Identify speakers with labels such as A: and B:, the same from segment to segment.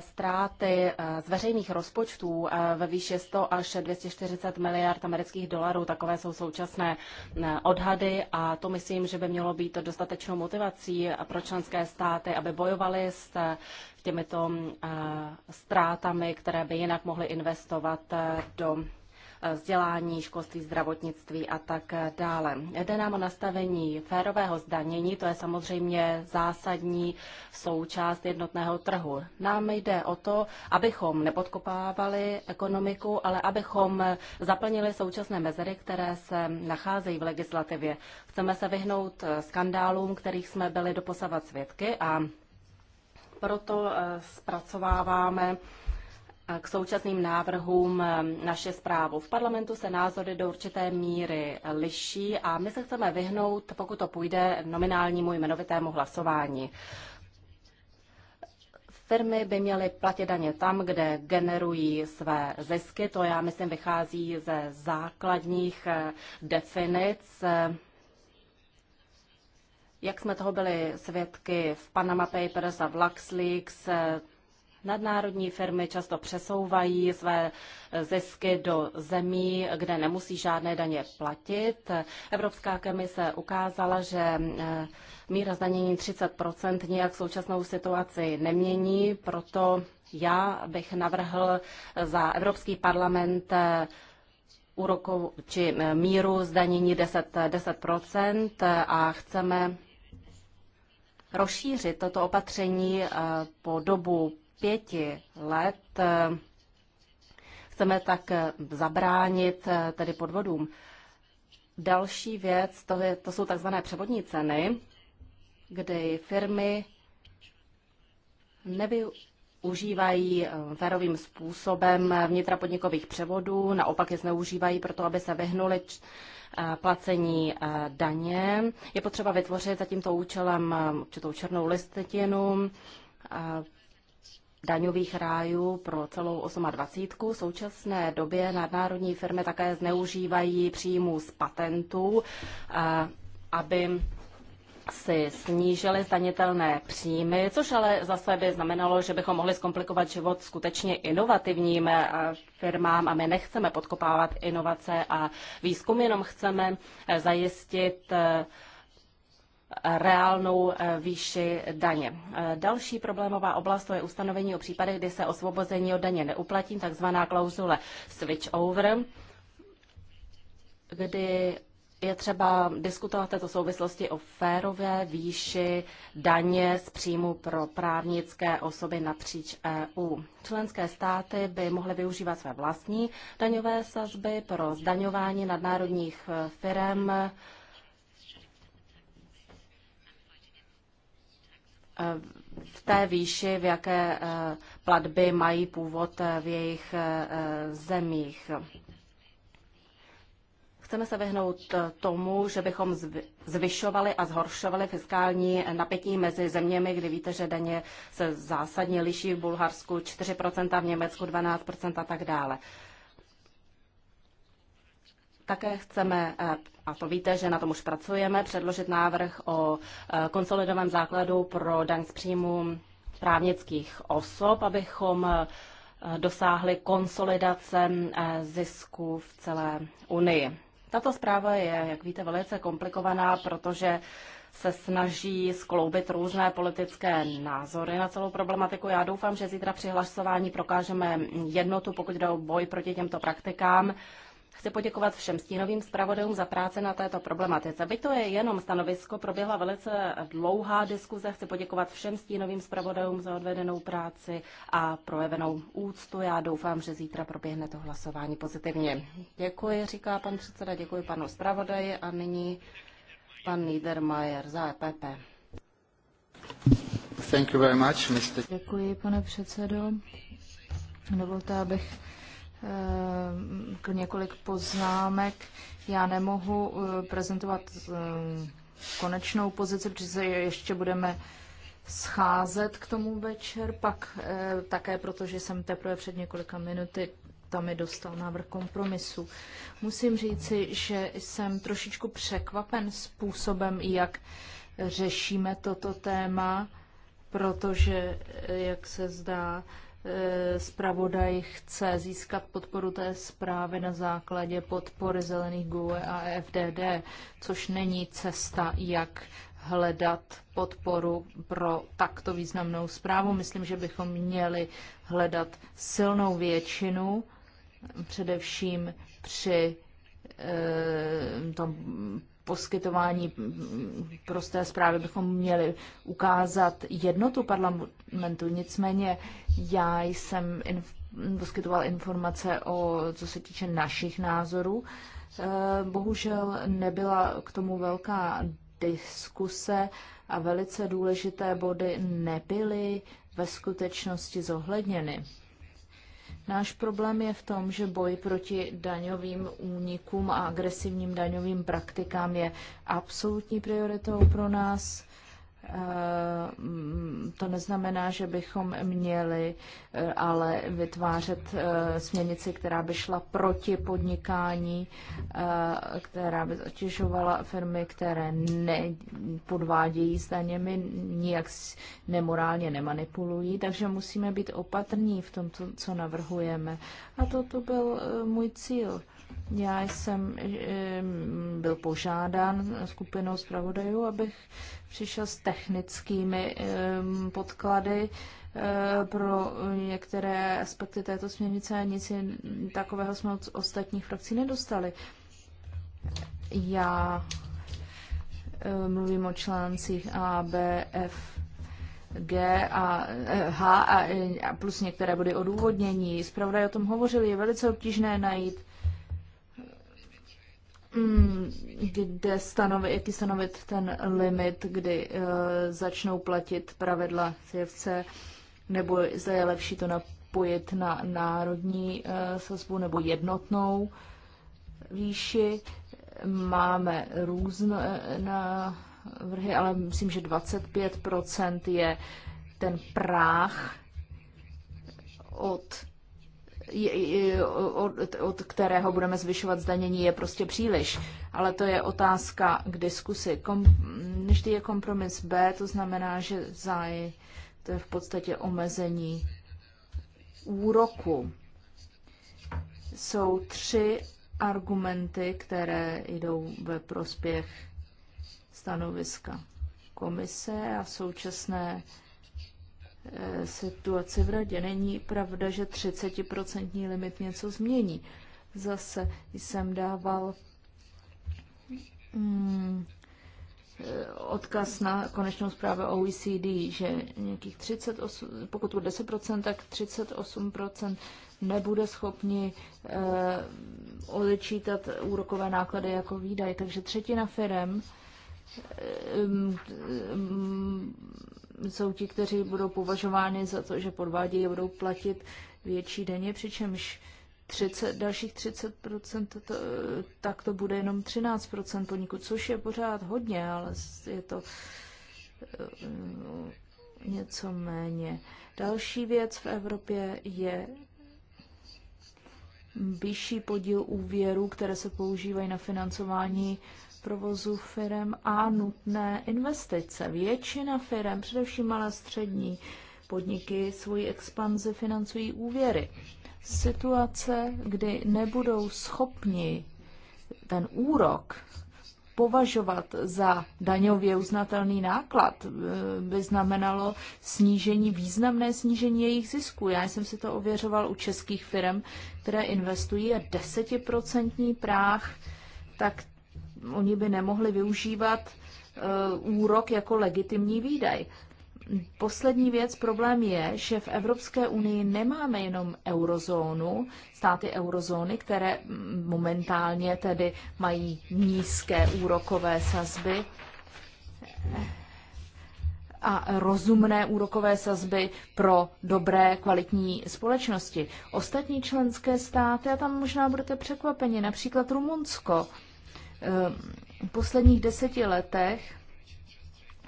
A: ztráty eh, z veřejných rozpočtů eh, ve výši 100 až 240 miliard amerických dolarů. Takové jsou současné eh, odhady a to myslím, že by mělo být dostatečnou motivací pro členské státy, aby bojovali s těmito mm, ztrátami, které by jinak mohly investovat do vzdělání, školství, zdravotnictví a tak dále. Jde nám o nastavení férového zdanění, to je samozřejmě zásadní součást jednotného trhu. Nám jde o to, abychom nepodkopávali ekonomiku, ale abychom zaplnili současné mezery, které se nacházejí v legislativě. Chceme se vyhnout skandálům, kterých jsme byli doposavat svědky a proto eh, zpracováváme k současným návrhům ehm, naše zprávu. V parlamentu se názory do určité míry liší a my se chceme vyhnout, pokud to půjde, nominálnímu jmenovitému hlasování. Firmy by měly platit daně tam, kde generují své zisky. To já myslím vychází ze základních eh, definic jak jsme toho byli svědky v Panama Papers a v LuxLeaks, eh, Nadnárodní firmy často přesouvají své zisky do zemí, kde nemusí žádné daně platit. Evropská komise ukázala, že eh, míra zdanění 30 nijak současnou situaci nemění, proto já bych navrhl za Evropský parlament eh, úrokov, či eh, míru zdanění 10, 10 a chceme rozšířit toto opatření po dobu pěti let eh, chceme tak eh, zabránit eh, tedy podvodům. Další věc, to, je, to jsou takzvané převodní ceny, kdy firmy nevyužívají férovým způsobem vnitrapodnikových převodů, naopak je zneužívají proto, aby se vyhnuli placení daně. Je potřeba vytvořit za tímto účelem určitou černou listinu, daňových rájů pro celou 28. V současné době nadnárodní firmy také zneužívají příjmů z patentů, eh, aby si snížili zdanitelné příjmy, což ale zase by znamenalo, že bychom mohli zkomplikovat život skutečně inovativním eh, firmám a my nechceme podkopávat inovace a výzkum, jenom chceme eh, zajistit reálnou eh, výši daně. Eh, další problémová oblast to je ustanovení o případech, kdy se osvobození od daně neuplatí, takzvaná klauzule switch over, kdy je třeba diskutovat této souvislosti o férové výši daně z příjmu pro právnické osoby napříč EU. Členské státy by mohly využívat své vlastní daňové sazby pro zdaňování nadnárodních eh, firm Eh, v té výši, v jaké eh, platby mají původ eh, v jejich zemích. Chceme se vyhnout tomu, že bychom zvyšovali a zhoršovali fiskální napětí mezi zeměmi, kdy víte, že daně se zásadně liší v Bulharsku 4%, v Německu 12% a tak dále. Také chceme, eh, a to víte, že na tom už pracujeme, předložit návrh o eh, konsolidovém základu pro daň z příjmu právnických osob, abychom eh, dosáhli konsolidace zisku v celé Unii. Tato zpráva je, jak víte, velice komplikovaná, protože se snaží skloubit různé politické názory na celou problematiku. Já doufám, že zítra při hlasování prokážeme jednotu, pokud jde o boj proti těmto praktikám Chci poděkovat všem stínovým zpravodajům za práci na této problematice. By to je jenom stanovisko, proběhla velice dlouhá diskuze. Chci poděkovat všem stínovým zpravodajům za odvedenou práci a projevenou úctu. Já doufám, že zítra proběhne to hlasování pozitivně. Děkuji, říká pan předseda, děkuji panu zpravodaji a nyní pan Niedermayer za EPP.
B: Thank you very much, Mr. Děkuji, pane předsedo. Dovolte, abych Ehm, k několik poznámek. Já nemohu eh, prezentovat ehm, konečnou pozici, protože se ještě budeme scházet k tomu večer, pak eh, také protože jsem teprve před několika minuty tam mi dostal návrh kompromisu. Musím říci, že jsem trošičku překvapen způsobem, jak řešíme toto téma, protože, eh, jak se zdá, Eh, zpravodaj chce získat podporu té zprávy na základě podpory zelených GUE a EFDD, což není cesta, jak hledat podporu pro takto významnou zprávu. Myslím, že bychom měli hledat silnou většinu, především při eh, tom poskytování prosté zprávy bychom měli ukázat jednotu parlamentu. Nicméně já jsem inf- poskytoval informace o, co se týče našich názorů. E, bohužel nebyla k tomu velká diskuse a velice důležité body nebyly ve skutečnosti zohledněny. Náš problém je v tom, že boj proti daňovým únikům a agresivním daňovým praktikám je absolutní prioritou pro nás Eh, to neznamená, že bychom měli eh, ale vytvářet eh, směnici, která by šla proti podnikání, která by zatěžovala firmy, které ne podvádějí s daněmi, nijak nemorálně nemanipulují, takže musíme být opatrní v tom, co navrhujeme. A toto byl můj cíl. Já jsem byl požádán skupinou zpravodajů, abych přišel s technickými podklady eh, pro některé aspekty této směrnice a nic takového jsme od ostatních frakcí nedostali. Já mluvím o článcích A, B, F, G a eh, H eh, a, plus některé body odůvodnění. Zpravodaj o tom hovořili, je velice obtížné najít Mm, kde stanovit, jaký stanovit ten limit, kdy uh, začnou platit pravidla CFC, nebo zda je lepší to napojit na národní uh, sazbu nebo jednotnou výši. Máme různé eh, návrhy, ale myslím, že 25 je ten práh od od, od kterého budeme zvyšovat zdanění, je prostě příliš. Ale to je otázka k diskusi. Kom, vždy je kompromis B, to znamená, že záj, to je v podstatě omezení úroku. Jsou tři argumenty, které jdou ve prospěch stanoviska komise a současné Eh, situaci v radě. Není pravda, že 30% limit něco změní. Zase jsem dával hmm, odkaz na konečnou zprávu OECD, že nějakých 38, pokud bude 10%, tak 38% nebude schopni eh, odečítat úrokové náklady jako výdaj. Takže třetina firm eh, mm, jsou ti, kteří budou považováni za to, že podvádějí a budou platit větší denně, přičemž 30, dalších 30%, to, tak to bude jenom 13% podniku, což je pořád hodně, ale je to eh, něco méně. Další věc v Evropě je vyšší podíl úvěrů, které se používají na financování provozu firm a nutné investice. Většina firm, především malé střední podniky, svoji expanzi financují úvěry. Situace, kdy nebudou schopni ten úrok považovat za daňově uznatelný náklad eh, by znamenalo snížení, významné snížení jejich zisku. Já jsem si to ověřoval u českých firm, které investují a desetiprocentní práh, tak oni by nemohli využívat eh, úrok jako legitimní výdaj. Poslední věc, problém je, že v Evropské unii nemáme jenom eurozónu, státy eurozóny, které momentálně tedy mají nízké úrokové sazby a rozumné úrokové sazby pro dobré kvalitní společnosti. Ostatní členské státy, a tam možná budete překvapeni, například Rumunsko, v eh, posledních deseti letech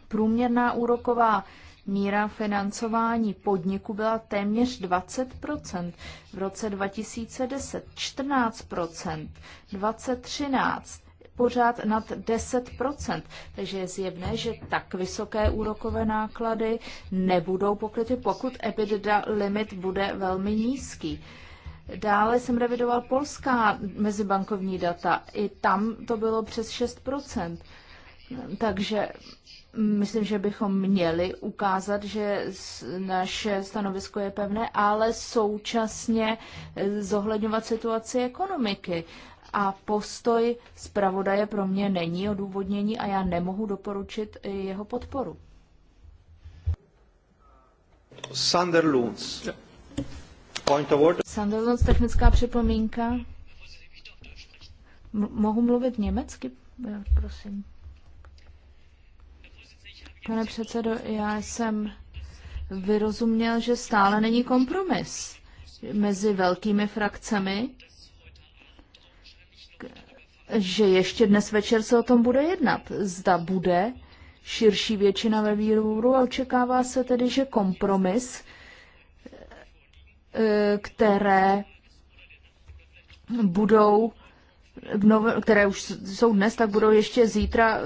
B: průměrná úroková míra financování podniku byla téměř 20 v roce 2010, 14 2013 pořád nad 10 Takže je zjevné, že tak vysoké úrokové náklady nebudou pokryty, pokud EBITDA limit bude velmi nízký. Uh, Dále jsem revidoval polská mezibankovní data. I tam to bylo přes 6 Takže myslím, že bychom měli ukázat, že naše stanovisko je pevné, ale současně zohledňovat situaci ekonomiky. A postoj zpravodaje pro mě není odůvodnění a já nemohu doporučit jeho podporu.
C: Sander Lunds. Yeah.
B: Sandelons, technická připomínka. M- mohu mluvit německy, eh, prosím. Pane předsedo, já jsem vyrozuměl, že stále není kompromis mezi velkými frakcemi, že ještě dnes večer se o tom bude jednat. Zda bude širší většina ve výboru a očekává se tedy, že kompromis Eh, které budou které už jsou dnes, tak budou ještě zítra uh,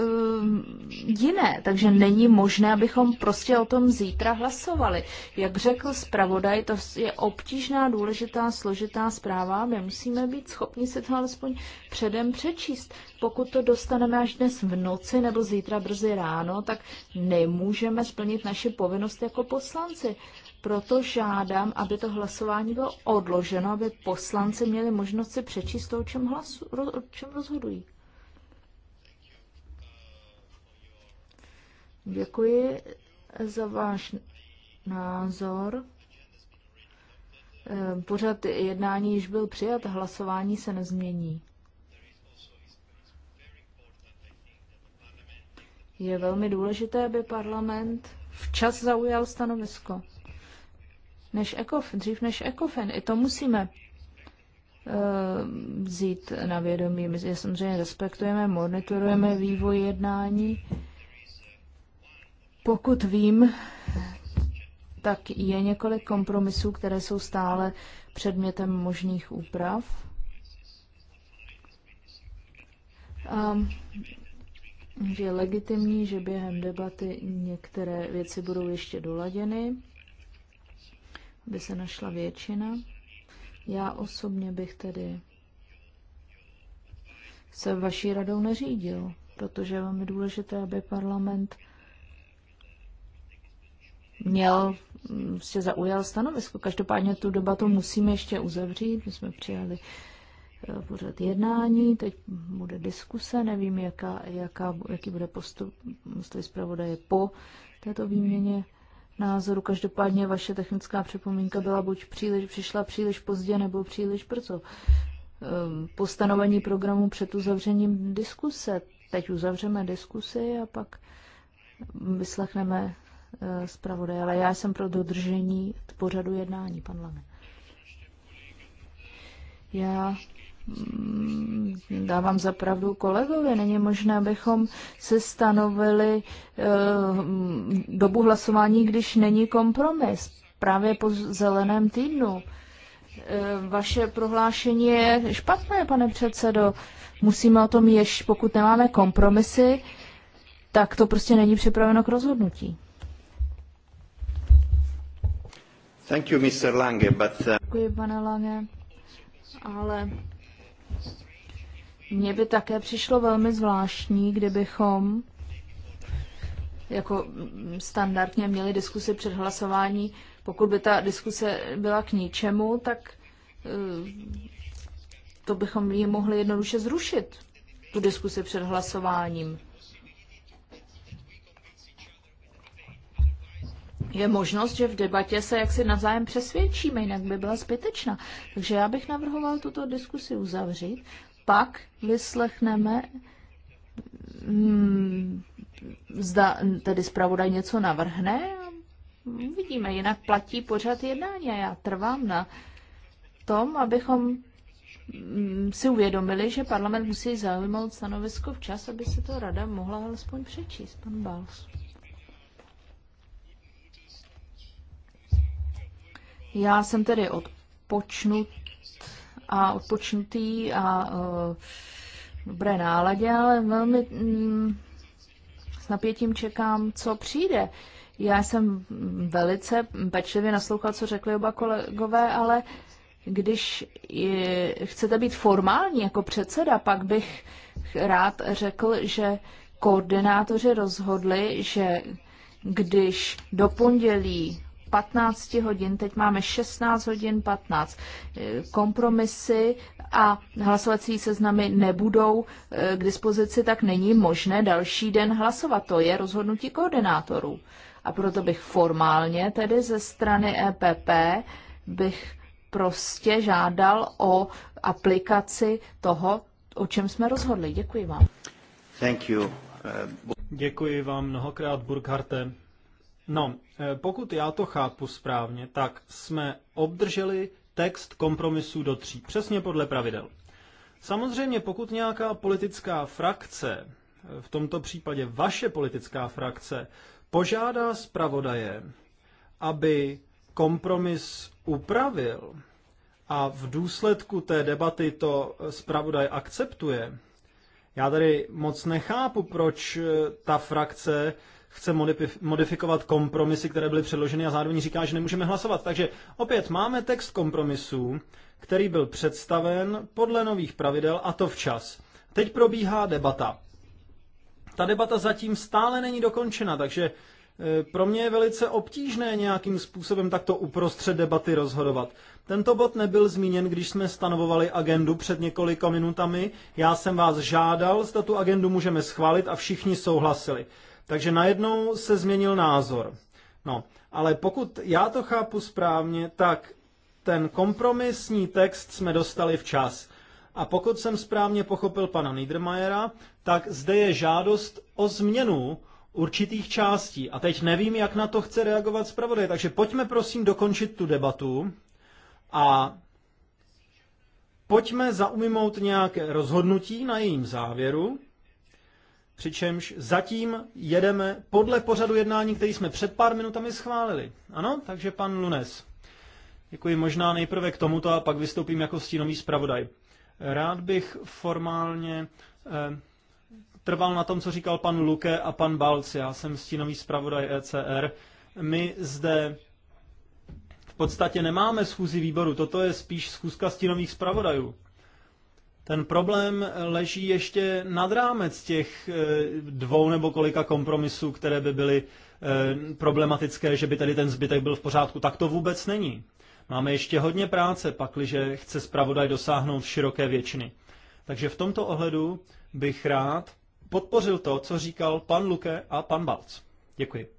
B: jiné. Takže není možné, abychom prostě o tom zítra hlasovali. Jak řekl zpravodaj, to je obtížná, důležitá, složitá zpráva. My musíme být schopni si to alespoň předem přečíst. Pokud to dostaneme až dnes v noci nebo zítra brzy ráno, tak nemůžeme splnit naši povinnost jako poslanci. Uh, proto žádám, aby to hlasování bylo odloženo, aby poslanci měli možnost si přečíst to, o čem, hlasu, o čem rozhodují. Děkuji za váš názor. Ehm, pořad jednání již byl přijat, hlasování se nezmění. Je velmi důležité, aby parlament včas zaujal stanovisko než ekof, dřív než ekofen. I to musíme uh, vzít na vědomí. My je samozřejmě respektujeme, monitorujeme vývoj jednání. Pokud vím, tak je několik kompromisů, které jsou stále předmětem možných úprav. Um, je legitimní, že během debaty některé věci budou ještě doladěny by se našla většina. Já osobně bych tedy se vaší radou neřídil, protože je velmi důležité, aby parlament měl, se zaujal stanovisko. Každopádně tu debatu musíme ještě uzavřít. My jsme přijali eh, pořád jednání, teď bude diskuse, nevím, jaká, jaká, jaký bude postup, postoj zpravodaje po této výměně názoru. Každopádně vaše technická připomínka byla buď příliš, přišla příliš pozdě nebo příliš brzo. Ehm, po stanovení programu před uzavřením diskuse. Teď uzavřeme diskusi a pak vyslechneme eh, zpravodaj, Ale já jsem pro dodržení pořadu jednání, pan Lange. Já Mm, dávám za pravdu kolegovi. Není možné, abychom se stanovili eh, dobu hlasování, když není kompromis. Právě po zeleném týdnu. Eh, vaše prohlášení je špatné, pane předsedo. Musíme o tom ještě, pokud nemáme kompromisy, tak to prostě není připraveno k rozhodnutí.
C: Thank you, Mr. Lange, but, uh...
B: Děkuji, pane Lange, ale mně by také přišlo velmi zvláštní, kdybychom jako standardně měli diskusi před hlasování. Pokud by ta diskuse byla k ničemu, tak eh, to bychom ji mohli jednoduše zrušit, tu diskusi před hlasováním. je možnost, že v debatě se jaksi navzájem přesvědčíme, jinak by byla zbytečná. Takže já bych navrhoval tuto diskusi uzavřít pak vyslechneme, mm, zda tedy zpravodaj něco navrhne. Vidíme, jinak platí pořád jednání a já trvám na tom, abychom mm, si uvědomili, že parlament musí zaujmout stanovisko včas, aby se to rada mohla alespoň přečíst. Pan Bals. Já jsem tedy odpočnu a odpočnutý a uh, dobré náladě, ale velmi mm, s napětím čekám, co přijde. Já jsem velice pečlivě naslouchal, co řekli oba kolegové, ale když je, chcete být formální jako předseda, pak bych rád řekl, že koordinátoři rozhodli, že když do pondělí 15 hodin, teď máme 16 hodin 15. Eh, kompromisy a hlasovací seznamy nebudou eh, k dispozici, tak není možné další den hlasovat. To je rozhodnutí koordinátorů. A proto bych formálně, tedy ze strany EPP, bych prostě žádal o aplikaci toho, o čem jsme rozhodli. Děkuji vám.
D: Thank you.
C: Děkuji vám mnohokrát, Burkharte. No, Eh, pokud já to chápu správně, tak jsme obdrželi text kompromisu do tří, přesně podle pravidel. Samozřejmě, pokud nějaká politická frakce, eh, v tomto případě vaše politická frakce, požádá zpravodaje, aby kompromis upravil a v důsledku té debaty to eh, zpravodaj akceptuje, já tady moc nechápu, proč ta frakce chce modifikovat kompromisy, které byly předloženy a zároveň říká, že nemůžeme hlasovat. Takže opět máme text kompromisů, který byl představen podle nových pravidel a to včas. Teď probíhá debata. Ta debata zatím stále není dokončena, takže e, pro mě je velice obtížné nějakým způsobem takto uprostřed debaty rozhodovat. Tento bod nebyl zmíněn, když jsme stanovovali agendu před několika minutami. Já jsem vás žádal, zda tu agendu můžeme schválit a všichni souhlasili. Takže najednou se změnil názor. No, ale pokud já to chápu správně, tak ten kompromisní text jsme dostali včas. A pokud jsem správně pochopil pana Niedermayera, tak zde je žádost o změnu určitých částí. A teď nevím, jak na to chce reagovat zpravodaj, takže pojďme prosím dokončit tu debatu a pojďme zaujmout nějaké rozhodnutí na jejím závěru Přičemž zatím jedeme podle pořadu jednání, který jsme před pár minutami schválili. Ano, takže pan Lunes. Děkuji možná nejprve k tomuto a pak vystoupím jako stínový zpravodaj. Rád bych formálně eh, trval na tom, co říkal pan Luke a pan Balc. Já jsem stínový zpravodaj ECR. My zde v podstatě nemáme schůzi výboru, toto je spíš schůzka stínových zpravodajů. Ten problém leží ještě nad rámec těch eh, dvou nebo kolika kompromisů, které by byly eh, problematické, že by tady ten zbytek byl v pořádku. Tak to vůbec není. Máme ještě hodně práce, pakliže chce zpravodaj dosáhnout široké většiny. Takže v tomto ohledu bych rád podpořil to, co říkal pan Luke a pan Balc. Děkuji.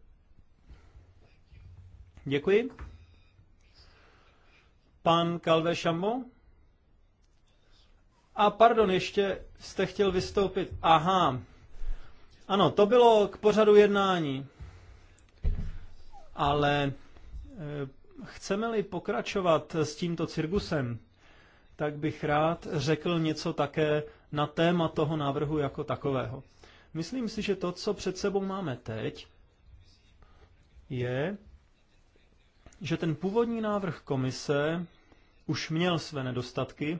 C: Děkuji. Pan Calvé Chambon? A pardon, ještě jste chtěl vystoupit. Aha. Ano, to bylo k pořadu jednání. Ale eh, chceme-li pokračovat s tímto cirkusem, tak bych rád řekl něco také na téma toho návrhu jako takového. Myslím si, že to, co před sebou máme teď, je, že ten původní návrh komise už měl své nedostatky,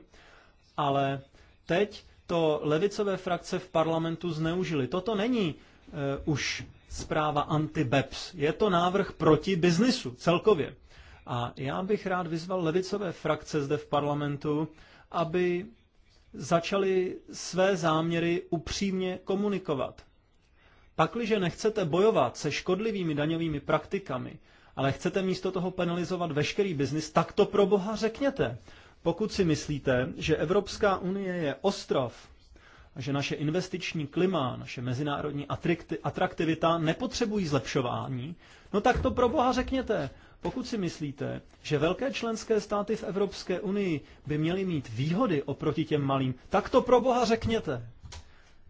C: ale teď to levicové frakce v parlamentu zneužili. Toto není uh, už zpráva anti-BEPS, je to návrh proti biznisu celkově. A já bych rád vyzval levicové frakce zde v parlamentu, aby začali své záměry upřímně komunikovat. Pakliže nechcete bojovat se škodlivými daňovými praktikami, ale chcete místo toho penalizovat veškerý biznis, tak to pro boha řekněte. Pokud si myslíte, že Evropská unie je ostrov a že naše investiční klima, naše mezinárodní atraktivita nepotřebují zlepšování, no tak to pro boha řekněte. Pokud si myslíte, že velké členské státy v Evropské unii by měly mít výhody oproti těm malým, tak to pro boha řekněte.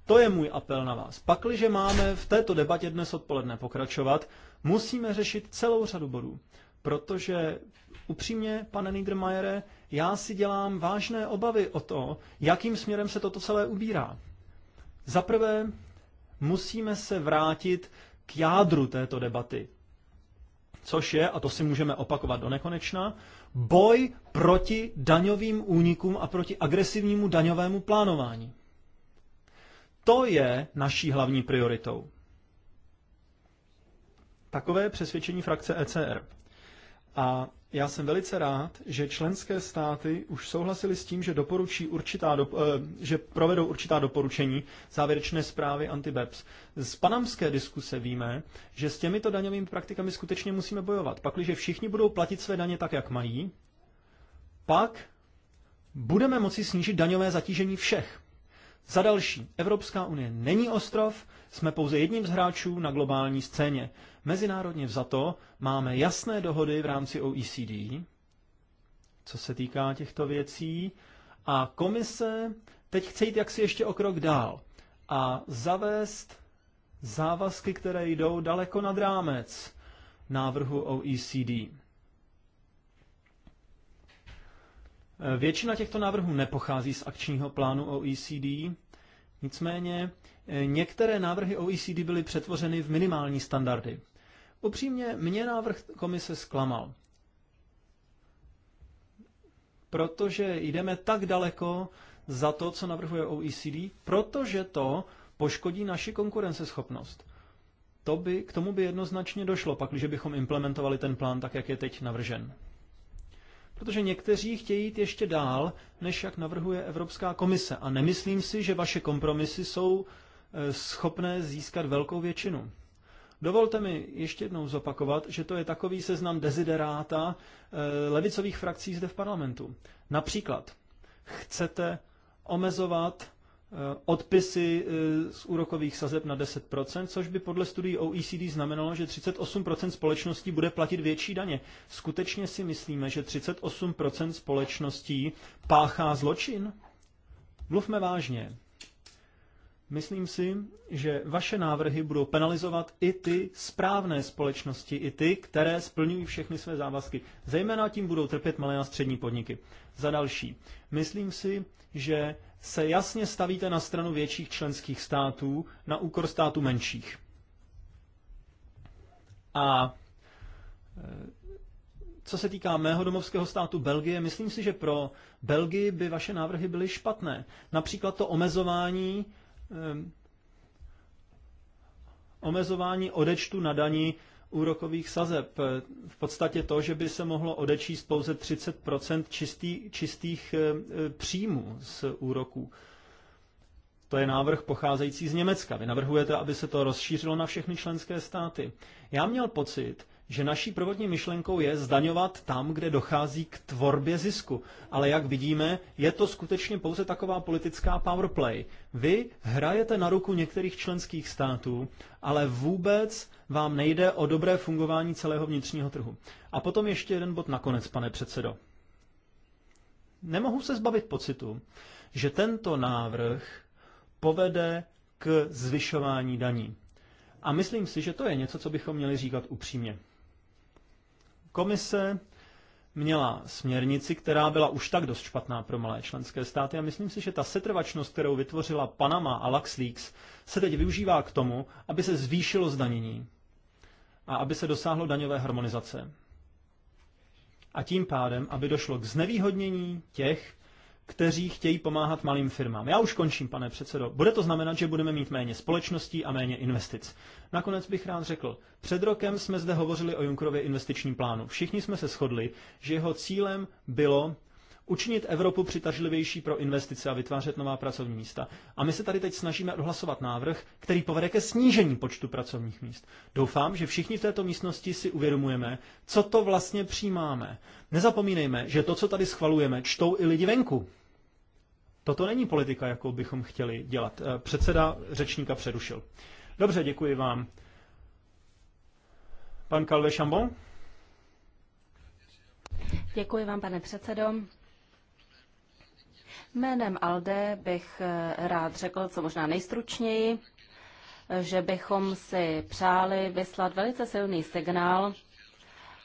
C: To je můj apel na vás. Pakliže máme v této debatě dnes odpoledne pokračovat, musíme řešit celou řadu bodů, protože Upřímně, pane Niedermayere, já si dělám vážné obavy o to, jakým směrem se toto celé ubírá. Zaprvé musíme se vrátit k jádru této debaty, což je, a to si můžeme opakovat do nekonečna, boj proti daňovým únikům a proti agresivnímu daňovému plánování. To je naší hlavní prioritou. Takové přesvědčení frakce ECR. A já jsem velice rád, že členské státy už souhlasily s tím, že, doporučí určitá do, eh, že provedou určitá doporučení závěrečné zprávy anti-BEPS. Z panamské diskuse víme, že s těmito daňovými praktikami skutečně musíme bojovat. Pakliže všichni budou platit své daně tak, jak mají, pak budeme moci snížit daňové zatížení všech. Za další, Evropská unie není ostrov, jsme pouze jedním z hráčů na globální scéně. Mezinárodně vzato máme jasné dohody v rámci OECD, co se týká těchto věcí, a komise teď chce jít jaksi ještě o krok dál a zavést závazky, které jdou daleko nad rámec návrhu OECD. Většina těchto návrhů nepochází z akčního plánu OECD, nicméně eh, některé návrhy OECD byly přetvořeny v minimální standardy. Upřímně, mě návrh komise zklamal. Protože jdeme tak daleko za to, co navrhuje OECD, protože to poškodí naši konkurenceschopnost. To by, k tomu by jednoznačně došlo, pak, když bychom implementovali ten plán tak, jak je teď navržen. Protože někteří chtějí jít ještě dál, než jak navrhuje Evropská komise. A nemyslím si, že vaše kompromisy jsou eh, schopné získat velkou většinu. Dovolte mi ještě jednou zopakovat, že to je takový seznam dezideráta eh, levicových frakcí zde v parlamentu. Například chcete omezovat eh, odpisy eh, z úrokových sazeb na 10%, což by podle studií OECD znamenalo, že 38% společností bude platit větší daně. Skutečně si myslíme, že 38% společností páchá zločin? Mluvme vážně. Myslím si, že vaše návrhy budou penalizovat i ty správné společnosti, i ty, které splňují všechny své závazky. Zejména tím budou trpět malé a střední podniky. Za další, myslím si, že se jasně stavíte na stranu větších členských států na úkor států menších. A e, co se týká mého domovského státu Belgie, myslím si, že pro Belgii by vaše návrhy byly špatné. Například to omezování Ehm, omezování odečtu na daní úrokových sazeb. V podstatě to, že by se mohlo odečíst pouze 30 čistý, čistých eh, příjmů z úroků. To je návrh pocházející z Německa. Vy navrhujete, aby se to rozšířilo na všechny členské státy. Já měl pocit, že naší prvotní myšlenkou je zdaňovat tam, kde dochází k tvorbě zisku. Ale jak vidíme, je to skutečně pouze taková politická powerplay. Vy hrajete na ruku některých členských států, ale vůbec vám nejde o dobré fungování celého vnitřního trhu. A potom ještě jeden bod nakonec, pane předsedo. Nemohu se zbavit pocitu, že tento návrh povede k zvyšování daní. A myslím si, že to je něco, co bychom měli říkat upřímně. Komise měla směrnici, která byla už tak dost špatná pro malé členské státy a myslím si, že ta setrvačnost, kterou vytvořila Panama a LuxLeaks, se teď využívá k tomu, aby se zvýšilo zdanění a aby se dosáhlo daňové harmonizace. A tím pádem, aby došlo k znevýhodnění těch, kteří chtějí pomáhat malým firmám. Já už končím, pane předsedo. Bude to znamenat, že budeme mít méně společností a méně investic. Nakonec bych rád řekl, před rokem jsme zde hovořili o Junkerově investičním plánu. Všichni jsme se shodli, že jeho cílem bylo učinit Evropu přitažlivější pro investice a vytvářet nová pracovní místa. A my se tady teď snažíme odhlasovat návrh, který povede ke snížení počtu pracovních míst. Doufám, že všichni v této místnosti si uvědomujeme, co to vlastně přijímáme. Nezapomínejme, že to, co tady schvalujeme, čtou i lidi venku. Toto není politika, jakou bychom chtěli dělat. Eh, předseda řečníka přerušil. Dobře, děkuji vám. Pan Calvé Chambon?
A: Děkuji vám, pane předsedo. Jménem ALDE bych eh, rád řekl, co možná nejstručněji, že bychom si přáli vyslat velice silný signál.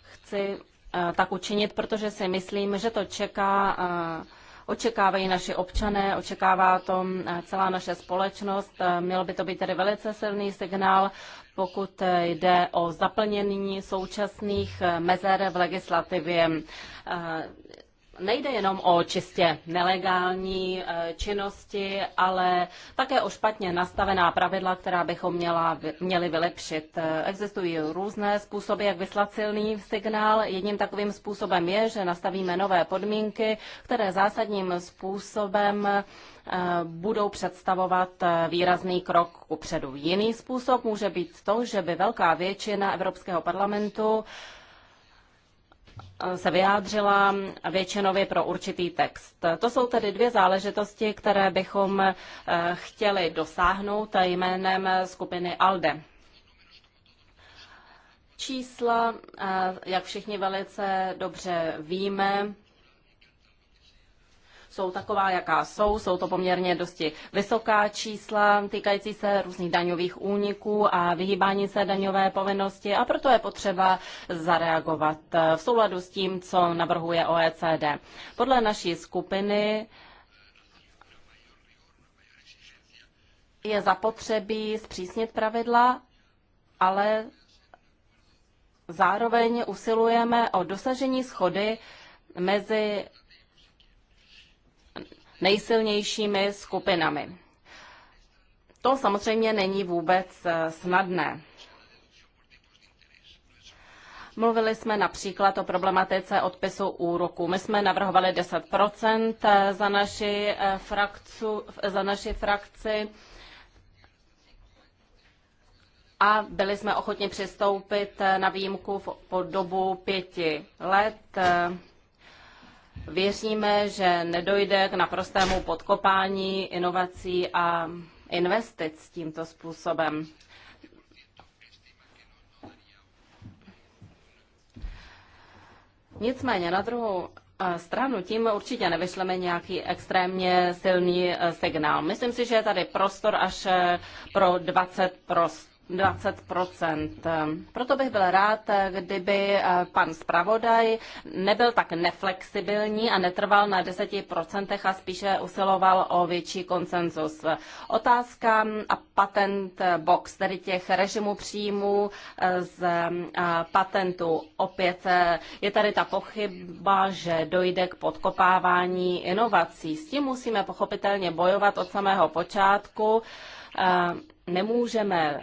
A: Chci eh, tak učinit, protože si myslím, že to čeká, eh, očekávají naši občané, očekává to celá naše společnost. Měl by to být tedy velice silný signál, pokud jde o zaplnění současných mezer v legislativě nejde jenom o čistě nelegální eh, činnosti, ale také o špatně nastavená pravidla, která bychom měla, měli vylepšit. Eh, existují různé způsoby, jak vyslat silný signál. Jedním takovým způsobem je, že nastavíme nové podmínky, které zásadním způsobem eh, budou představovat výrazný krok kupředu. Jiný způsob může být to, že by velká většina Evropského parlamentu se vyjádřila většinově pro určitý text. To jsou tedy dvě záležitosti, které bychom eh, chtěli dosáhnout jménem skupiny ALDE. Čísla, eh, jak všichni velice dobře víme, jsou taková, jaká jsou. Jsou to poměrně dosti vysoká čísla týkající se různých daňových úniků a vyhýbání se daňové povinnosti a proto je potřeba zareagovat v souladu s tím, co navrhuje OECD. Podle naší skupiny je zapotřebí zpřísnit pravidla, ale zároveň usilujeme o dosažení schody mezi nejsilnějšími skupinami. To samozřejmě není vůbec eh, snadné. Mluvili jsme například o problematice odpisu úroku. My jsme navrhovali 10 eh, za naši, eh, frakcu, za naši frakci a byli jsme ochotni přistoupit na výjimku po dobu pěti let. Věříme, že nedojde k naprostému podkopání inovací a investic tímto způsobem. Nicméně na druhou eh, stranu tím určitě nevyšleme nějaký extrémně silný eh, signál. Myslím si, že je tady prostor až eh, pro 20 prost 20 Proto bych byl rád, kdyby eh, pan zpravodaj nebyl tak neflexibilní a netrval na 10 a spíše usiloval o větší konsenzus. Otázka a patent box, tedy těch režimů příjmů eh, z eh, patentu. Opět je tady ta pochyba, že dojde k podkopávání inovací. S tím musíme pochopitelně bojovat od samého počátku. Nemůžeme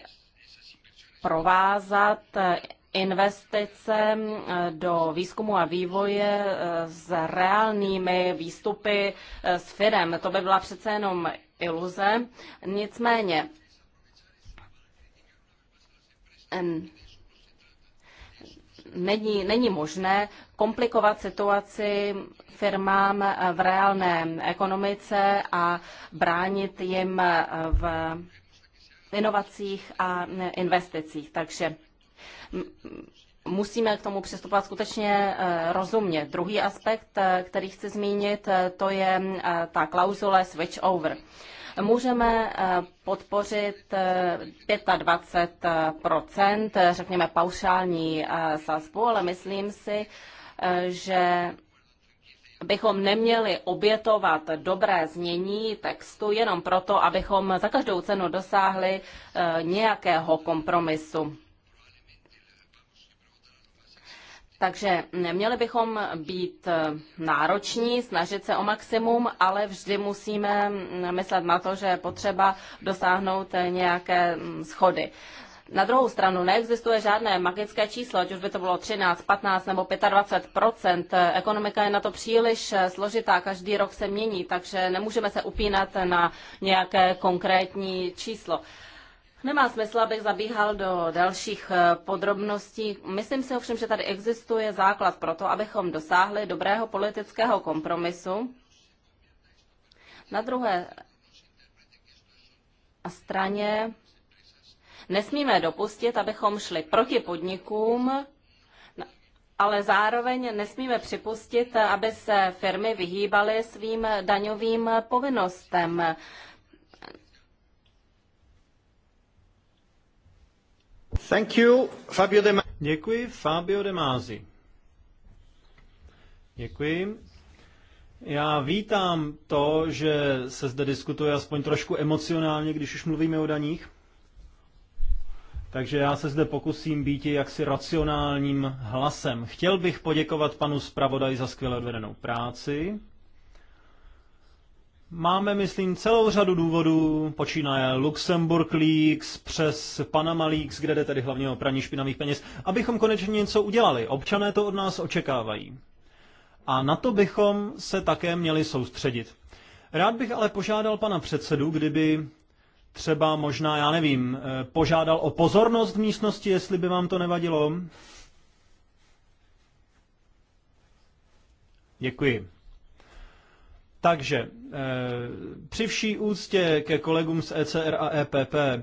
A: provázat eh, investice eh, do výzkumu a vývoje eh, s reálnými výstupy s firem. To by byla přece jenom iluze. Nicméně, není, není možné komplikovat situaci firmám v reálné ekonomice a bránit jim v inovacích a investicích. Takže musíme k tomu přistupovat skutečně e, rozumně. Druhý aspekt, e, který chci zmínit, e, to je ta klauzule switch over. Můžeme podpořit 25 řekněme paušální sazbu, ale myslím si, že bychom neměli obětovat dobré znění textu jenom proto, abychom za každou cenu dosáhli eh, nějakého kompromisu. Takže neměli bychom být eh, nároční, snažit se o maximum, ale vždy musíme mm, myslet na to, že je potřeba dosáhnout eh, nějaké mm, schody. Na druhou stranu neexistuje žádné magické číslo, ať už by to bylo 13, 15 nebo 25 Ekonomika je na to příliš eh, složitá, každý rok se mění, takže nemůžeme se upínat na nějaké konkrétní číslo. Nemá smysl, abych zabíhal do dalších eh, podrobností. Myslím si ovšem, že tady existuje základ pro to, abychom dosáhli dobrého politického kompromisu. Na druhé straně Nesmíme dopustit, abychom šli proti podnikům, ale zároveň nesmíme připustit, aby se firmy vyhýbaly svým daňovým povinnostem.
C: Thank you, Fabio De Děkuji, Fabio De Masi. Děkuji. Já vítám to, že se zde diskutuje aspoň trošku emocionálně, když už mluvíme o daních. Takže já se zde pokusím být jaksi racionálním hlasem. Chtěl bych poděkovat panu zpravodaji za skvěle odvedenou práci. Máme, myslím, celou řadu důvodů, počínaje Luxemburg Leaks přes Panama Leaks, kde jde tedy hlavně o praní špinavých peněz, abychom konečně něco udělali. Občané to od nás očekávají. A na to bychom se také měli soustředit. Rád bych ale požádal pana předsedu, kdyby třeba možná, já nevím, eh, požádal o pozornost v místnosti, jestli by vám to nevadilo? Děkuji. Takže, eh, při vší úctě ke kolegům z ECR a EPP,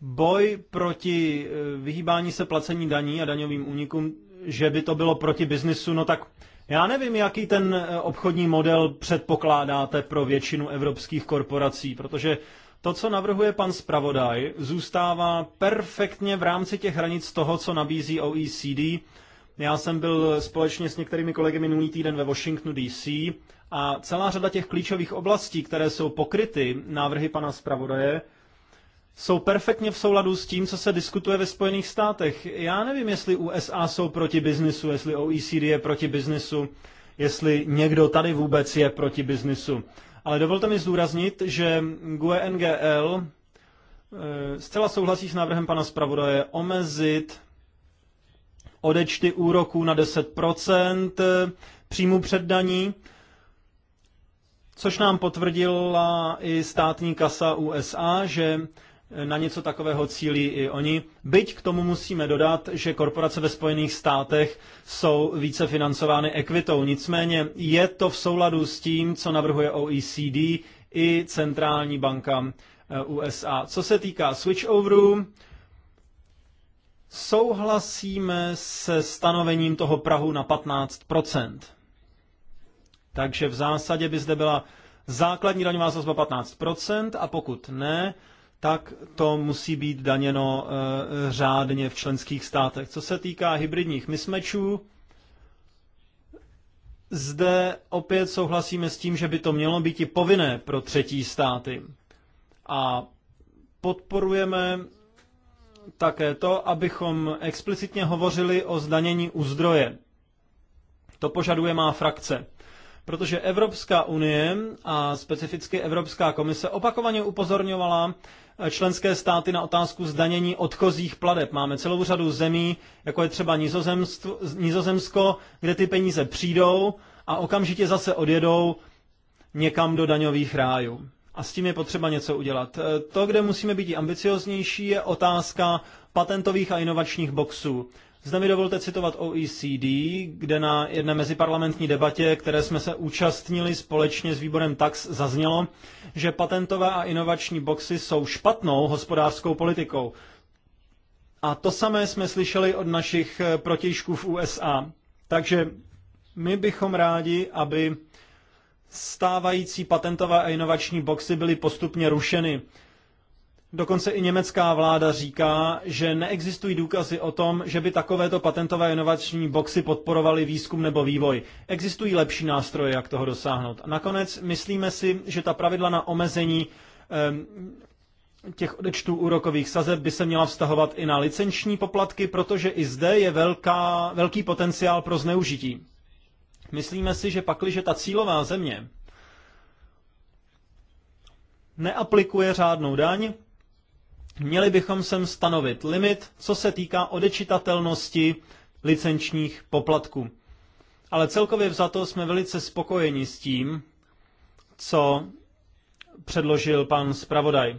C: boj proti eh, vyhýbání se placení daní a daňovým únikům, že by to bylo proti biznisu, no tak já nevím, jaký ten e, obchodní model předpokládáte pro většinu evropských korporací, protože to, co navrhuje pan zpravodaj, zůstává perfektně v rámci těch hranic toho, co nabízí OECD. Já jsem byl společně s některými kolegy minulý týden ve Washingtonu DC a celá řada těch klíčových oblastí, které jsou pokryty návrhy pana zpravodaje, jsou perfektně v souladu s tím, co se diskutuje ve Spojených státech. Já nevím, jestli USA jsou proti biznisu, jestli OECD je proti biznisu, jestli někdo tady vůbec je proti biznisu. Ale dovolte mi zdůraznit, že GUE NGL eh, zcela souhlasí s návrhem pana zpravodaje omezit odečty úroků na 10% eh, příjmu předdaní, což nám potvrdila i státní kasa USA, že na něco takového cílí i oni. Byť k tomu musíme dodat, že korporace ve Spojených státech jsou více financovány ekvitou. Nicméně je to v souladu s tím, co navrhuje OECD i centrální banka eh, USA. Co se týká switchoveru, souhlasíme se stanovením toho Prahu na 15 Takže v zásadě by zde byla základní daňová sazba 15 a pokud ne, tak to musí být daněno eh, řádně v členských státech. Co se týká hybridních mismečů, zde opět souhlasíme s tím, že by to mělo být i povinné pro třetí státy. A podporujeme také to, abychom explicitně hovořili o zdanění u zdroje. To požaduje má frakce protože Evropská unie a specificky Evropská komise opakovaně upozorňovala eh, členské státy na otázku zdanění odchozích pladeb. Máme celou řadu zemí, jako je třeba Nizozemsko, kde ty peníze přijdou a okamžitě zase odjedou někam do daňových rájů. A s tím je potřeba něco udělat. Eh, to, kde musíme být ambicioznější, je otázka patentových a inovačních boxů. Zde mi dovolte citovat OECD, kde na jedné meziparlamentní debatě, které jsme se účastnili společně s výborem TAX, zaznělo, že patentové a inovační boxy jsou špatnou hospodářskou politikou. A to samé jsme slyšeli od našich eh, protějšků v USA. Takže my bychom rádi, aby stávající patentové a inovační boxy byly postupně rušeny Dokonce i německá vláda říká, že neexistují důkazy o tom, že by takovéto patentové inovační boxy podporovaly výzkum nebo vývoj. Existují lepší nástroje, jak toho dosáhnout. A nakonec myslíme si, že ta pravidla na omezení těch odečtů úrokových sazeb by se měla vztahovat i na licenční poplatky, protože i zde je velká, velký potenciál pro zneužití. Myslíme si, že pakliže ta cílová země neaplikuje řádnou daň, Měli bychom sem stanovit limit, co se týká odečitatelnosti licenčních poplatků. Ale celkově vzato jsme velice spokojeni s tím, co předložil pan zpravodaj.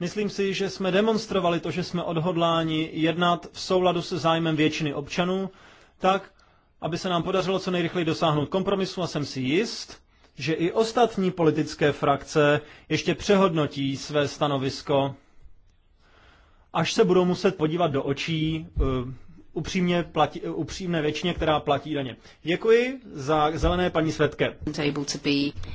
C: Myslím si, že jsme demonstrovali to, že jsme odhodláni jednat v souladu se zájmem většiny občanů, tak, aby se nám podařilo co nejrychleji dosáhnout kompromisu a jsem si jist, že i ostatní politické frakce ještě přehodnotí své stanovisko až se budou muset podívat do očí eh, upřímně platí, eh, upřímné většině, která platí daně. Děkuji za zelené paní Svetke.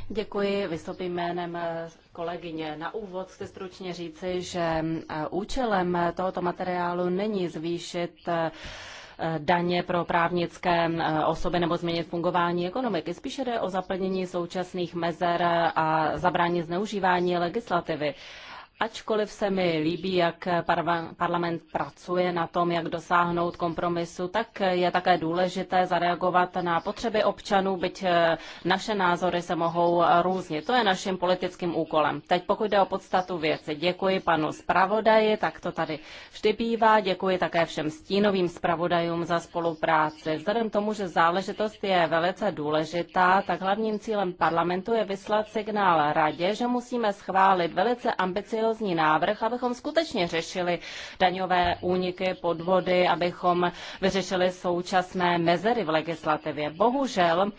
A: Děkuji, vystoupím jménem eh, kolegyně. Na úvod chci stručně říci, že účelem tohoto materiálu není zvýšit daně pro právnické osoby nebo změnit fungování ekonomiky. Spíše jde o zaplnění současných mezer a zabránit zneužívání legislativy. Ačkoliv se mi líbí, jak parlament pracuje na tom, jak dosáhnout kompromisu, tak je také důležité zareagovat na potřeby občanů, byť eh, naše názory se mohou různit. To je naším politickým úkolem. Teď pokud jde o podstatu věci, děkuji panu zpravodaji, tak to tady vždy bývá. Děkuji také všem stínovým zpravodajům za spolupráci. Vzhledem tomu, že záležitost je velice důležitá, tak hlavním cílem parlamentu je vyslat signál radě, že musíme schválit velice ambiciozní ambiciozní návrh, abychom skutečně řešili daňové úniky, podvody, abychom vyřešili současné mezery v legislativě. Bohužel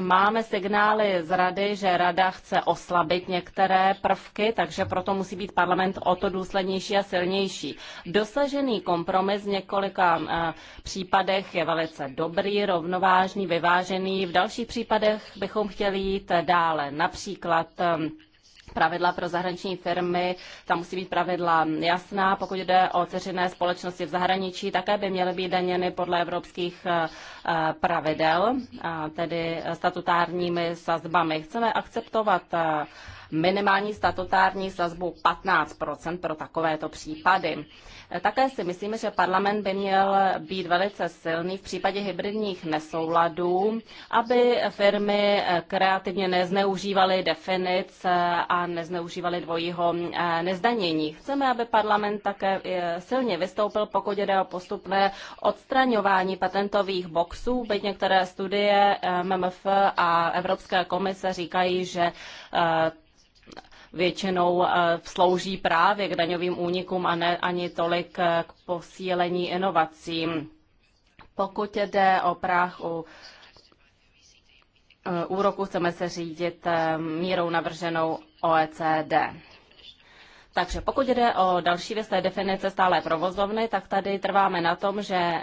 A: Máme signály z rady, že rada chce oslabit některé prvky, takže proto musí být parlament o to důslednější a silnější. Dosažený kompromis v několika eh, případech je velice dobrý, rovnovážný, vyvážený. V dalších případech bychom chtěli jít dále. Například eh, pravidla pro zahraniční firmy, tam musí být pravidla jasná. Pokud jde o ceřinné společnosti v zahraničí, také by měly být daněny podle evropských eh, eh, pravidel, tedy statutárními sazbami. Chceme akceptovat eh, minimální statutární sazbu 15 pro takovéto případy. Také si myslíme, že parlament by měl být velice silný v případě hybridních nesouladů, aby firmy kreativně nezneužívaly definic a nezneužívaly dvojího eh, nezdanění. Chceme, aby parlament také eh, silně vystoupil, pokud jde o postupné odstraňování patentových boxů, byť některé studie eh, MMF a Evropské komise říkají, že většinou eh, slouží právě k daňovým únikům a ne ani tolik eh, k posílení inovacím. Pokud jde o práh u eh, úroku, chceme se řídit mírou navrženou OECD. Takže pokud jde o další věc té definice stále provozovny, tak tady trváme na tom, že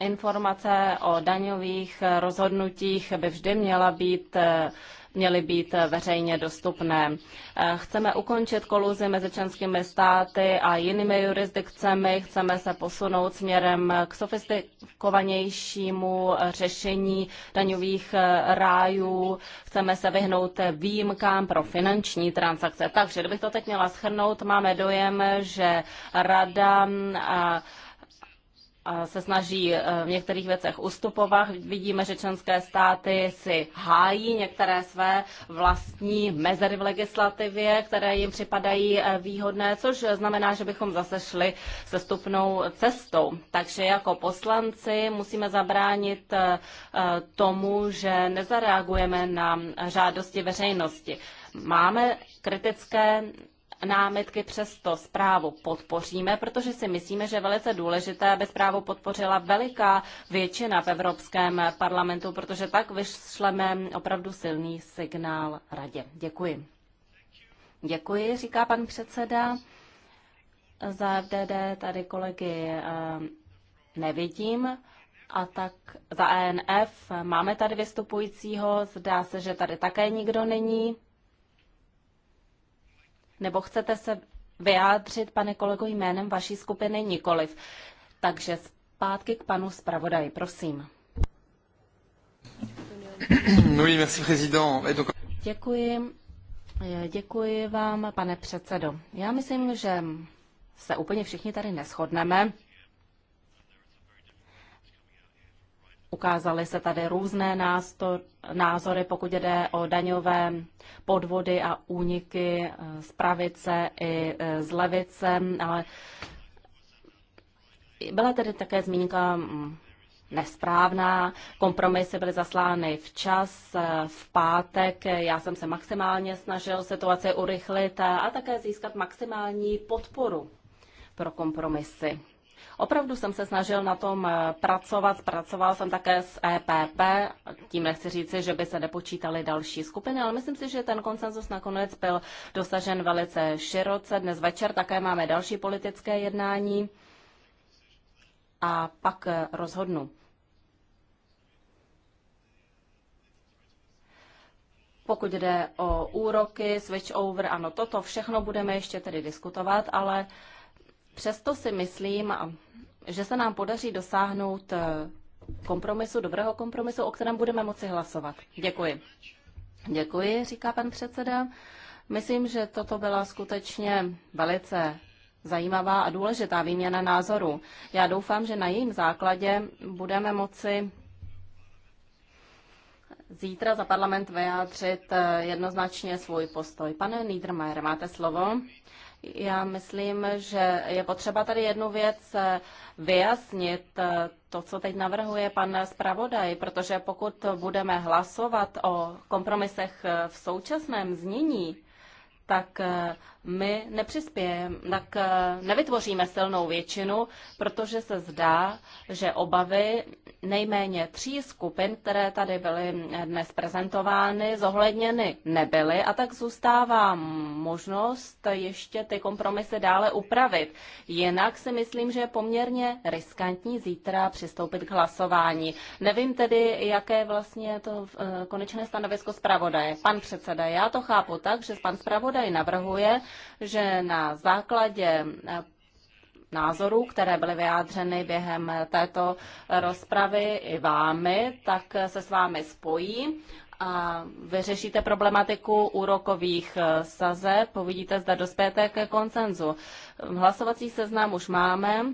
A: Informace o daňových rozhodnutích by vždy měla být eh, měly být eh, veřejně dostupné. Eh, chceme ukončit koluzi mezi členskými státy a jinými jurisdikcemi, chceme se posunout směrem k sofistikovanějšímu řešení daňových rájů, chceme se vyhnout výjimkám pro finanční transakce. Takže kdybych to teď měla schrnout, máme dojem, že rada mm, a se snaží e, v některých věcech ustupovat. Vidíme, že členské státy si hájí některé své vlastní mezery v legislativě, které jim připadají e, výhodné, což znamená, že bychom zase šli se stupnou cestou. Takže jako poslanci musíme zabránit e, tomu, že nezareagujeme na žádosti veřejnosti. Máme kritické námitky, přesto zprávu podpoříme, protože si myslíme, že je velice důležité, aby zprávu podpořila veliká většina v Evropském parlamentu, protože tak vyšleme opravdu silný signál radě. Děkuji. Děkuji, říká pan předseda. Za FDD tady kolegy eh, nevidím. A tak za ENF máme tady vystupujícího. Zdá se, že tady také nikdo není. Nebo chcete se vyjádřit, pane kolego, jménem vaší skupiny nikoliv. Takže zpátky k panu zpravodaji, prosím.
D: Oui, merci, président.
A: Děkuji. Děkuji vám, pane předsedo. Já myslím, že se úplně všichni tady neschodneme Ukázaly se tady různé nástor, názory, pokud jde o daňové podvody a úniky eh, z pravice i eh, z levice, ale byla tedy také zmínka mm, nesprávná. Kompromisy byly zaslány včas, eh, v pátek. Já jsem se maximálně snažil situaci urychlit a také získat maximální podporu pro kompromisy. Opravdu jsem se snažil na tom eh, pracovat, pracoval jsem také s EPP, tím nechci říci, že by se nepočítaly další skupiny, ale myslím si, že ten konsenzus nakonec byl dosažen velice široce. Dnes večer také máme další politické jednání a pak eh, rozhodnu. Pokud jde o úroky, switch over, ano, toto všechno budeme ještě tedy diskutovat, ale uh, Přesto si myslím, že se nám podaří dosáhnout eh, kompromisu, dobrého kompromisu, o kterém budeme moci hlasovat. Děkuji. Děkuji, říká pan předseda. Myslím, že toto byla skutečně velice zajímavá a důležitá výměna názorů. Já doufám, že na jejím základě budeme moci zítra za parlament vyjádřit eh, jednoznačně svůj postoj. Pane Niedermayer, máte slovo. Já myslím, že je potřeba tady jednu věc eh, vyjasnit, eh, to, co teď navrhuje pan zpravodaj, protože pokud budeme hlasovat o kompromisech eh, v současném znění, tak my nepřispějeme, tak eh, nevytvoříme silnou většinu, protože se zdá, že obavy nejméně tří skupin, které tady byly dnes prezentovány, zohledněny nebyly a tak zůstává možnost ještě ty kompromisy dále upravit. Jinak si myslím, že je poměrně riskantní zítra přistoupit k hlasování. Nevím tedy, jaké vlastně to eh, konečné stanovisko zpravodaje. Pan předseda, já to chápu tak, že pan zpravodaj navrhuje, že na základě eh, názorů, které byly vyjádřeny během této rozpravy i vámi, tak se s vámi spojí a vyřešíte problematiku úrokových eh, sazeb, Povidíte, zda dospějete ke koncenzu. Hlasovací seznam už máme.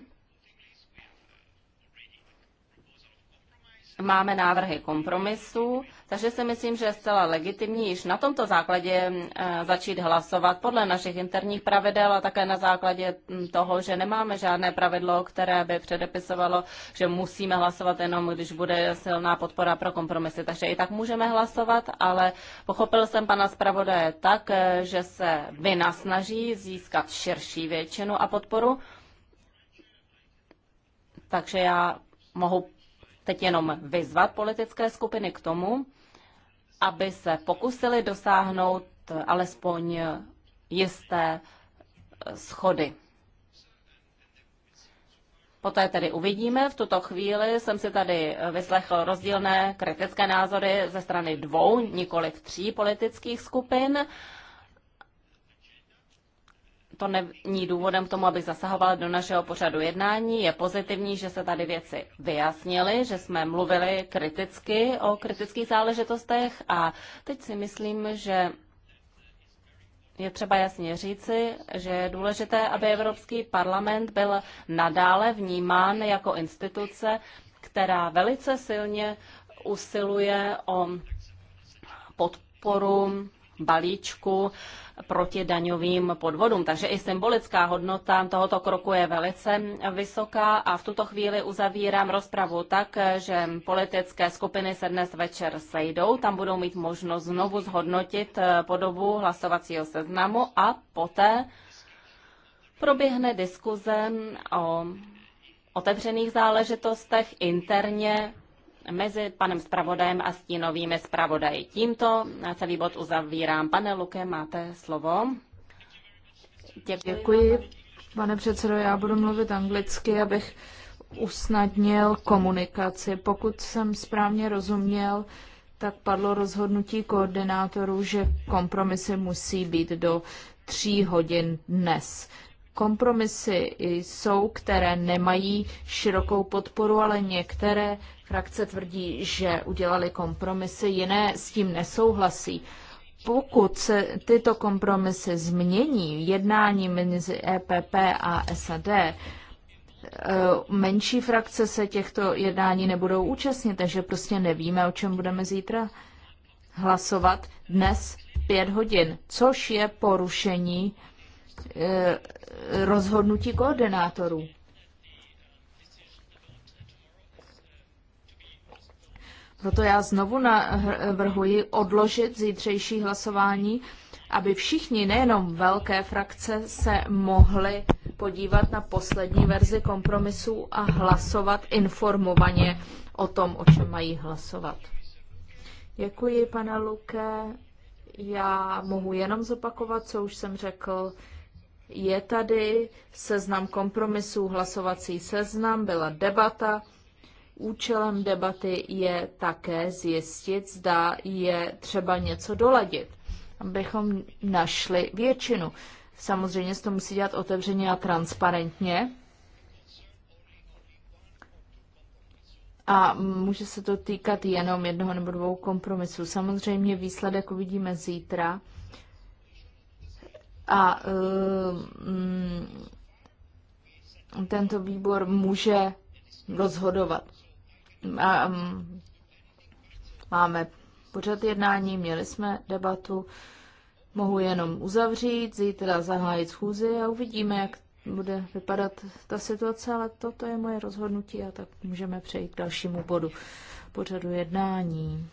A: Máme návrhy kompromisu. Takže si myslím, že je zcela legitimní již na tomto základě eh, začít hlasovat podle našich interních pravidel a také na základě hm, toho, že nemáme žádné pravidlo, které by předepisovalo, že musíme hlasovat jenom, když bude silná podpora pro kompromisy. Takže i tak můžeme hlasovat, ale pochopil jsem pana zpravodaje tak, eh, že se vynasnaží získat širší většinu a podporu. Takže já mohu teď jenom vyzvat politické skupiny k tomu, aby se pokusili dosáhnout alespoň jisté eh, schody. Poté tedy uvidíme. V tuto chvíli jsem si tady vyslechl rozdílné kritické názory ze strany dvou, nikoli tří politických skupin to není důvodem k tomu, abych zasahovala do našeho pořadu jednání. Je pozitivní, že se tady věci vyjasnily, že jsme mluvili kriticky o kritických záležitostech a teď si myslím, že je třeba jasně říci, že je důležité, aby Evropský parlament byl nadále vnímán jako instituce, která velice silně usiluje o podporu balíčku proti daňovým podvodům. Takže i symbolická hodnota tohoto kroku je velice vysoká a v tuto chvíli uzavírám rozpravu tak, že politické skupiny se dnes večer sejdou. Tam budou mít možnost znovu zhodnotit eh, podobu hlasovacího seznamu a poté proběhne diskuze o otevřených záležitostech interně mezi panem zpravodajem a stínovými zpravodaji. Tímto celý bod uzavírám. Pane Luke, máte slovo.
B: Děkuji. Děkuji. Pane předsedo, já budu mluvit anglicky, abych usnadnil komunikaci. Pokud jsem správně rozuměl, tak padlo rozhodnutí koordinátorů, že kompromisy musí být do tří hodin dnes. Kompromisy jsou, které nemají širokou podporu, ale některé frakce tvrdí, že udělali kompromisy, jiné s tím nesouhlasí. Pokud se tyto kompromisy změní jednání mezi EPP a SAD, e, menší frakce se těchto jednání nebudou účastnit, takže prostě nevíme, o čem budeme zítra hlasovat dnes pět hodin, což je porušení e, rozhodnutí koordinátorů. Proto já znovu navrhuji odložit zítřejší hlasování, aby všichni, nejenom velké frakce, se mohli podívat na poslední verzi kompromisů a hlasovat informovaně o tom, o čem mají hlasovat. Děkuji, pane Luke. Já mohu jenom zopakovat, co už jsem řekl. Je tady seznam kompromisů, hlasovací seznam, byla debata. Účelem debaty je také zjistit, zda je třeba něco doladit, abychom našli většinu. Samozřejmě se to musí dělat otevřeně a transparentně. A může se to týkat jenom jednoho nebo dvou kompromisů. Samozřejmě výsledek uvidíme zítra. A um, tento výbor může rozhodovat um, máme pořad jednání, měli jsme debatu, mohu jenom uzavřít, zítra zahájit schůzi a uvidíme, jak bude vypadat ta situace, ale toto je moje rozhodnutí a tak můžeme přejít k dalšímu bodu pořadu jednání.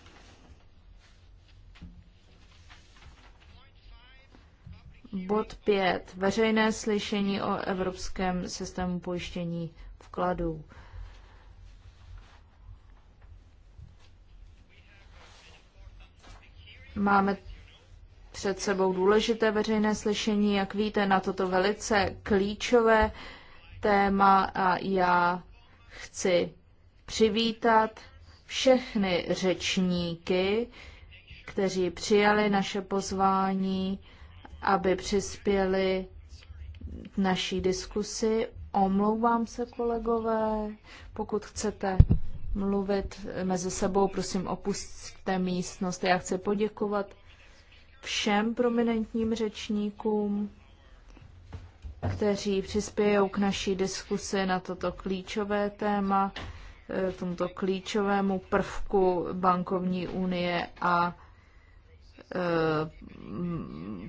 B: Bod 5. Veřejné slyšení o evropském systému pojištění vkladů. Máme před sebou důležité veřejné slyšení, jak víte, na toto velice klíčové téma a já chci přivítat všechny řečníky, kteří přijali naše pozvání, aby přispěli k naší diskusi. Omlouvám se, kolegové, pokud chcete mluvit mezi sebou, prosím opustte místnost. Já chci poděkovat všem prominentním řečníkům, kteří přispějou k naší diskusi na toto klíčové téma, tomto eh, tomuto klíčovému prvku bankovní unie a eh,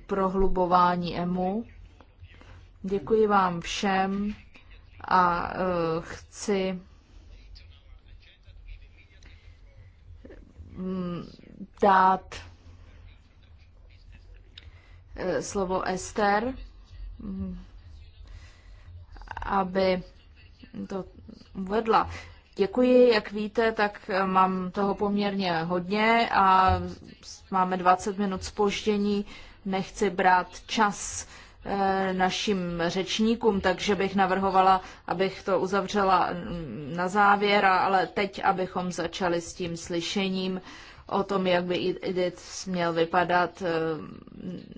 B: prohlubování EMU. Děkuji vám všem a eh, chci Mm, dát eh, slovo Ester, mm, aby to uvedla. Děkuji, jak víte, tak eh, mám toho poměrně hodně a máme 20 minut spoždění. Nechci brát čas Eh, našim řečníkům, takže bych navrhovala, abych to uzavřela na závěr, ale teď, abychom začali s tím slyšením o tom, jak by IDIT měl vypadat eh,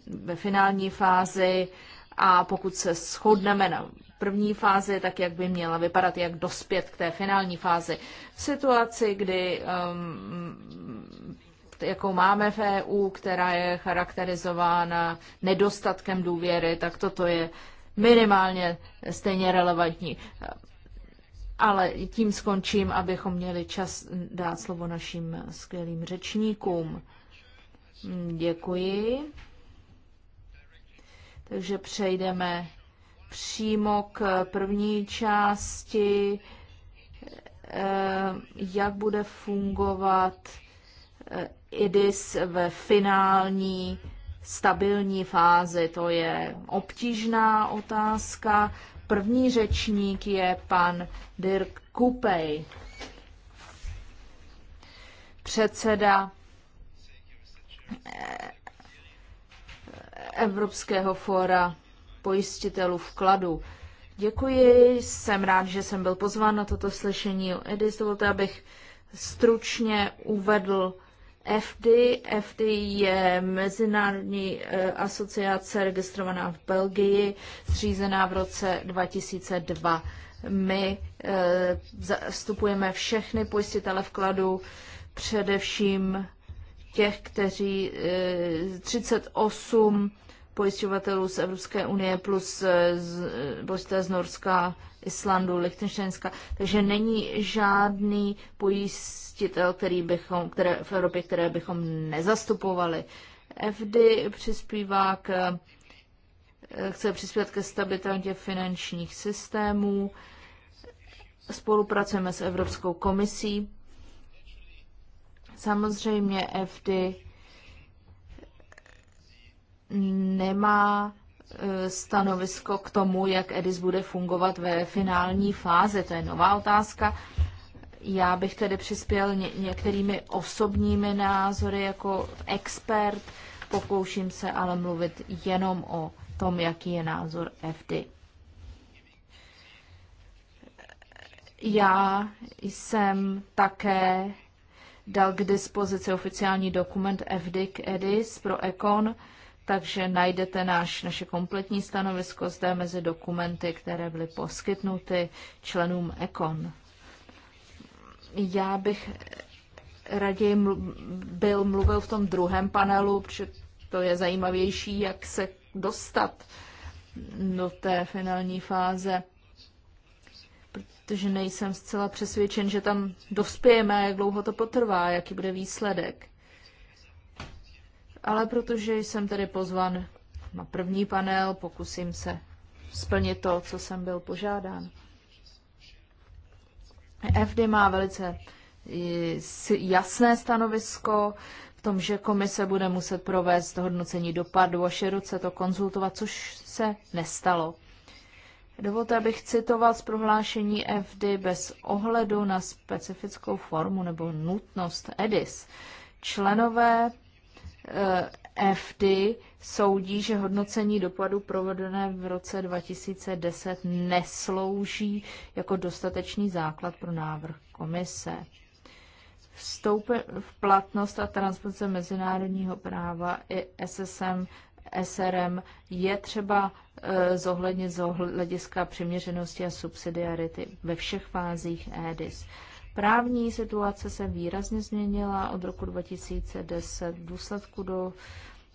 B: ve finální fázi a pokud se shodneme na první fázi, tak jak by měla vypadat, jak dospět k té finální fázi. V situaci, kdy um, jakou máme v EU, která je charakterizována nedostatkem důvěry, tak toto je minimálně stejně relevantní. Ale tím skončím, abychom měli čas dát slovo našim skvělým řečníkům. Děkuji. Takže přejdeme přímo k první části, eh, jak bude fungovat IDIS ve finální stabilní fázi. To je obtížná otázka. První řečník je pan Dirk Kupej, předseda eh, Evropského fóra pojistitelů vkladu. Děkuji, jsem rád, že jsem byl pozván na toto slyšení o EDIS. Dovolte, abych stručně uvedl FD, FD je Mezinárodní eh, asociace registrovaná v Belgii, zřízená v roce 2002. My eh, zastupujeme všechny pojistitele vkladu, především těch, kteří 38 eh, pojišťovatelů z Evropské unie plus pojistitel z Norska, Islandu, Lichtensteinska, takže není žádný pojistitel, který bychom, které, v Evropě, které bychom nezastupovali. FD přispívá k, chce přispívat ke stabilitě finančních systémů, spolupracujeme s Evropskou komisí. Samozřejmě FD nemá Eh, stanovisko k tomu, jak EDIS bude fungovat ve finální fázi. To je nová otázka. Já bych tedy přispěl ně- některými osobními názory jako expert, pokouším se ale mluvit jenom o tom, jaký je názor FD. Já jsem také dal k dispozici oficiální dokument FD k EDIS pro ECON, takže najdete náš, naše kompletní stanovisko zde mezi dokumenty, které byly poskytnuty členům ECON. Já bych raději mlu- byl mluvil v tom druhém panelu, protože to je zajímavější, jak se dostat do té finální fáze, protože nejsem zcela přesvědčen, že tam dospějeme, jak dlouho to potrvá, jaký bude výsledek. Ale protože jsem tedy pozvan na první panel, pokusím se splnit to, co jsem byl požádán. FD má velice eh, jasné stanovisko v tom, že komise bude muset provést hodnocení dopadu a široce to konzultovat, což se nestalo. Dovolte, abych citoval z prohlášení FD bez ohledu na specifickou formu nebo nutnost EDIS. Členové Eh, FD soudí, že hodnocení dopadu provedené v roce 2010 neslouží jako dostatečný základ pro návrh komise. Vstoupe v platnost a transpoce mezinárodního práva i SSM, SRM je třeba eh, zohlednit z hlediska přiměřenosti a subsidiarity ve všech fázích EDIS. Právní situace se výrazně změnila od roku 2010 v důsledku do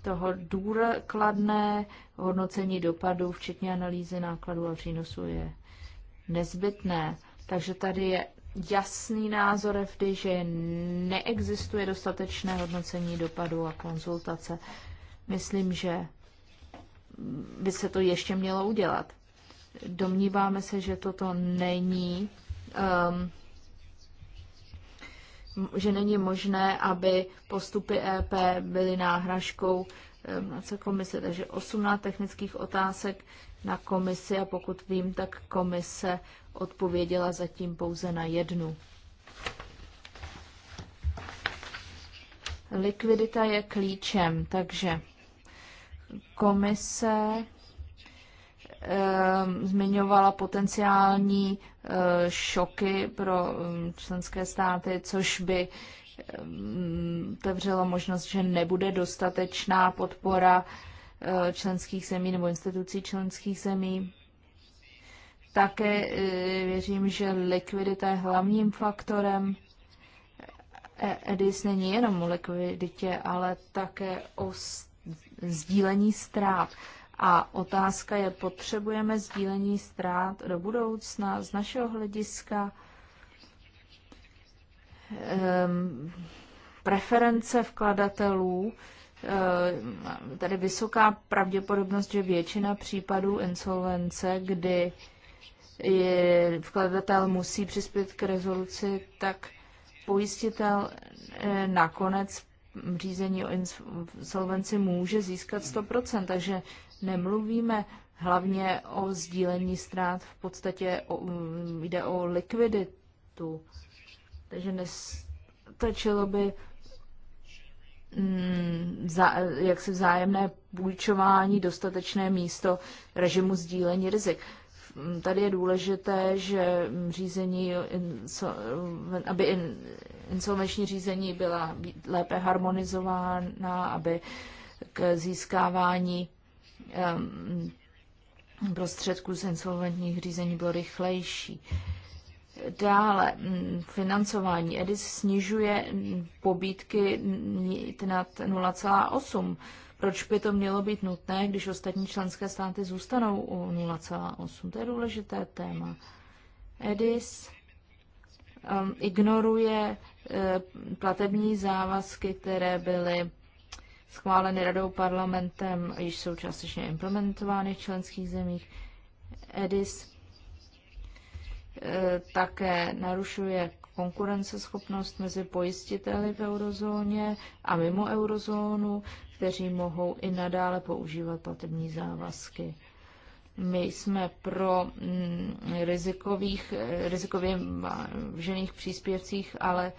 B: toho důkladné hodnocení dopadů, včetně analýzy nákladů a přínosů je nezbytné. Takže tady je jasný názor FD, že neexistuje dostatečné hodnocení dopadu a konzultace. Myslím, že by se to ještě mělo udělat. Domníváme se, že toto není um, že není možné, aby postupy EP byly náhražkou ehm, na komise. Takže 18 technických otázek na komisi a pokud vím, tak komise odpověděla zatím pouze na jednu. Likvidita je klíčem, takže komise Ehm, zmiňovala potenciální eh, šoky pro ehm, členské státy, což by ehm, otevřelo možnost, že nebude dostatečná podpora eh, členských zemí nebo institucí členských zemí. Také eh, věřím, že likvidita je hlavním faktorem. E, EDIS není jenom o likviditě, ale také o sdílení ztrát. A otázka je, potřebujeme sdílení ztrát do budoucna z našeho hlediska. Ehm, preference vkladatelů, ehm, tady vysoká pravděpodobnost, že většina případů insolvence, kdy vkladatel musí přispět k rezoluci, tak pojistitel eh, nakonec řízení o insolvenci může získat 100%, takže nemluvíme hlavně o sdílení ztrát, v podstatě o, mm, jde o likviditu. Takže nestačilo by mm, jak se vzájemné půjčování dostatečné místo režimu sdílení rizik. Mm, tady je důležité, že řízení, aby insolvenční řízení byla lépe harmonizována, aby k získávání Um, prostředků z insolventních řízení bylo rychlejší. Dále mm, financování EDIS snižuje pobídky nad 0,8. Proč by to mělo být nutné, když ostatní členské státy zůstanou u 0,8? To je důležité téma. EDIS um, ignoruje eh, platební závazky, které byly schváleny radou parlamentem, již jsou částečně implementovány v členských zemích. EDIS eh, také narušuje konkurenceschopnost mezi pojistiteli v eurozóně a mimo eurozónu, kteří mohou i nadále používat platební závazky. My jsme pro mm, rizikových, eh, rizikově vžených příspěvcích, ale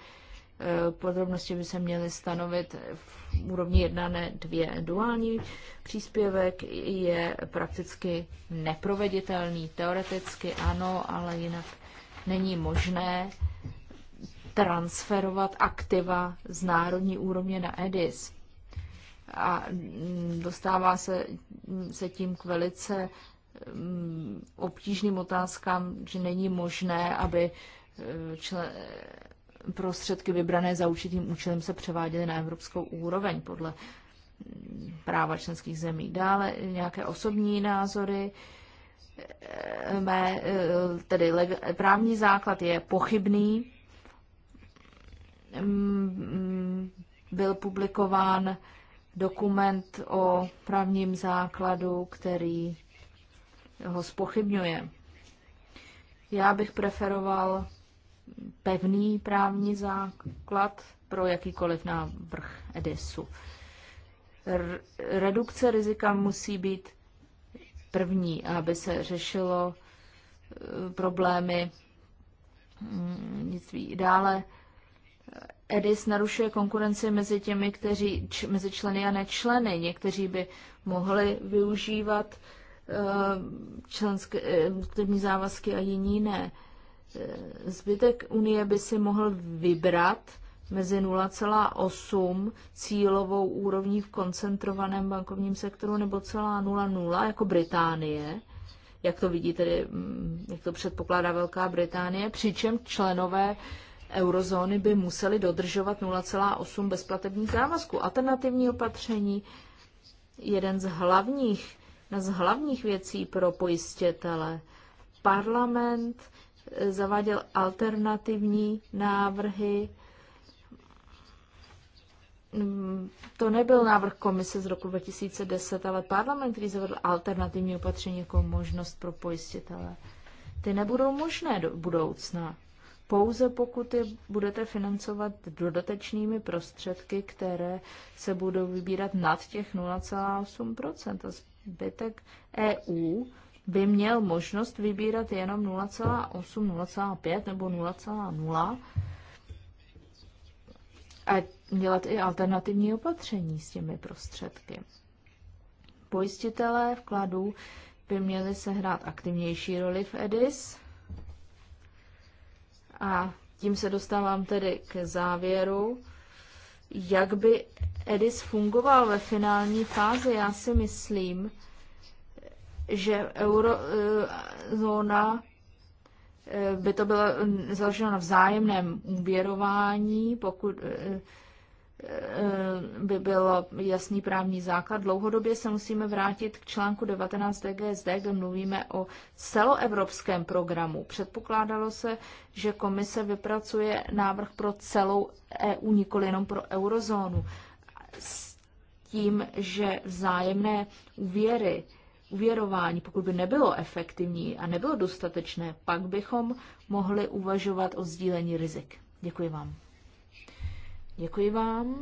B: Eh, podrobnosti by se měly stanovit v úrovni 1 ne 2. Duální příspěvek je prakticky neproveditelný, teoreticky ano, ale jinak není možné transferovat aktiva z národní úrovně na EDIS. A dostává se, se tím k velice mm, obtížným otázkám, že není možné, aby eh, člen, prostředky vybrané za určitým účelem se převáděly na evropskou úroveň podle práva členských zemí. Dále nějaké osobní názory. Eh, mé, eh, tedy právní základ je pochybný. Mm, mm, byl publikován dokument o právním základu, který ho spochybňuje. Já bych preferoval pevný právní základ pro jakýkoliv návrh EDISu. Redukce rizika musí být první, aby se řešilo e, problémy mm, Dále e, EDIS narušuje konkurenci mezi těmi, kteří, č, mezi členy a nečleny. Někteří by mohli využívat e, členské závazky a jiní ne. Eh, zbytek Unie by si mohl vybrat mezi 0,8 cílovou úrovní v koncentrovaném bankovním sektoru nebo celá 0,0 jako Británie, jak to vidí tedy, mm, jak to předpokládá Velká Británie, přičem členové eurozóny by museli dodržovat 0,8 bezplatebních závazků. Alternativní opatření, jeden z hlavních, jedna z hlavních věcí pro pojistitele. Parlament zaváděl alternativní návrhy. To nebyl návrh komise z roku 2010, ale parlament, který zavedl alternativní opatření jako možnost pro pojistitele. Ty nebudou možné do budoucna. Pouze pokud je budete financovat dodatečnými prostředky, které se budou vybírat nad těch 0,8 a zbytek EU by měl možnost vybírat jenom 0,8, 0,5 nebo 0,0 a dělat i alternativní opatření s těmi prostředky. Pojistitelé vkladů by měli sehrát aktivnější roli v EDIS. A tím se dostávám tedy k závěru, jak by EDIS fungoval ve finální fázi. Já si myslím, že eurozóna eh, by to bylo založeno na vzájemném úvěrování, pokud eh, eh, by byl jasný právní základ. Dlouhodobě se musíme vrátit k článku 19 DGSD, kde mluvíme o celoevropském programu. Předpokládalo se, že komise vypracuje návrh pro celou EU, nikoli jenom pro eurozónu, s tím, že vzájemné uvěry uvěrování, pokud by nebylo efektivní a nebylo dostatečné, pak bychom mohli uvažovat o sdílení rizik. Děkuji vám. Děkuji vám.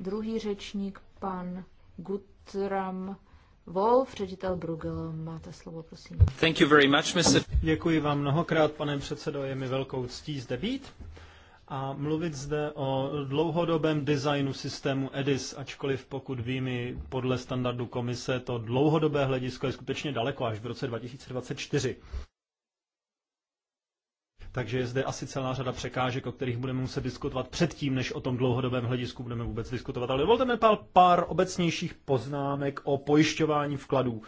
B: Druhý řečník, pan Gutram Wolf, ředitel Brugel. Máte slovo, prosím. Thank you very
C: much, Mr. Děkuji vám mnohokrát, pane předsedo. Je mi velkou ctí zde být a mluvit zde o dlouhodobém designu systému EDIS, ačkoliv pokud vím, podle standardu komise to dlouhodobé hledisko je skutečně daleko, až v roce 2024. Takže je zde asi celá řada překážek, o kterých budeme muset diskutovat předtím, než o tom dlouhodobém hledisku budeme vůbec diskutovat. Ale dovolte mi pár, pár obecnějších poznámek o pojišťování vkladů.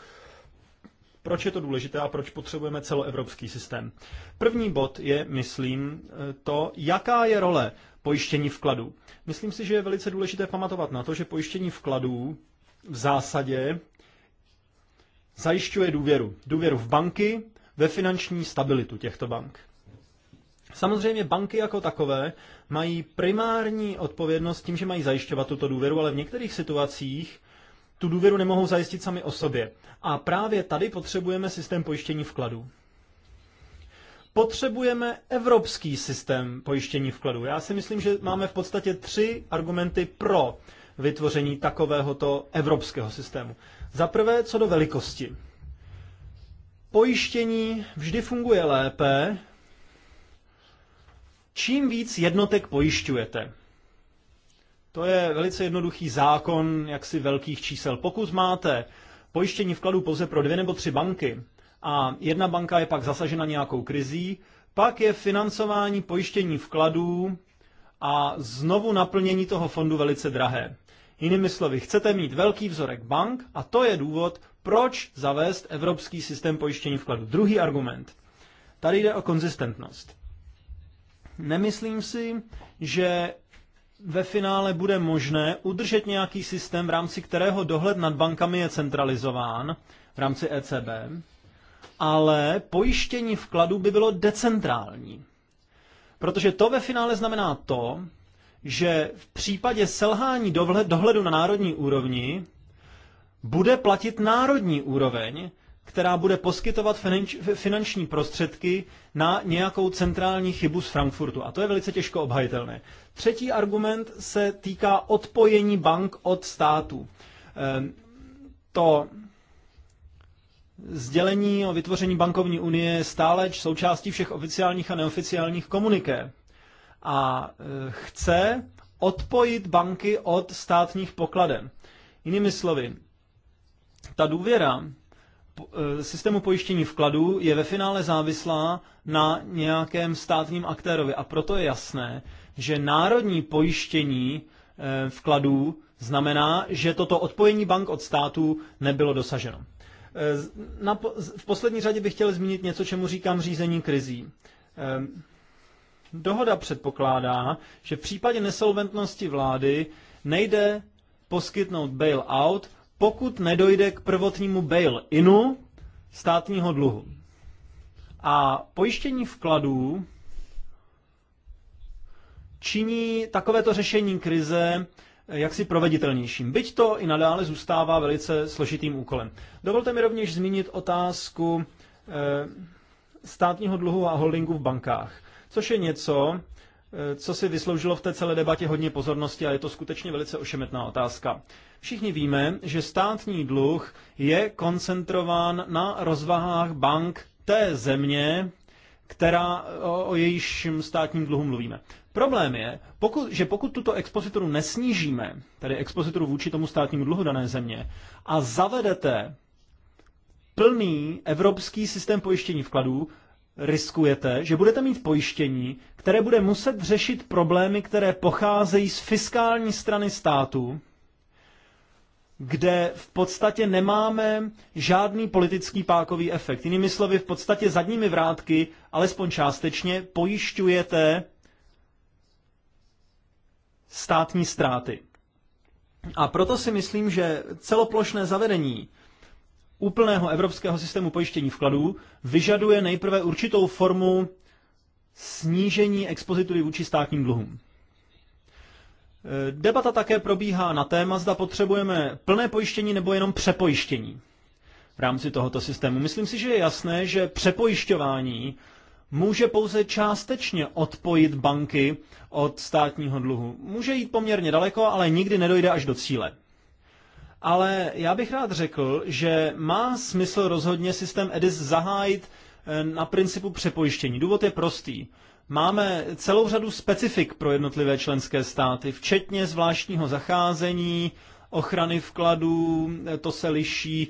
C: Proč je to důležité a proč potřebujeme celoevropský systém? První bod je, myslím, eh, to, jaká je role pojištění vkladů. Myslím si, že je velice důležité pamatovat na to, že pojištění vkladů v zásadě zajišťuje důvěru. Důvěru v banky, ve finanční stabilitu těchto bank. Samozřejmě banky jako takové mají primární odpovědnost tím, že mají zajišťovat tuto důvěru, ale v některých situacích tu důvěru nemohou zajistit sami o sobě. A právě tady potřebujeme systém pojištění vkladů. Potřebujeme evropský systém pojištění vkladů. Já si myslím, že máme v podstatě tři argumenty pro vytvoření takovéhoto evropského systému. Za prvé, co do velikosti. Pojištění vždy funguje lépe, čím víc jednotek pojišťujete. To je velice jednoduchý zákon jaksi velkých čísel. Pokud máte pojištění vkladů pouze pro dvě nebo tři banky a jedna banka je pak zasažena nějakou krizí, pak je financování pojištění vkladů a znovu naplnění toho fondu velice drahé. Jinými slovy, chcete mít velký vzorek bank a to je důvod, proč zavést evropský systém pojištění vkladů. Druhý argument. Tady jde o konzistentnost. Nemyslím si, že ve finále bude možné udržet nějaký systém, v rámci kterého dohled nad bankami je centralizován v rámci ECB, ale pojištění vkladu by bylo decentrální. Protože to ve finále znamená to, že v případě selhání dohledu na národní úrovni bude platit národní úroveň která bude poskytovat finanční prostředky na nějakou centrální chybu z Frankfurtu. A to je velice těžko obhajitelné. Třetí argument se týká odpojení bank od státu. Ehm, to sdělení o vytvoření bankovní unie je stále součástí všech oficiálních a neoficiálních komuniké. A eh, chce odpojit banky od státních pokladen. Jinými slovy, ta důvěra, Eh, systému pojištění vkladů je ve finále závislá na nějakém státním aktérovi. A proto je jasné, že národní pojištění eh, vkladů znamená, že toto odpojení bank od států nebylo dosaženo. Eh, v poslední řadě bych chtěl zmínit něco, čemu říkám řízení krizí. Dohoda předpokládá, že v případě nesolventnosti vlády nejde poskytnout bailout, pokud nedojde k prvotnímu bail-inu státního dluhu. A pojištění vkladů činí takovéto řešení krize eh, jaksi proveditelnějším. Byť to i nadále zůstává velice složitým úkolem. Dovolte mi rovněž zmínit otázku eh, státního dluhu a holdingu v bankách, což je něco, eh, co si vysloužilo v té celé debatě hodně pozornosti a je to skutečně velice ošemetná otázka. Všichni víme, že státní dluh je koncentrován na rozvahách bank té země, která, o, o jejíším státním dluhu mluvíme. Problém je, pokud, že pokud tuto expozitoru nesnížíme, tedy expozitoru vůči tomu státnímu dluhu dané země, a zavedete plný evropský systém pojištění vkladů, riskujete, že budete mít pojištění, které bude muset řešit problémy, které pocházejí z fiskální strany státu, kde v podstatě nemáme žádný politický pákový efekt. Jinými slovy, v podstatě zadními vrátky, alespoň částečně, pojišťujete státní ztráty. A proto si myslím, že celoplošné zavedení úplného evropského systému pojištění vkladů vyžaduje nejprve určitou formu snížení expozitury vůči státním dluhům. Eh, debata také probíhá na téma, zda potřebujeme plné pojištění nebo jenom přepojištění v rámci tohoto systému. Myslím si, že je jasné, že přepojišťování může pouze částečně odpojit banky od státního dluhu. Může jít poměrně daleko, ale nikdy nedojde až do cíle. Ale já bych rád řekl, že má smysl rozhodně systém EDIS zahájit eh, na principu přepojištění. Důvod je prostý. Máme celou řadu specifik pro jednotlivé členské státy, včetně zvláštního zacházení, ochrany vkladů, to se liší,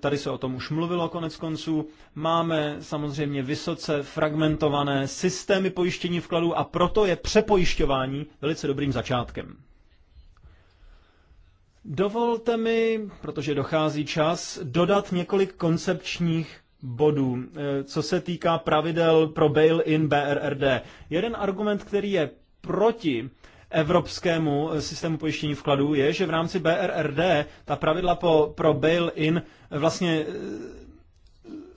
C: tady se o tom už mluvilo konec konců. Máme samozřejmě vysoce fragmentované systémy pojištění vkladů a proto je přepojišťování velice dobrým začátkem. Dovolte mi, protože dochází čas, dodat několik koncepčních bodů, eh, co se týká pravidel pro bail-in BRRD. Jeden argument, který je proti evropskému eh, systému pojištění vkladů je, že v rámci BRRD ta pravidla po, pro bail-in eh, vlastně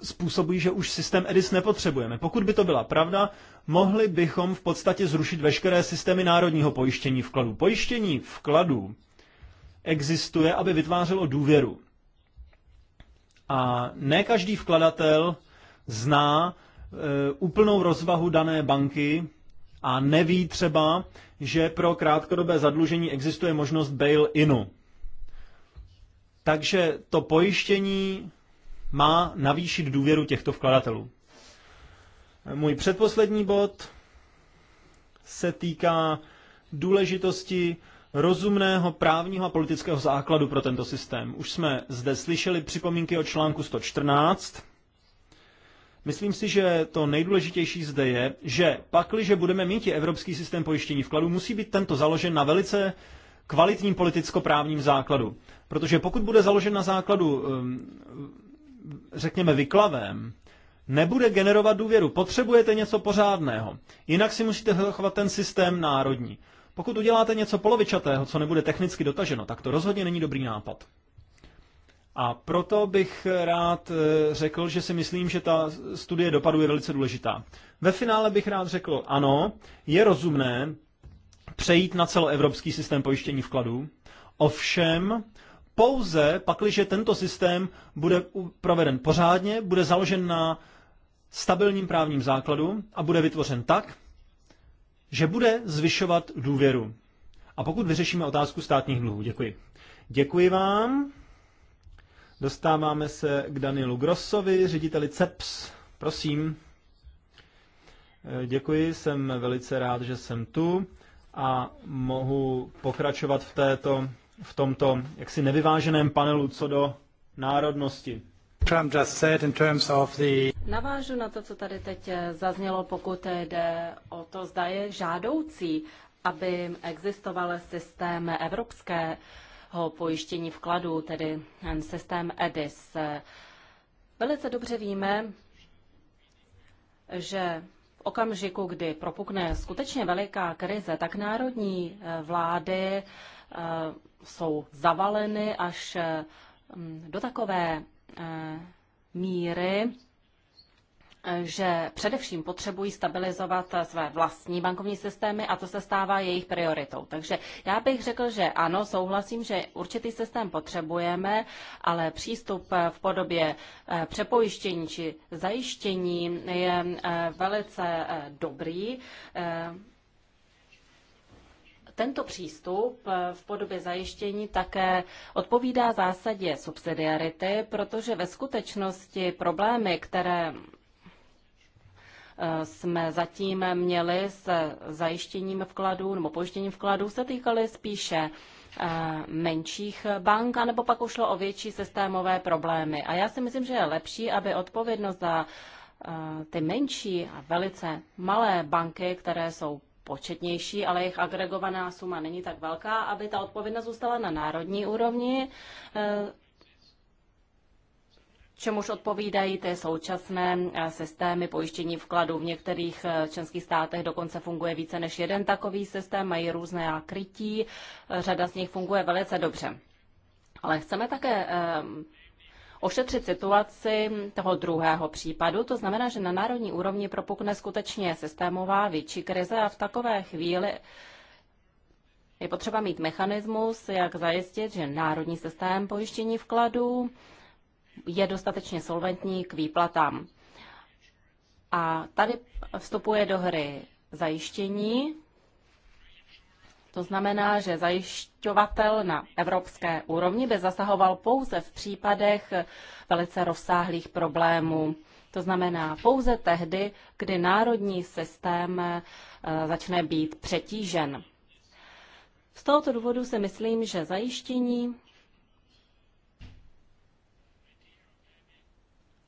C: způsobují, že už systém EDIS nepotřebujeme. Pokud by to byla pravda, mohli bychom v podstatě zrušit veškeré systémy národního pojištění vkladů. Pojištění vkladů existuje, aby vytvářelo důvěru. A ne každý vkladatel zná e, úplnou rozvahu dané banky a neví třeba, že pro krátkodobé zadlužení existuje možnost bail-inu. Takže to pojištění má navýšit důvěru těchto vkladatelů. Můj předposlední bod se týká důležitosti rozumného právního a politického základu pro tento systém. Už jsme zde slyšeli připomínky o článku 114. Myslím si, že to nejdůležitější zde je, že pakliže budeme mít evropský systém pojištění vkladů, musí být tento založen na velice kvalitním politicko-právním základu. Protože pokud bude založen na základu, um, řekněme, vyklavém, nebude generovat důvěru. Potřebujete něco pořádného. Jinak si musíte zachovat ten systém národní. Pokud uděláte něco polovičatého, co nebude technicky dotaženo, tak to rozhodně není dobrý nápad. A proto bych rád eh, řekl, že si myslím, že ta studie dopadu je velice důležitá. Ve finále bych rád řekl, ano, je rozumné přejít na celoevropský systém pojištění vkladů, ovšem pouze pakliže tento systém bude proveden pořádně, bude založen na stabilním právním základu a bude vytvořen tak, že bude zvyšovat důvěru. A pokud vyřešíme otázku státních dluhů, děkuji. Děkuji vám. Dostáváme se k Danielu Grossovi, řediteli CEPS. Prosím. Eh, děkuji, jsem velice rád, že jsem tu a mohu pokračovat v, této, v tomto jaksi nevyváženém panelu co do národnosti. Trump just said
E: in terms of the...
A: Navážu na to, co tady teď eh, zaznělo, pokud jde o to, zda je žádoucí, aby existoval systém evropského pojištění vkladů, tedy eh, systém EDIS. Velice dobře víme, že v okamžiku, kdy propukne skutečně veliká krize, tak národní eh, vlády jsou zavaleny až do takové Eh, míry, že především potřebují stabilizovat své vlastní bankovní systémy a to se stává jejich prioritou. Takže já bych řekl, že ano, souhlasím, že určitý systém potřebujeme, ale přístup v podobě eh, přepojištění či zajištění je eh, velice dobrý. Tento přístup eh, v podobě zajištění také odpovídá zásadě subsidiarity, protože ve skutečnosti problémy, které eh, jsme zatím měli s zajištěním vkladů nebo pojištěním vkladů, se týkaly spíše eh, menších bank, anebo pak ušlo o větší systémové problémy. A já si myslím, že je lepší, aby odpovědnost za ty menší a velice malé banky, které jsou početnější, ale jejich agregovaná suma není tak velká, aby ta odpovědnost zůstala na národní úrovni, eh, čemuž odpovídají ty současné eh, systémy pojištění vkladů. V některých eh, členských státech dokonce funguje více než jeden takový systém, mají různé krytí, řada z nich funguje velice dobře. Ale chceme také ošetřit situaci toho druhého případu. To znamená, že na národní úrovni propukne skutečně systémová větší krize a v takové chvíli je potřeba mít mechanismus, jak zajistit, že národní systém pojištění vkladů je dostatečně solventní k výplatám. A tady vstupuje do hry zajištění to znamená, že zajišťovatel na evropské úrovni by zasahoval pouze v případech velice rozsáhlých problémů. To znamená pouze tehdy, kdy národní systém eh, začne být přetížen. Z tohoto důvodu si myslím, že zajištění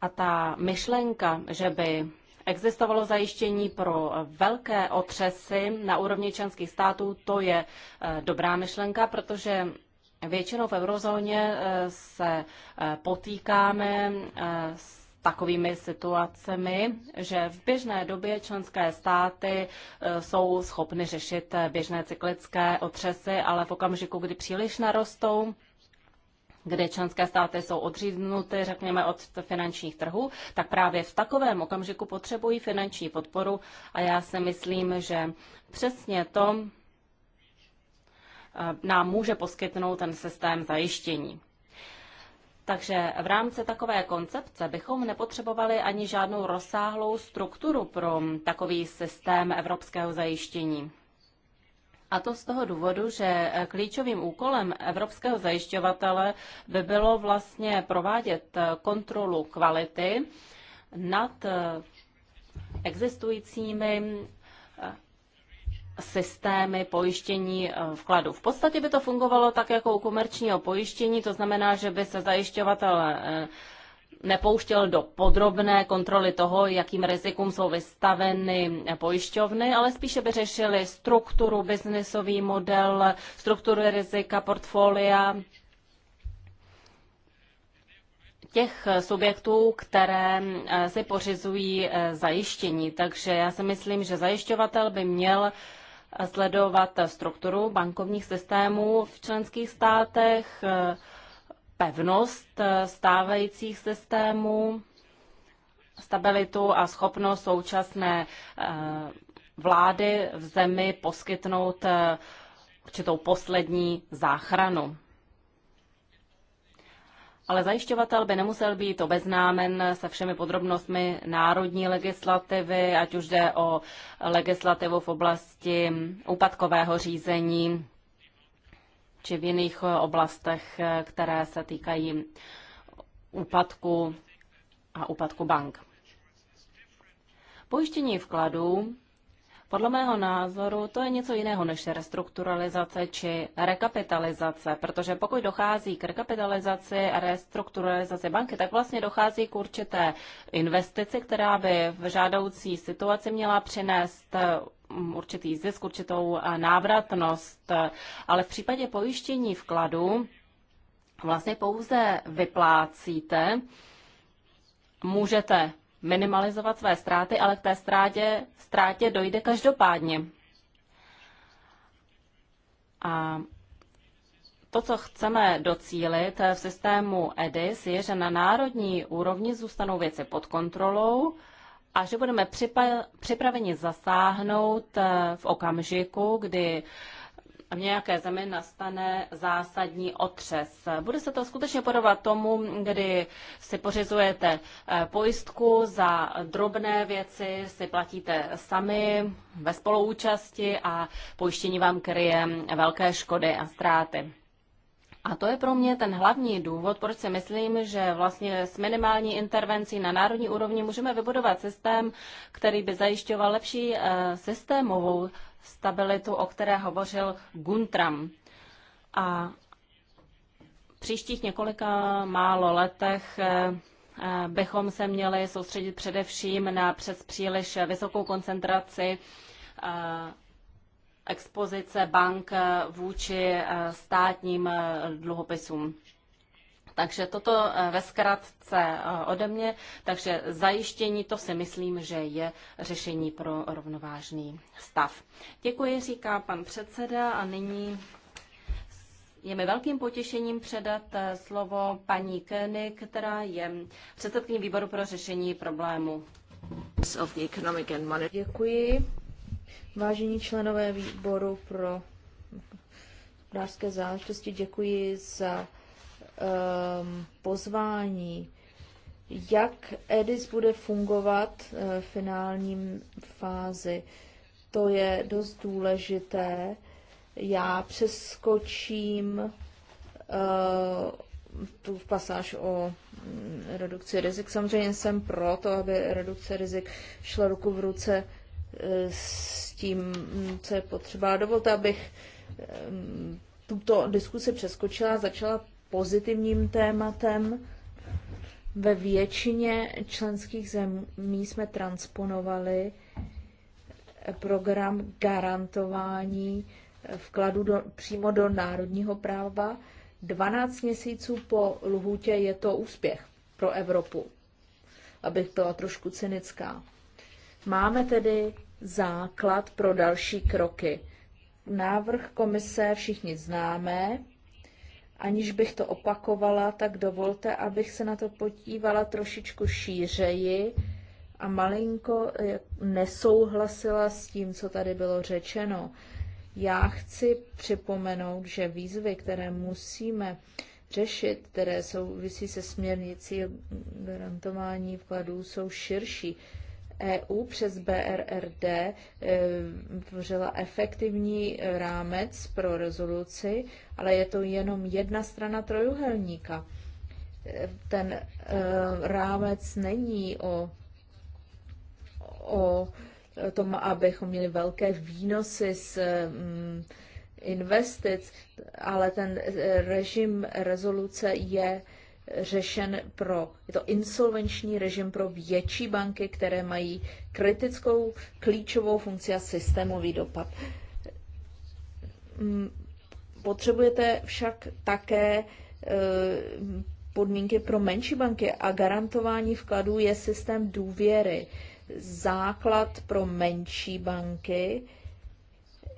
A: a ta myšlenka, že by Existovalo zajištění pro velké otřesy na úrovni členských států, to je eh, dobrá myšlenka, protože většinou v eurozóně eh, se eh, potýkáme s takovými situacemi, že v běžné době členské státy jsou schopny řešit běžné cyklické otřesy, ale v okamžiku, kdy příliš narostou, kde členské státy jsou odříznuty, řekněme, od finančních trhů, tak právě v takovém okamžiku potřebují finanční podporu a já si myslím, že přesně to eh, nám může poskytnout ten systém zajištění. Takže v rámci takové koncepce bychom nepotřebovali ani žádnou rozsáhlou strukturu pro takový systém evropského zajištění. A to z toho důvodu, že eh, klíčovým úkolem evropského zajišťovatele by bylo vlastně provádět eh, kontrolu kvality nad eh, existujícími systémy pojištění vkladu. V podstatě by to fungovalo tak jako u komerčního pojištění, to znamená, že by se zajišťovatel nepouštěl do podrobné kontroly toho, jakým rizikům jsou vystaveny pojišťovny, ale spíše by řešili strukturu, biznesový model, strukturu rizika, portfolia těch subjektů, které eh, si pořizují eh, zajištění. Takže já si myslím, že zajišťovatel by měl eh, sledovat strukturu bankovních systémů v členských státech, pevnost eh, stávajících systémů, stabilitu a schopnost současné eh, vlády v zemi poskytnout eh, určitou poslední záchranu. Ale zajišťovatel by nemusel být obeznámen se všemi podrobnostmi národní legislativy, ať už jde o legislativu v oblasti úpadkového řízení či v jiných eh, oblastech, eh, které se týkají úpadku a úpadku bank. Pojištění vkladů podle mého názoru to je něco jiného než restrukturalizace či rekapitalizace, protože pokud dochází k rekapitalizaci a restrukturalizaci banky, tak vlastně dochází k určité investici, která by v žádoucí situaci měla přinést eh, určitý zisk, určitou eh, návratnost, eh, ale v případě pojištění vkladu vlastně pouze vyplácíte, můžete minimalizovat své ztráty, ale k té ztrátě, ztrátě dojde každopádně. A to, co chceme docílit eh, v systému EDIS, je, že na národní úrovni zůstanou věci pod kontrolou, a že budeme připraveni zasáhnout eh, v okamžiku, kdy v nějaké zemi nastane zásadní otřes. Bude se to skutečně podobat tomu, kdy si pořizujete eh, pojistku za drobné věci, si platíte sami ve spoluúčasti a pojištění vám kryje velké škody a ztráty. A to je pro mě ten hlavní důvod, proč si myslím, že vlastně s minimální intervencí na národní úrovni můžeme vybudovat systém, který by zajišťoval lepší eh, systémovou stabilitu, o které hovořil Guntram. A v příštích několika málo letech eh, eh, bychom se měli soustředit především na přes příliš vysokou koncentraci expozice bank eh, vůči eh, státním eh, dluhopisům. Takže toto ve zkratce ode mě. Takže zajištění, to si myslím, že je řešení pro rovnovážný stav. Děkuji, říká pan předseda a nyní je mi velkým potěšením předat slovo paní König, která je předsedkyní výboru pro řešení problému. Děkuji.
B: Vážení členové výboru pro hospodářské záležitosti, děkuji za um, pozvání. Jak EDIS bude fungovat eh, v finálním fázi, to je dost důležité. Já přeskočím uh, tu pasáž o mm, redukci rizik. Samozřejmě jsem pro to, aby redukce rizik šla ruku v ruce s tím, co je potřeba. Dovolte, abych tuto diskusi přeskočila a začala pozitivním tématem. Ve většině členských zemí jsme transponovali program garantování vkladu do, přímo do národního práva. 12 měsíců po lhůtě je to úspěch pro Evropu, abych byla trošku cynická. Máme tedy základ pro další kroky. Návrh komise všichni známe. Aniž bych to opakovala, tak dovolte, abych se na to podívala trošičku šířeji a malinko eh, nesouhlasila s tím, co tady bylo řečeno. Já chci připomenout, že výzvy, které musíme řešit, které souvisí se směrnicí garantování vkladů, jsou širší. EU přes BRRD e, tvořila efektivní rámec pro rezoluci, ale je to jenom jedna strana trojuhelníka. Ten e, rámec není o, o tom, abychom měli velké výnosy z mm, investic, ale ten e, režim rezoluce je řešen pro, je to insolvenční režim pro větší banky, které mají kritickou klíčovou funkci a systémový dopad. Mm, potřebujete však také e, podmínky pro menší banky a garantování vkladů je systém důvěry. Základ pro menší banky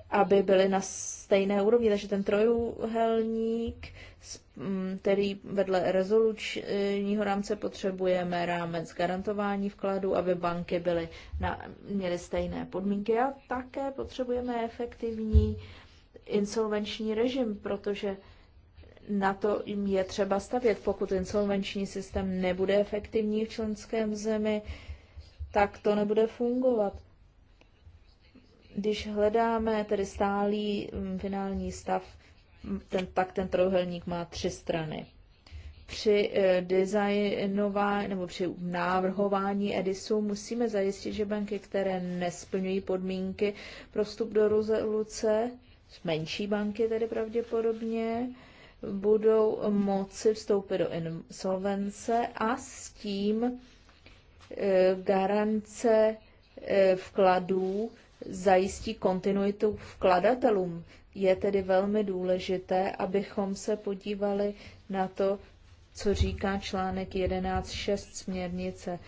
B: aby byly na stejné úrovni. Takže ten trojuhelník, mm, který vedle rezolučního rámce potřebujeme rámec garantování vkladu, aby banky byly na, měly stejné podmínky a také potřebujeme efektivní insolvenční režim, protože na to jim je třeba stavět. Pokud insolvenční systém nebude efektivní v členském zemi, tak to nebude fungovat. Když hledáme tedy stálý mm, finální stav, mm, ten, pak ten trojuhelník má tři strany. Při eh, designování nebo při návrhování Edisu musíme zajistit, že banky, které nesplňují podmínky pro vstup do rezoluce, menší banky tedy pravděpodobně, budou moci vstoupit do insolvence a s tím eh, garance eh, vkladů zajistí kontinuitu vkladatelům. Je tedy velmi důležité, abychom se podívali na to, co říká článek 11.6 směrnice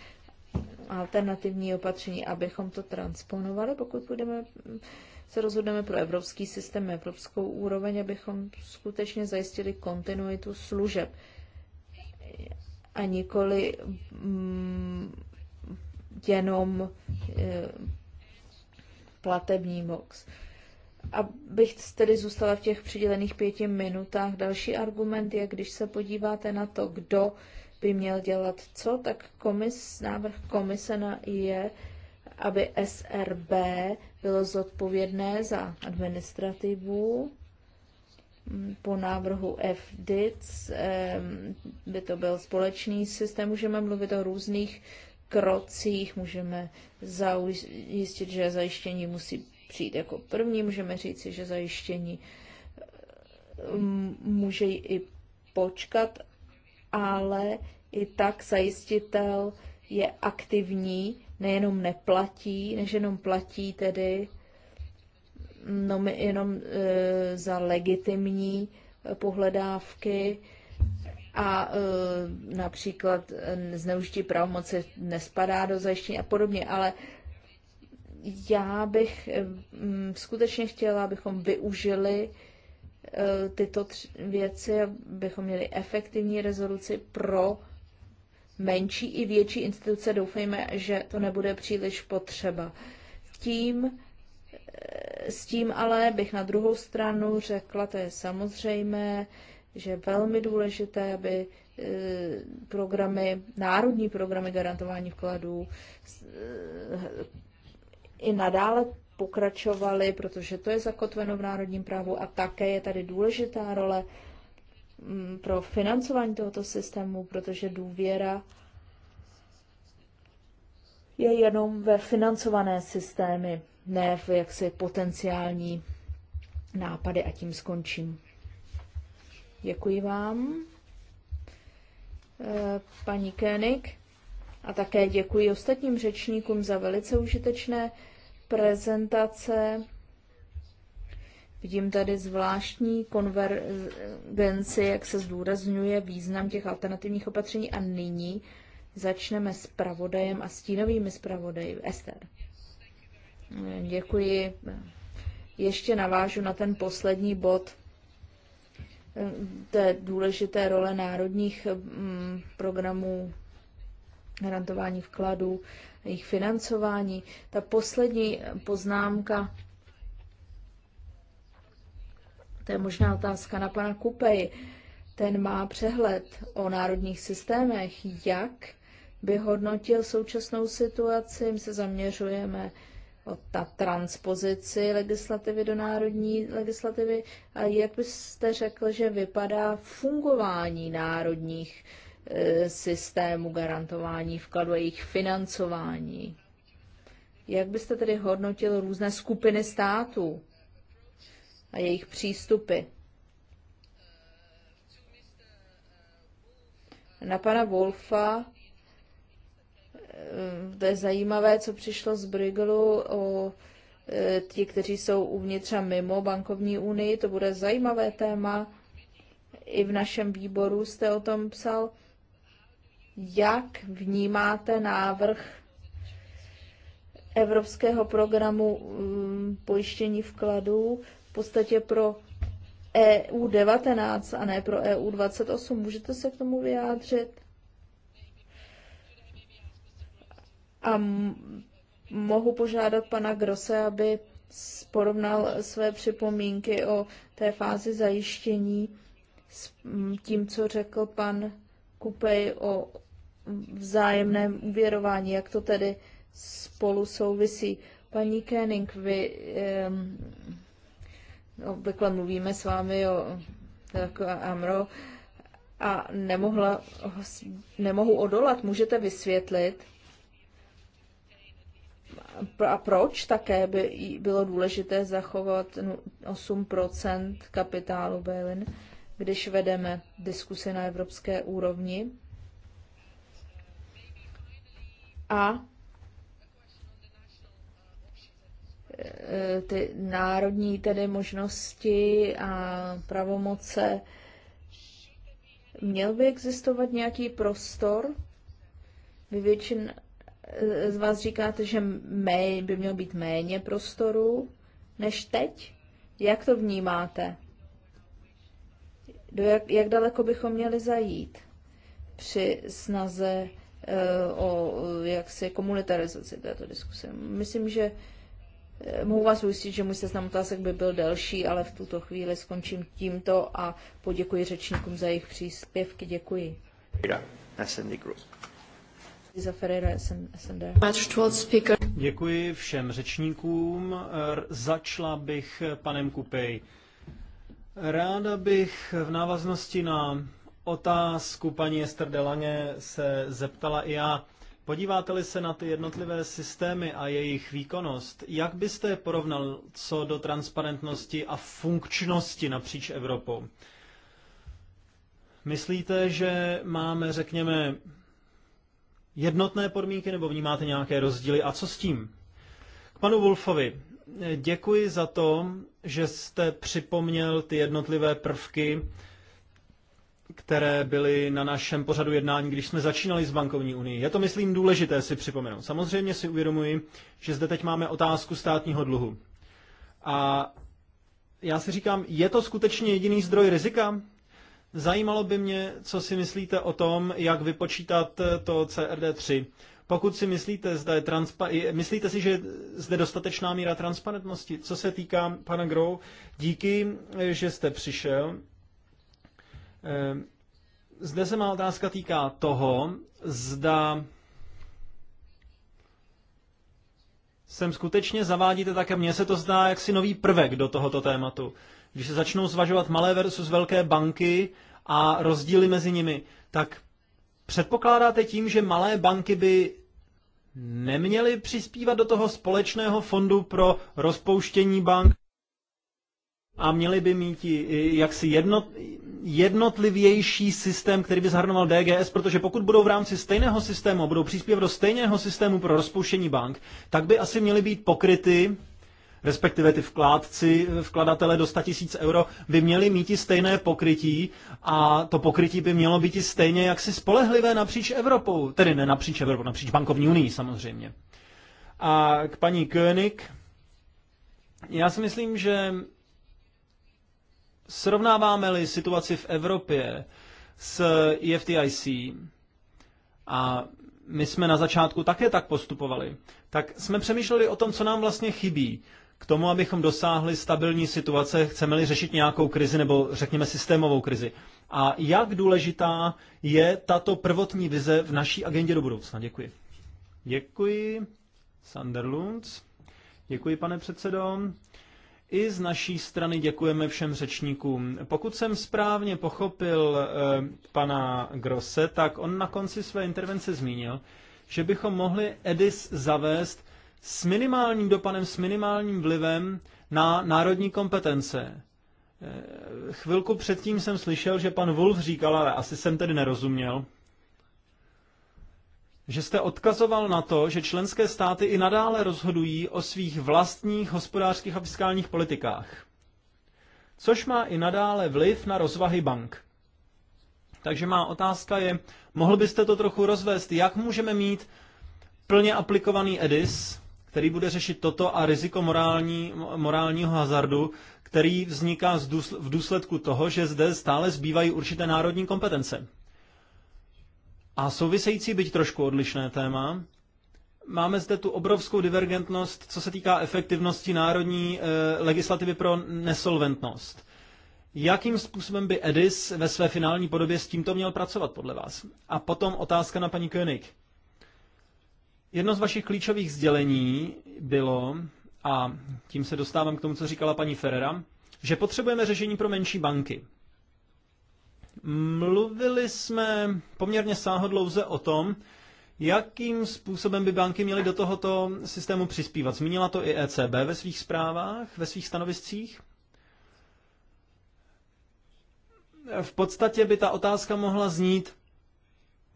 B: alternativní opatření, abychom to transponovali, pokud budeme, se rozhodneme pro evropský systém, evropskou úroveň, abychom skutečně zajistili kontinuitu služeb a nikoli mm, jenom eh, platební box. Abych tedy zůstala v těch přidělených pěti minutách, další argument je, když se podíváte na to, kdo by měl dělat co, tak komis, návrh komise na je, aby SRB bylo zodpovědné za administrativu, po návrhu FDIC by to byl společný systém. Můžeme mluvit o různých krocích můžeme zjistit, že zajištění musí přijít jako první, můžeme říci, že zajištění eh, může i počkat, ale i tak zajistitel je aktivní, nejenom neplatí, než jenom platí tedy no, jenom e, za legitimní eh, pohledávky, a e, například e, zneužití pravomoci nespadá do zajištění a podobně, ale já bych e, m, skutečně chtěla, abychom využili e, tyto tři věci, abychom měli efektivní rezoluci pro menší i větší instituce. Doufejme, že to nebude příliš potřeba. Tím, e, s tím ale bych na druhou stranu řekla, to je samozřejmé, že je velmi důležité, aby e, programy, národní programy garantování vkladů e, i nadále pokračovaly, protože to je zakotveno v národním právu a také je tady důležitá role mm, pro financování tohoto systému, protože důvěra je jenom ve financované systémy, ne v jaksi potenciální nápady a tím skončím. Děkuji vám, eh, paní Koenig, a také děkuji ostatním řečníkům za velice užitečné prezentace. Vidím tady zvláštní konvergenci, jak se zdůrazňuje význam těch alternativních opatření a nyní začneme s pravodajem a stínovými zpravodaji. Ester. Děkuji. Ještě navážu na ten poslední bod té důležité role národních mm, programů garantování vkladů, jejich financování. Ta poslední poznámka, to je možná otázka na pana Kupej, ten má přehled o národních systémech, jak by hodnotil současnou situaci, my se zaměřujeme o ta transpozici legislativy do národní legislativy a jak byste řekl, že vypadá fungování národních e, systémů garantování vkladu a jejich financování. Jak byste tedy hodnotil různé skupiny států a jejich přístupy? Na pana Wolfa Eh, to je zajímavé, co přišlo z Brigelu o eh, ti, kteří jsou uvnitř a mimo bankovní unii. To bude zajímavé téma. I v našem výboru jste o tom psal. Jak vnímáte návrh Evropského programu mm, pojištění vkladů v podstatě pro EU19 a ne pro EU28? Můžete se k tomu vyjádřit? A mohu požádat pana Grose, aby porovnal své připomínky o té fázi zajištění s tím, co řekl pan Kupej o vzájemném uvěrování, jak to tedy spolu souvisí. Paní Kenning, vy um, obvykle mluvíme s vámi o takové AMRO a nemohla, nemohu odolat. Můžete vysvětlit, a proč také by bylo důležité zachovat 8 no, kapitálu Bailin, když vedeme diskusy na evropské úrovni? A e, ty národní tedy možnosti a pravomoce, měl by existovat nějaký prostor? většin z vás říkáte, že méně, by mělo být méně prostoru než teď. Jak to vnímáte? Do jak, jak daleko bychom měli zajít při snaze uh, o jaksi komunitarizaci této diskuse? Myslím, že eh, Mohu vás ujistit, že můj seznam otázek by byl delší, ale v tuto chvíli skončím tímto a poděkuji řečníkům za jejich příspěvky. Děkuji.
D: Yeah. Group.
C: Děkuji všem řečníkům. začla bych panem Kupej. Ráda bych v návaznosti na otázku paní Ester Delange se zeptala i já. Podíváte-li se na ty jednotlivé systémy a jejich výkonnost, jak byste je porovnal co do transparentnosti a funkčnosti napříč Evropou? Myslíte, že máme, řekněme, jednotné podmínky nebo vnímáte nějaké rozdíly a co s tím? K panu Wolfovi. Děkuji za to, že jste připomněl ty jednotlivé prvky, které byly na našem pořadu jednání, když jsme začínali s bankovní unii. Je to, myslím, důležité si připomenout. Samozřejmě si uvědomuji, že zde teď máme otázku státního dluhu. A já si říkám, je to skutečně jediný zdroj rizika? Zajímalo by mě, co si myslíte o tom, jak vypočítat eh, to CRD3. Pokud si myslíte, zda je transpa- myslíte si, že je zde dostatečná míra transparentnosti? Co se týká pana Grou, díky, eh, že jste přišel. Eh, zde se má otázka týká toho, zda sem skutečně zavádíte také, mně se to zdá jaksi nový prvek do tohoto tématu. Když se začnou zvažovat malé versus velké banky a rozdíly mezi nimi, tak předpokládáte tím, že malé banky by neměly přispívat do toho společného fondu pro rozpouštění bank a měli by mít jaksi jednot, jednotlivější systém, který by zahrnoval DGS, protože pokud budou v rámci stejného systému, budou přispívat do stejného systému pro rozpouštění bank, tak by asi měly být pokryty respektive ty vkládci, vkladatele do 100 000 euro, by měli mít i stejné pokrytí a to pokrytí by mělo být i stejně jaksi spolehlivé napříč Evropou, tedy ne napříč Evropou, napříč bankovní unii samozřejmě. A k paní König, já si myslím, že srovnáváme-li situaci v Evropě s EFTIC, a my jsme na začátku také tak postupovali, tak jsme přemýšleli o tom, co nám vlastně chybí. K tomu, abychom dosáhli stabilní situace, chceme-li řešit nějakou krizi nebo řekněme systémovou krizi. A jak důležitá je tato prvotní vize v naší agendě do budoucna? Děkuji. Děkuji, Sander Lunds. Děkuji, pane předsedo. I z naší strany děkujeme všem řečníkům. Pokud jsem správně pochopil eh, pana Grosse, tak on na konci své intervence zmínil, že bychom mohli EDIS zavést s minimálním dopadem, s minimálním vlivem na národní kompetence. Eh, chvilku předtím jsem slyšel, že pan Wolf říkal, ale asi jsem tedy nerozuměl, že jste odkazoval na to, že členské státy i nadále rozhodují o svých vlastních hospodářských a fiskálních politikách, což má i nadále vliv na rozvahy bank. Takže má otázka je, mohl byste to trochu rozvést, jak můžeme mít plně aplikovaný EDIS, který bude řešit toto a riziko morální, morálního hazardu, který vzniká v důsledku toho, že zde stále zbývají určité národní kompetence. A související, byť trošku odlišné téma, máme zde tu obrovskou divergentnost, co se týká efektivnosti národní e, legislativy pro nesolventnost. Jakým způsobem by EDIS ve své finální podobě s tímto měl pracovat podle vás? A potom otázka na paní König. Jedno z vašich klíčových sdělení bylo, a tím se dostávám k tomu, co říkala paní Ferrera, že potřebujeme řešení pro menší banky. Mluvili jsme poměrně sáhodlouze o tom, jakým způsobem by banky měly do tohoto systému přispívat. Zmínila to i ECB ve svých zprávách, ve svých stanoviscích. V podstatě by ta otázka mohla znít,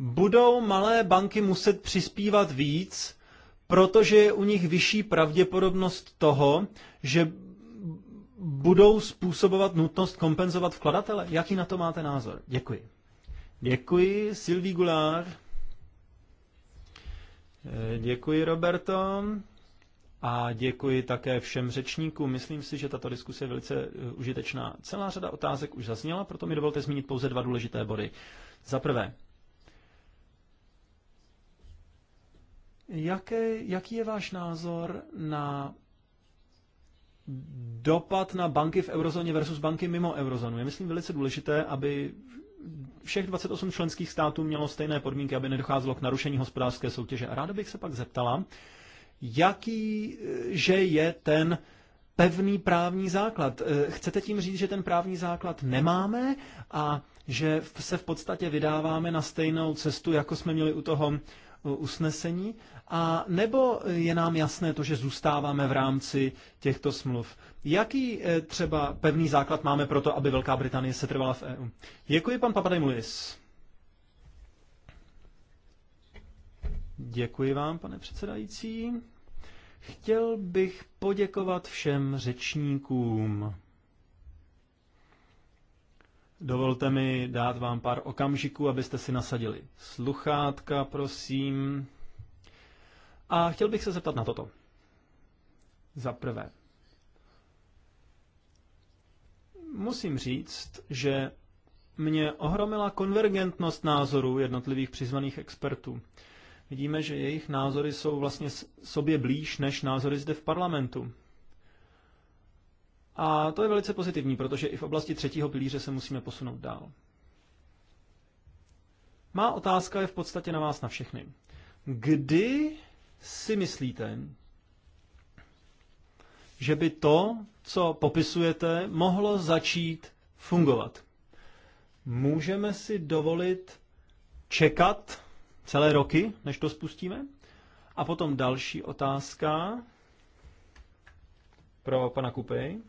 C: budou malé banky muset přispívat víc, protože je u nich vyšší pravděpodobnost toho, že budou způsobovat nutnost kompenzovat vkladatele. Jaký na to máte názor? Děkuji. Děkuji, Sylvie Goulard. Eh, děkuji, Roberto. A děkuji také všem řečníkům. Myslím si, že tato diskuse je velice eh, užitečná. Celá řada otázek už zazněla, proto mi dovolte zmínit pouze dva důležité body. Za prvé, Jaké, jaký je váš názor na dopad na banky v eurozóně versus banky mimo eurozónu? Je, myslím, velice důležité, aby všech 28 členských států mělo stejné podmínky, aby nedocházelo k narušení hospodářské soutěže. A ráda bych se pak zeptala, jaký že je ten pevný právní základ. Chcete tím říct, že ten právní základ nemáme a že se v podstatě vydáváme na stejnou cestu, jako jsme měli u toho Eh, usnesení, a nebo je nám jasné to, že zůstáváme v rámci těchto smluv? Jaký eh, třeba pevný základ máme pro to, aby Velká Británie se trvala v EU? Děkuji, pan Papademulis. Děkuji vám, pane předsedající. Chtěl bych poděkovat všem řečníkům. Dovolte mi dát vám pár okamžiků, abyste si nasadili sluchátka, prosím. A chtěl bych se zeptat na toto. Za prvé, musím říct, že mě ohromila konvergentnost názorů jednotlivých přizvaných expertů. Vidíme, že jejich názory jsou vlastně sobě blíž než názory zde v parlamentu. A to je velice pozitivní, protože i v oblasti třetího pilíře se musíme posunout dál. Má otázka je v podstatě na vás na všechny. Kdy si myslíte, že by to, co popisujete, mohlo začít fungovat? Můžeme si dovolit čekat celé roky, než to spustíme? A potom další otázka pro pana Kupej.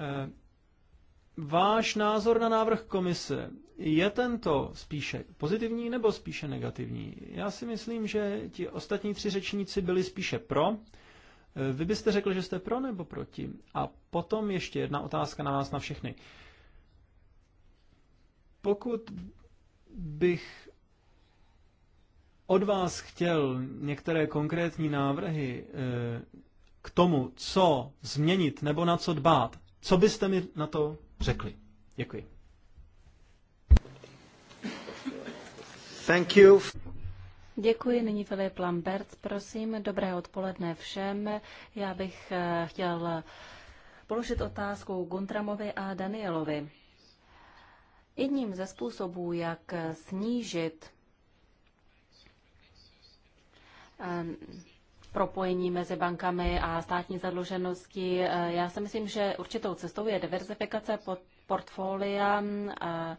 C: Eh, váš názor na návrh komise je tento spíše pozitivní nebo spíše negativní? Já si myslím, že ti ostatní tři řečníci byli spíše pro. Eh, vy byste řekl, že jste pro nebo proti? A potom ještě jedna otázka na vás na všechny. Pokud bych od vás chtěl některé konkrétní návrhy eh, k tomu, co změnit nebo na co dbát, co byste mi na to řekli? Děkuji. Thank you.
A: Děkuji, nyní Filip Lambert, prosím, dobré odpoledne všem. Já bych eh, chtěl položit otázku Guntramovi a Danielovi. Jedním ze způsobů, jak snížit propojení mezi bankami a státní zadlužeností. Eh, já si myslím, že určitou cestou je diverzifikace portfolia eh,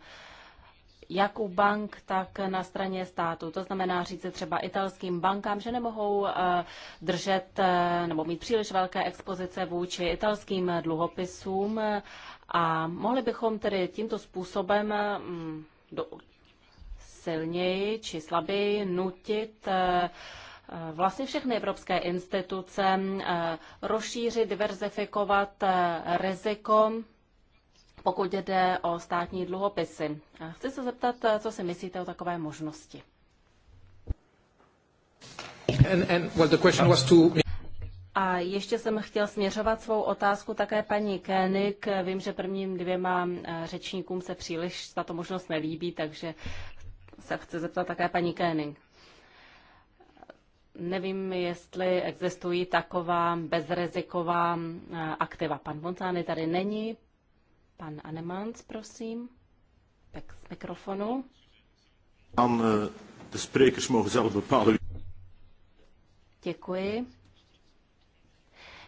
A: jak u bank, tak na straně státu. To znamená říct třeba italským bankám, že nemohou eh, držet nebo mít příliš velké expozice vůči italským dluhopisům a mohli bychom tedy tímto způsobem mm, silněji či slaběji nutit Eh, vlastně všechny evropské instituce eh, rozšířit, diverzifikovat eh, riziko, pokud jde o státní dluhopisy. Chci se zeptat, co si myslíte o takové možnosti.
E: And, and, well, the question was to...
A: A ještě jsem chtěl směřovat svou otázku také paní Kénik. Vím, že prvním dvěma řečníkům se příliš tato možnost nelíbí, takže se chci zeptat také paní Kénik. Nevím, jestli existují taková bezriziková eh, aktiva. Pan Montány tady není. Pan Anemans, prosím. Tak z mikrofonu.
E: Pan, eh, de sprekers mogen zelf bepalen.
A: Děkuji.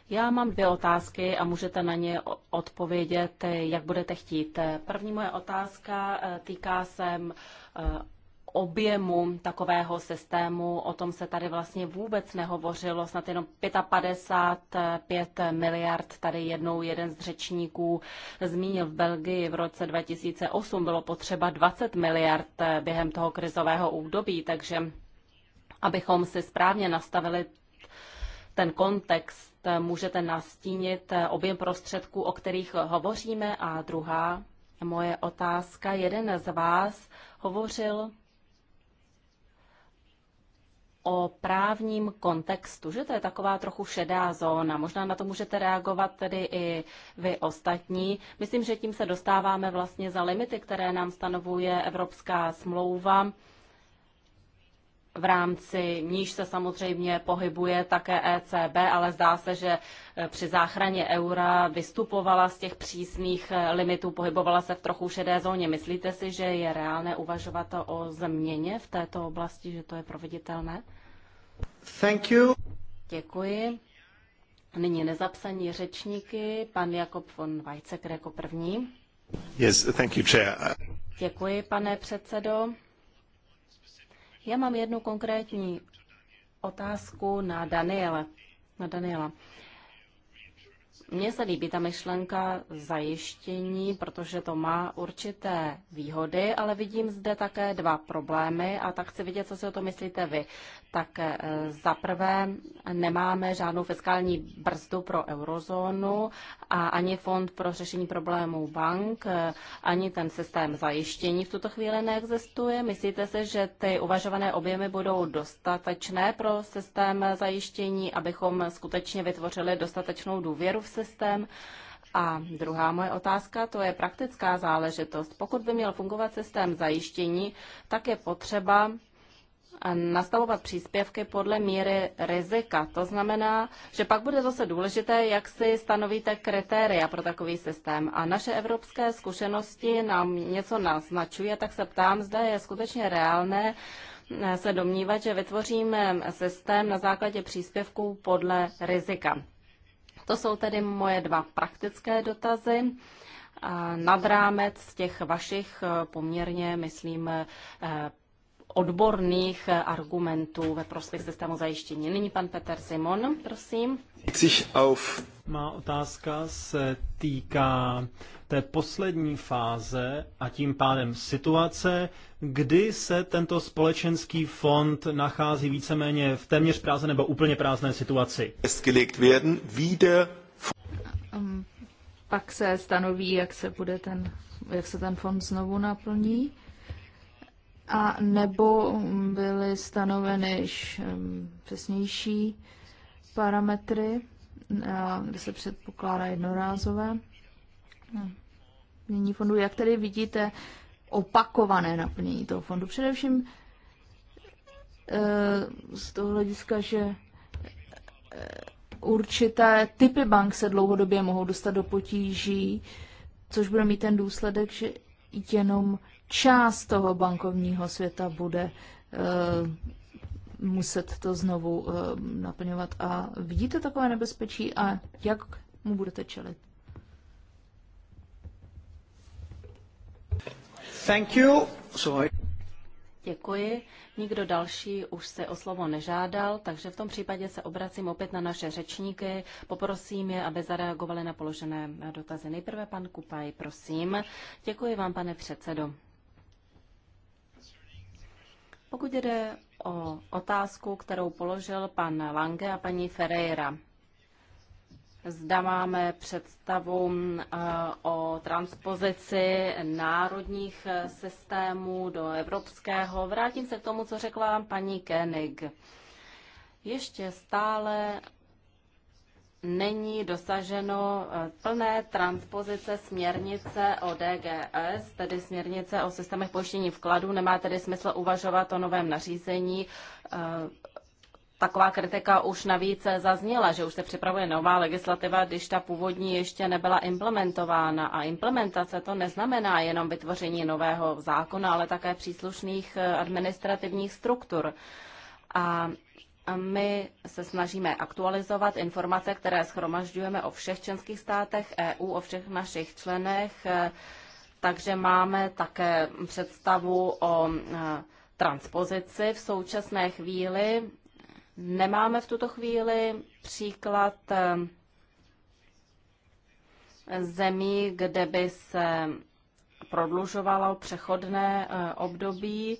A: Já mám dvě otázky a můžete na ně odpovědět, eh, jak budete chtít. První moje otázka týká se objemu takového systému. O tom se tady vlastně vůbec nehovořilo. Snad jenom 55 miliard tady jednou jeden z řečníků zmínil v Belgii v roce 2008. Bylo potřeba 20 miliard během toho krizového údobí, takže abychom si správně nastavili ten kontext, můžete nastínit objem prostředků, o kterých hovoříme. A druhá moje otázka, jeden z vás hovořil o právním kontextu, že to je taková trochu šedá zóna. Možná na to můžete reagovat tedy i vy ostatní. Myslím, že tím se dostáváme vlastně za limity, které nám stanovuje Evropská smlouva v rámci níž se samozřejmě pohybuje také ECB, ale zdá se, že eh, při záchraně eura vystupovala z těch přísných eh, limitů, pohybovala se v trochu šedé zóně. Myslíte si, že je reálné uvažovat o změně v této oblasti, že to je proveditelné? Thank you. Děkuji. Nyní nezapsaní řečníky, pan Jakob von Weizsäcker jako první.
F: Yes, thank you, chair.
A: Děkuji, pane předsedo. Já mám jednu konkrétní otázku na Daniela. Na Daniela. Mně se líbí ta myšlenka zajištění, protože to má určité výhody, ale vidím zde také dva problémy a tak chci vidět, co si o to myslíte vy. Tak eh, za prvé nemáme žádnou fiskální brzdu pro eurozónu a ani fond pro řešení problémů bank, eh, ani ten systém zajištění v tuto chvíli neexistuje. Myslíte si, že ty uvažované objemy budou dostatečné pro systém zajištění, abychom skutečně vytvořili dostatečnou důvěru v systém? A druhá moje otázka, to je praktická záležitost. Pokud by měl fungovat systém zajištění, tak je potřeba nastavovat příspěvky podle míry rizika. To znamená, že pak bude zase důležité, jak si stanovíte kritéria pro takový systém. A naše evropské zkušenosti nám něco naznačuje, tak se ptám, zda je skutečně reálné eh, se domnívat, že vytvoříme systém na základě příspěvků podle rizika. To jsou tedy moje dva praktické dotazy nad rámec těch vašich eh, poměrně, myslím, eh, odborných eh, argumentů ve prospěch systému zajištění. Nyní pan Peter Simon, prosím.
C: Má otázka se týká té poslední fáze a tím pádem situace, kdy se tento společenský fond nachází víceméně v téměř prázdné nebo úplně prázdné situaci.
B: Ehm, pak se stanoví, jak se, bude ten, jak se ten fond znovu naplní a nebo byly stanoveny již přesnější parametry, kde se předpokládá jednorázové no, mění fondu. Jak tedy vidíte opakované naplnění toho fondu? Především e, z toho hlediska, že e, určité typy bank se dlouhodobě mohou dostat do potíží, což bude mít ten důsledek, že jenom část toho bankovního světa bude eh, muset to znovu eh, naplňovat. A vidíte takové nebezpečí a jak mu budete čelit?
C: Thank you.
D: So I...
A: Děkuji. Nikdo další už se o slovo nežádal, takže v tom případě se obracím opět na naše řečníky. Poprosím je, aby zareagovali na položené dotazy. Nejprve pan Kupaj, prosím. Děkuji vám, pane předsedo. Pokud jde o otázku, kterou položil pan Lange a paní Ferreira, Zda máme představu eh, o transpozici národních systémů do evropského. Vrátím se k tomu, co řekla paní Koenig. Ještě stále není dosaženo eh, plné transpozice směrnice o DGS, tedy směrnice o systémech pojištění vkladů. Nemá tedy smysl uvažovat o novém nařízení. Eh, taková kritika už navíc zazněla, že už se připravuje nová legislativa, když ta původní ještě nebyla implementována. A implementace to neznamená jenom vytvoření nového zákona, ale také příslušných eh, administrativních struktur. A a my se snažíme aktualizovat informace, které schromažďujeme o všech členských státech EU, o všech našich členech, e, takže máme také představu o e, transpozici v současné chvíli. Nemáme v tuto chvíli příklad e, zemí, kde by se prodlužovalo přechodné období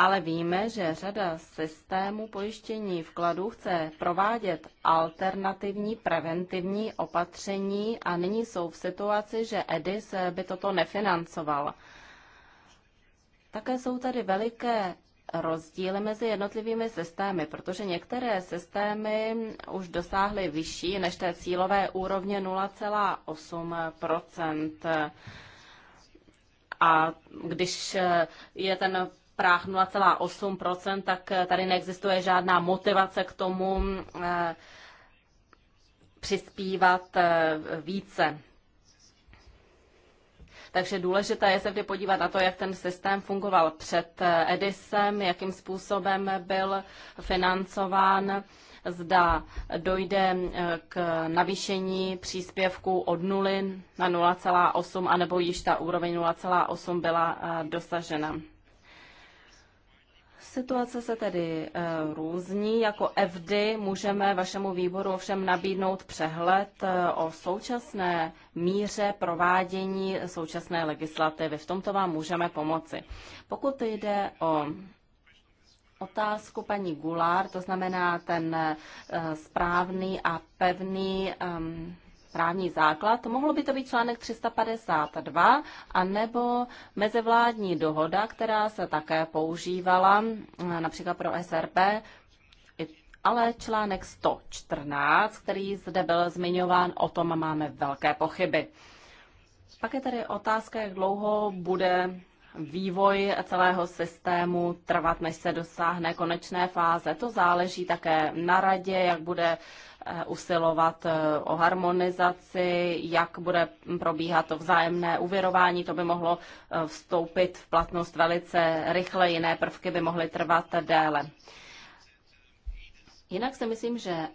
A: ale víme, že řada systémů pojištění vkladů chce provádět alternativní preventivní opatření a nyní jsou v situaci, že EDIS by toto nefinancoval. Také jsou tady veliké rozdíly mezi jednotlivými systémy, protože některé systémy už dosáhly vyšší než té cílové úrovně 0,8 a když je ten práh 0,8%, tak eh, tady neexistuje žádná motivace k tomu eh, přispívat eh, více. Takže důležité je se vždy podívat na to, jak ten systém fungoval před Edisem, jakým způsobem byl financován, zda dojde k navýšení příspěvku od nuly na 0,8, anebo již ta úroveň 0,8 byla dosažena. Situace se tedy eh, různí. Jako FD můžeme vašemu výboru ovšem nabídnout přehled eh, o současné míře provádění současné legislativy. V tomto vám můžeme pomoci. Pokud jde o otázku paní Gulár, to znamená ten eh, správný a pevný um, právní základ, mohlo by to být článek 352 a nebo mezevládní dohoda, která se také používala eh, například pro SRP, ale článek 114, který zde byl zmiňován, o tom máme velké pochyby. Pak je tady otázka, jak dlouho bude vývoj celého systému trvat, než se dosáhne konečné fáze. To záleží také na radě, jak bude Eh, usilovat eh, o harmonizaci, jak bude probíhat to vzájemné uvěrování, to by mohlo eh, vstoupit v platnost velice rychle, jiné prvky by mohly trvat déle. Jinak si myslím, že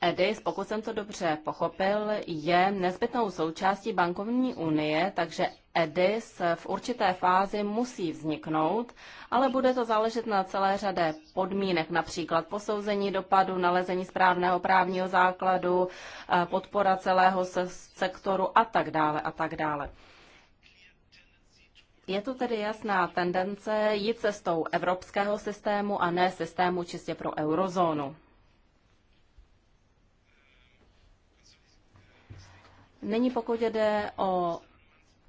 A: EDIS, pokud jsem to dobře pochopil, je nezbytnou součástí bankovní unie, takže EDIS v určité fázi musí vzniknout, ale bude to záležet na celé řadě podmínek, například posouzení dopadu, nalezení správného právního základu, eh, podpora celého sektoru a tak dále a tak dále. Je tu tedy jasná tendence jít cestou evropského systému a ne systému čistě pro eurozónu. Nyní pokud jde o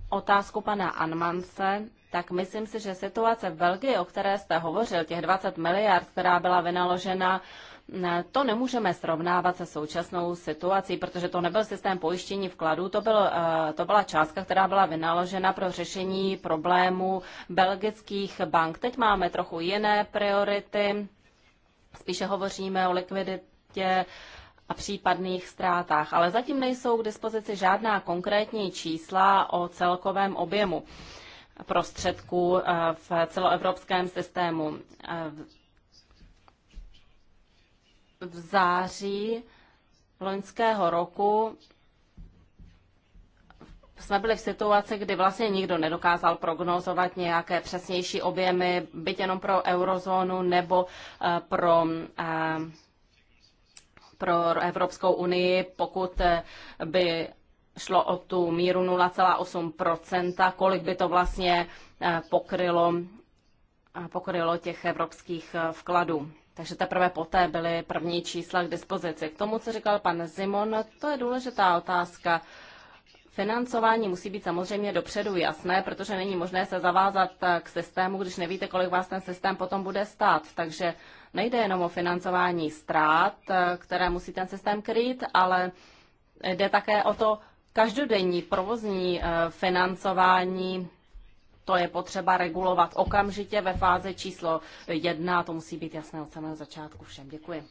A: otázku pana Anmanse, tak myslím si, že situace v Belgii, o které jste hovořil, těch 20 miliard, která byla vynaložena, to nemůžeme srovnávat se současnou situací, protože to nebyl systém pojištění vkladů, to, byl, eh, to byla částka, která byla vynaložena pro řešení problémů belgických bank. Teď máme trochu jiné priority, spíše hovoříme o likviditě a případných ztrátách, ale zatím nejsou k dispozici žádná konkrétní čísla o celkovém objemu prostředků eh, v celoevropském systému. Eh, v září loňského roku jsme byli v situaci, kdy vlastně nikdo nedokázal prognozovat nějaké přesnější objemy, byť jenom pro eurozónu nebo eh, pro pro Evropskou unii, pokud eh, by šlo o tu míru 0,8%, kolik by to vlastně eh, pokrylo, eh, pokrylo těch evropských vkladů. Takže teprve poté byly první čísla k dispozici. K tomu, co říkal pan Zimon, to je důležitá otázka. Financování musí být samozřejmě dopředu jasné, protože není možné se zavázat k systému, když nevíte, kolik vás ten systém potom bude stát. Takže Nejde jenom o financování ztrát, eh, které musí ten systém kryt, ale jde také o to každodenní provozní eh, financování. To je potřeba regulovat okamžitě ve fázi číslo jedna. To musí být jasné od samého začátku všem. Děkuji.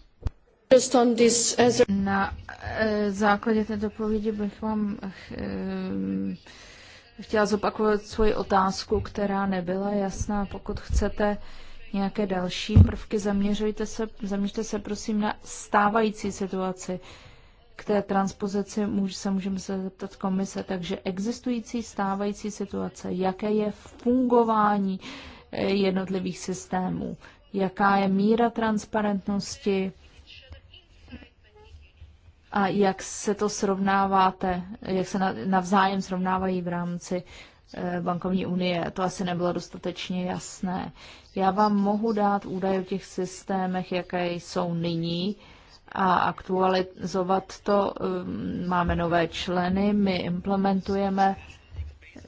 B: Na eh, základě této povědi bych vám chtěla zopakovat svoji otázku, která nebyla jasná. Pokud chcete nějaké další prvky, zaměřujte se, zaměřte se prosím na stávající situaci. K té transpozici může, se můžeme se zeptat komise, takže existující stávající situace, jaké je fungování eh, jednotlivých systémů, jaká je míra transparentnosti, a jak se to srovnáváte, jak se navzájem srovnávají v rámci Eh, bankovní unie. To asi nebylo dostatečně jasné. Já vám mohu dát údaje o těch systémech, jaké jsou nyní a aktualizovat to. Eh, máme nové členy, my implementujeme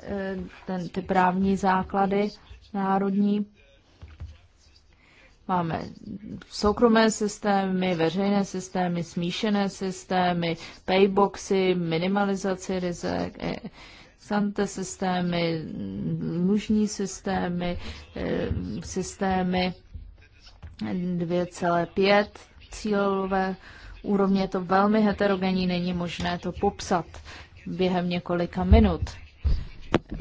B: eh, ten, ty právní základy národní. Máme soukromé systémy, veřejné systémy, smíšené systémy, payboxy, minimalizaci rizik, Sante systémy, lužní systémy, eh, systémy 2,5 cílové úrovně. Je to velmi heterogenní, není možné to popsat během několika minut.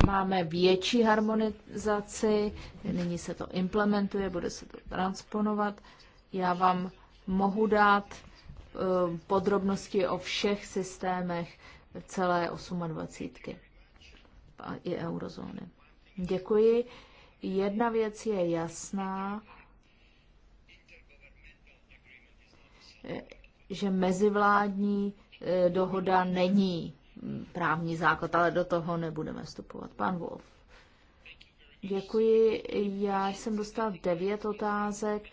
B: Máme větší harmonizaci, nyní se to implementuje, bude se to transponovat. Já vám mohu dát eh, podrobnosti o všech systémech celé 28 a i eurozóny. Děkuji. Jedna věc je jasná, že mezivládní eh, dohoda není mm, právní základ, ale do toho nebudeme vstupovat. Pan Wolf. Děkuji. Já jsem dostal devět otázek,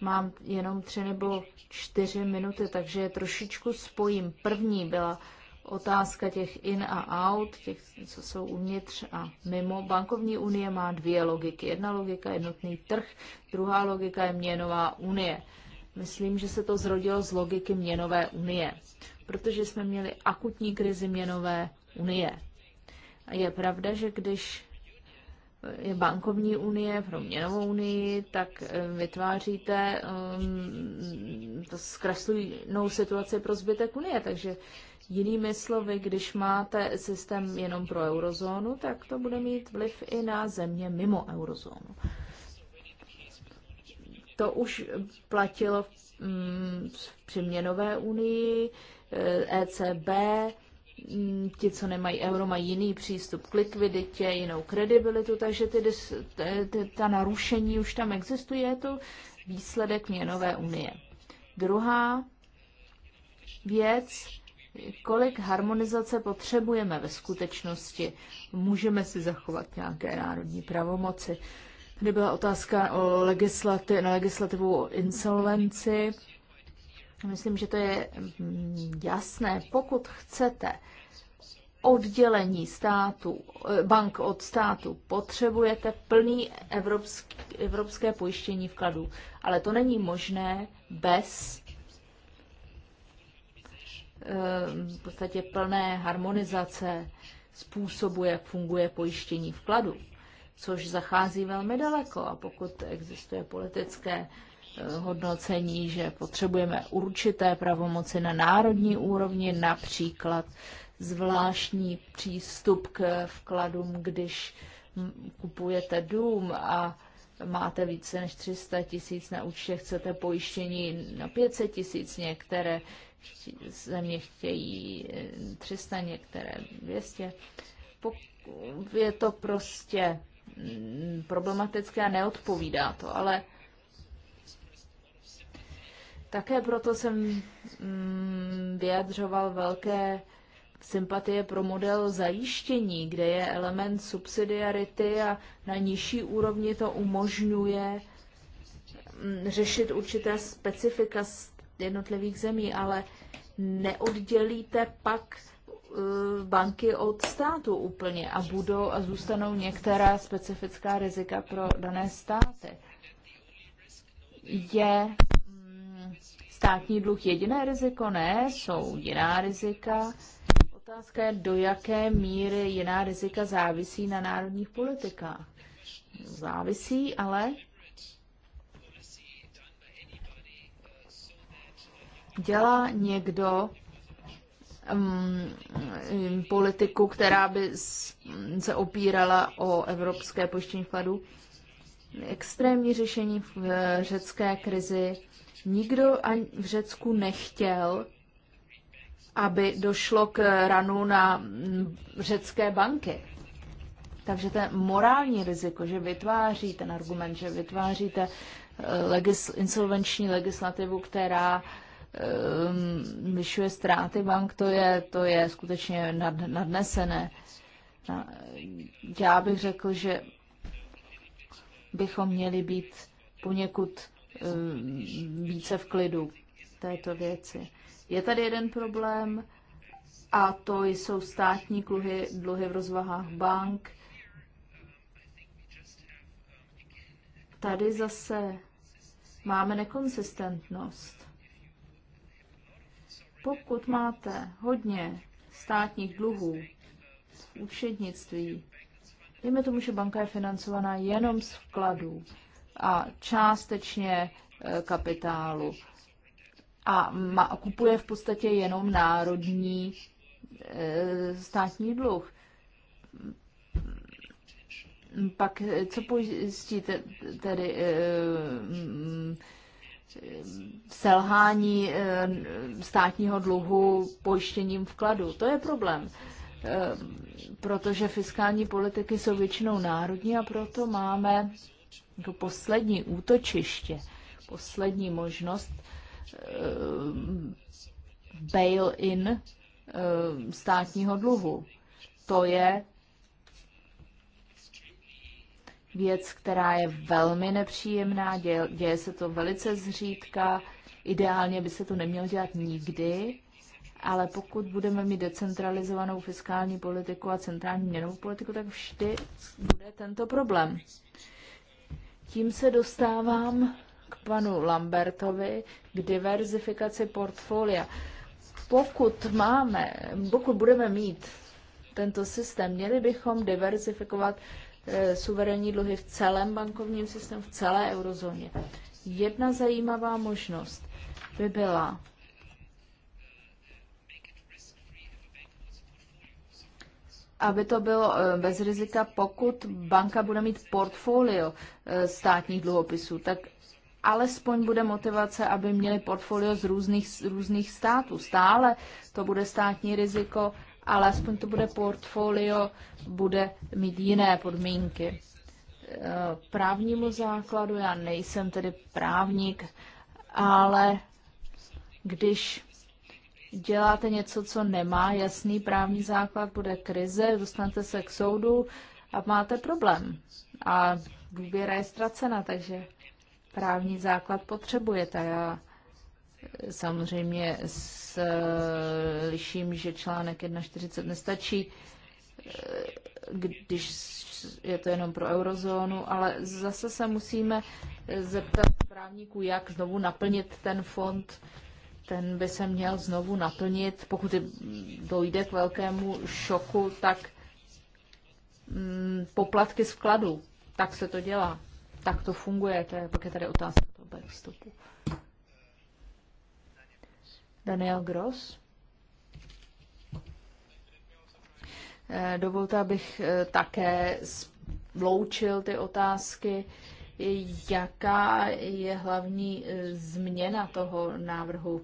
B: mám jenom tři nebo čtyři minuty, takže trošičku spojím. První byla otázka těch in a out, těch, co jsou uvnitř a mimo. Bankovní unie má dvě logiky. Jedna logika je jednotný trh, druhá logika je měnová unie. Myslím, že se to zrodilo z logiky měnové unie, protože jsme měli akutní krizi měnové unie. A je pravda, že když je bankovní unie pro měnovou unii, tak eh, vytváříte um, to zkreslující situaci pro zbytek unie. Takže Jinými slovy, když máte systém jenom pro eurozónu, tak to bude mít vliv i na země mimo eurozónu. To už platilo v, mm, při měnové unii, ECB, eh, e mm, ti, co nemají euro, mají jiný přístup k likviditě, jinou kredibilitu, takže ty, ty, ta narušení už tam existuje, je to výsledek měnové unie. Druhá věc, kolik harmonizace potřebujeme ve skutečnosti. Můžeme si zachovat nějaké národní pravomoci. Tady byla otázka o legislativ, na legislativu o insolvenci. Myslím, že to je mm, jasné. Pokud chcete oddělení státu, eh, bank od státu, potřebujete plný evropský, evropské pojištění vkladů. Ale to není možné bez v podstatě plné harmonizace způsobu, jak funguje pojištění vkladu, což zachází velmi daleko. A pokud existuje politické eh, hodnocení, že potřebujeme určité pravomoci na národní úrovni, například zvláštní přístup k vkladům, když hm, kupujete dům a máte více než 300 tisíc na účtě, chcete pojištění na 500 tisíc, některé mě chtějí 300, některé 200. Je to prostě mm, problematické a neodpovídá to, ale také proto jsem mm, vyjadřoval velké sympatie pro model zajištění, kde je element subsidiarity a na nižší úrovni to umožňuje mm, řešit určité specifika jednotlivých zemí, ale neoddělíte pak eh, banky od státu úplně a budou a zůstanou některá specifická rizika pro dané státy. Je mm, státní dluh jediné riziko? Ne, jsou jiná rizika. Otázka je, do jaké míry jiná rizika závisí na národních politikách. Závisí, ale dělá někdo um, politiku, která by se opírala o evropské pojištění vkladů. Extrémní řešení v eh, řecké krizi. Nikdo ani v Řecku nechtěl, aby došlo k ranu na mm, řecké banky. Takže ten morální riziko, že vytváří ten argument, že vytváříte eh, legis- insolvenční legislativu, která Ehm, vyšuje ztráty bank, to je, to je skutečně nad, nadnesené. Já bych řekl, že bychom měli být poněkud ehm, více v klidu této věci. Je tady jeden problém a to jsou státní kluhy, dluhy v rozvahách bank. Tady zase máme nekonsistentnost pokud máte hodně státních dluhů v účetnictví, dejme tomu, že banka je financovaná jenom z vkladů a částečně e, kapitálu a kupuje v podstatě jenom národní e, státní dluh. Pak co pojistíte tedy e, selhání eh, státního dluhu pojištěním vkladu. To je problém, eh, protože fiskální politiky jsou většinou národní a proto máme jako poslední útočiště, poslední možnost eh, bail-in státního dluhu. To je věc, která je velmi nepříjemná, děje, děje se to velice zřídka, ideálně by se to nemělo dělat nikdy, ale pokud budeme mít decentralizovanou fiskální politiku a centrální měnovou politiku, tak vždy bude tento problém. Tím se dostávám k panu Lambertovi k diverzifikaci portfolia. Pokud máme, pokud budeme mít tento systém, měli bychom diverzifikovat Eh, suverénní dluhy v celém bankovním systému, v celé eurozóně. Jedna zajímavá možnost by byla aby to bylo eh, bez rizika, pokud banka bude mít portfolio eh, státních dluhopisů, tak alespoň bude motivace, aby měli portfolio z různých, z různých států. Stále to bude státní riziko, ale aspoň to bude portfolio, bude mít jiné podmínky. E, právnímu základu, já nejsem tedy právník, ale když děláte něco, co nemá jasný právní základ, bude krize, dostanete se k soudu a máte problém. A důvěra je ztracena, takže právní základ potřebujete. Já Samozřejmě s, liším, že článek 1.40 nestačí, když je to jenom pro eurozónu, ale zase se musíme zeptat právníků, jak znovu naplnit ten fond. Ten by se měl znovu naplnit, pokud dojde k velkému šoku, tak mm, poplatky z vkladu. Tak se to dělá. Tak to funguje. To je, pak je tady otázka toho Daniel Gross. Eh, dovolte, abych eh, také vloučil ty otázky. Jaká je hlavní eh, změna toho návrhu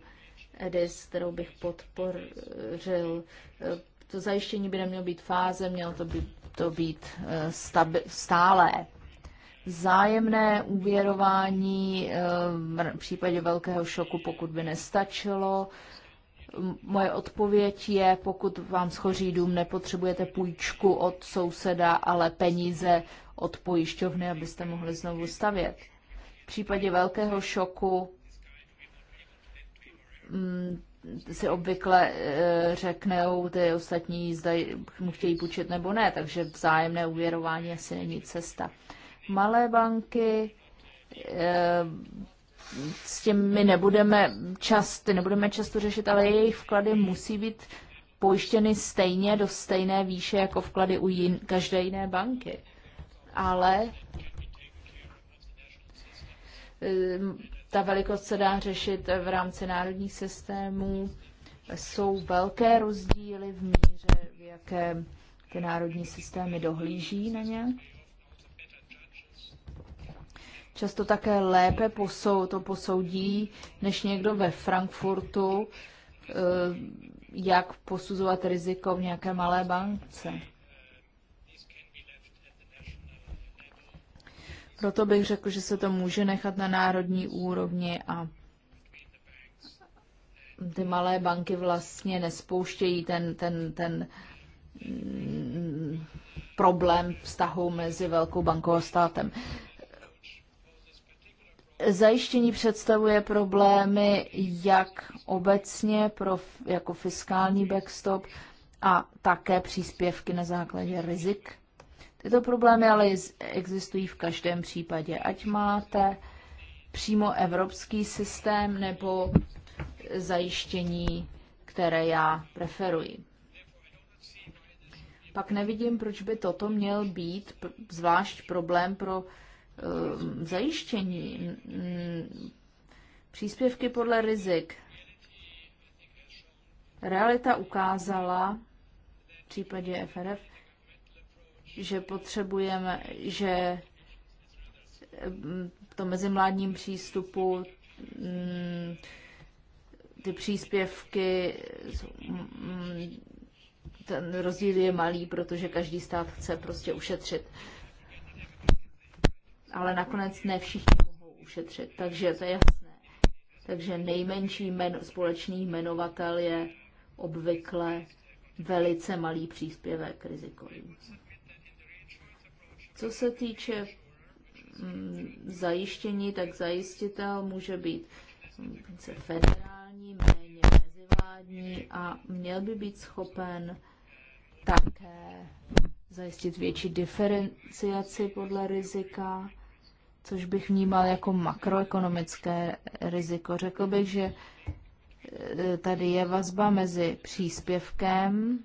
B: EDIS, kterou bych podpořil? To zajištění by nemělo být fáze, mělo to být, to být stále zájemné úvěrování eh, v případě velkého šoku, pokud by nestačilo. Moje odpověď je, pokud vám schoří dům, nepotřebujete půjčku od souseda, ale peníze od pojišťovny, abyste mohli znovu stavět. V případě velkého šoku mm, si obvykle eh, řeknou ty ostatní, zda mu chtějí půjčit nebo ne, takže vzájemné uvěrování asi není cesta malé banky, eh, s tím my nebudeme často, nebudeme často řešit, ale jejich vklady musí být pojištěny stejně do stejné výše jako vklady u jin, každé jiné banky. Ale eh, ta velikost se dá řešit v rámci národních systémů. Jsou velké rozdíly v míře, v jaké ty národní systémy dohlíží na ně často také lépe posou, to posoudí, než někdo ve Frankfurtu, eh, jak posuzovat riziko v nějaké malé bankce. Proto bych řekl, že se to může nechat na národní úrovni a ty malé banky vlastně nespouštějí ten, ten, ten mm, problém vztahu mezi velkou bankou a státem. Zajištění představuje problémy jak obecně pro, jako fiskální backstop a také příspěvky na základě rizik. Tyto problémy ale existují v každém případě, ať máte přímo evropský systém nebo zajištění, které já preferuji. Pak nevidím, proč by toto měl být zvlášť problém pro Eh, zajištění, mm, příspěvky podle rizik. Realita ukázala v případě FRF, že potřebujeme, že mm, to mezimládním přístupu mm, ty příspěvky, ten rozdíl je malý, protože každý stát chce prostě ušetřit ale nakonec ne všichni mohou ušetřit, takže to je jasné. Takže nejmenší men, společný jmenovatel je obvykle velice malý příspěvek rizikovým. Co se týče mm, zajištění, tak zajistitel může být mm, federální, méně mezivládní a měl by být schopen také zajistit větší diferenciaci podle rizika což bych vnímal jako makroekonomické riziko. Řekl bych, že e, tady je vazba mezi příspěvkem,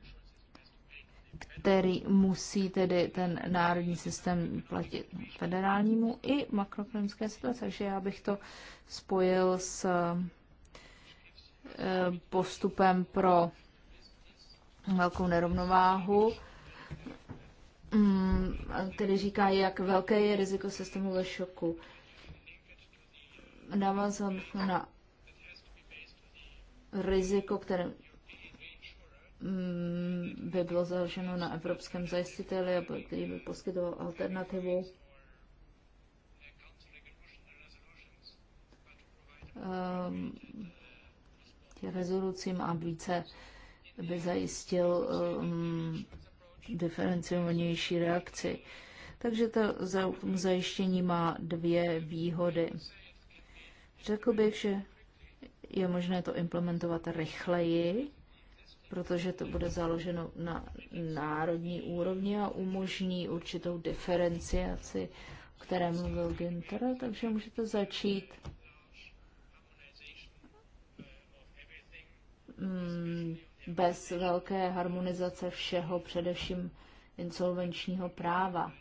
B: který musí tedy ten národní systém platit federálnímu i makroekonomické situace. Takže já bych to spojil s e, postupem pro velkou nerovnováhu Mm, který říká, jak velké je riziko systémového šoku. Navázal na riziko, které mm, by bylo založeno na evropském zajistiteli, který by poskytoval alternativu. Ehm, rezolucím a více by zajistil um, diferencovanější reakci. Takže to zajištění má dvě výhody. Řekl bych, že je možné to implementovat rychleji, protože to bude založeno na národní úrovni a umožní určitou diferenciaci, o které mluvil Ginter, takže můžete začít mm, bez velké harmonizace všeho, především insolvenčního práva.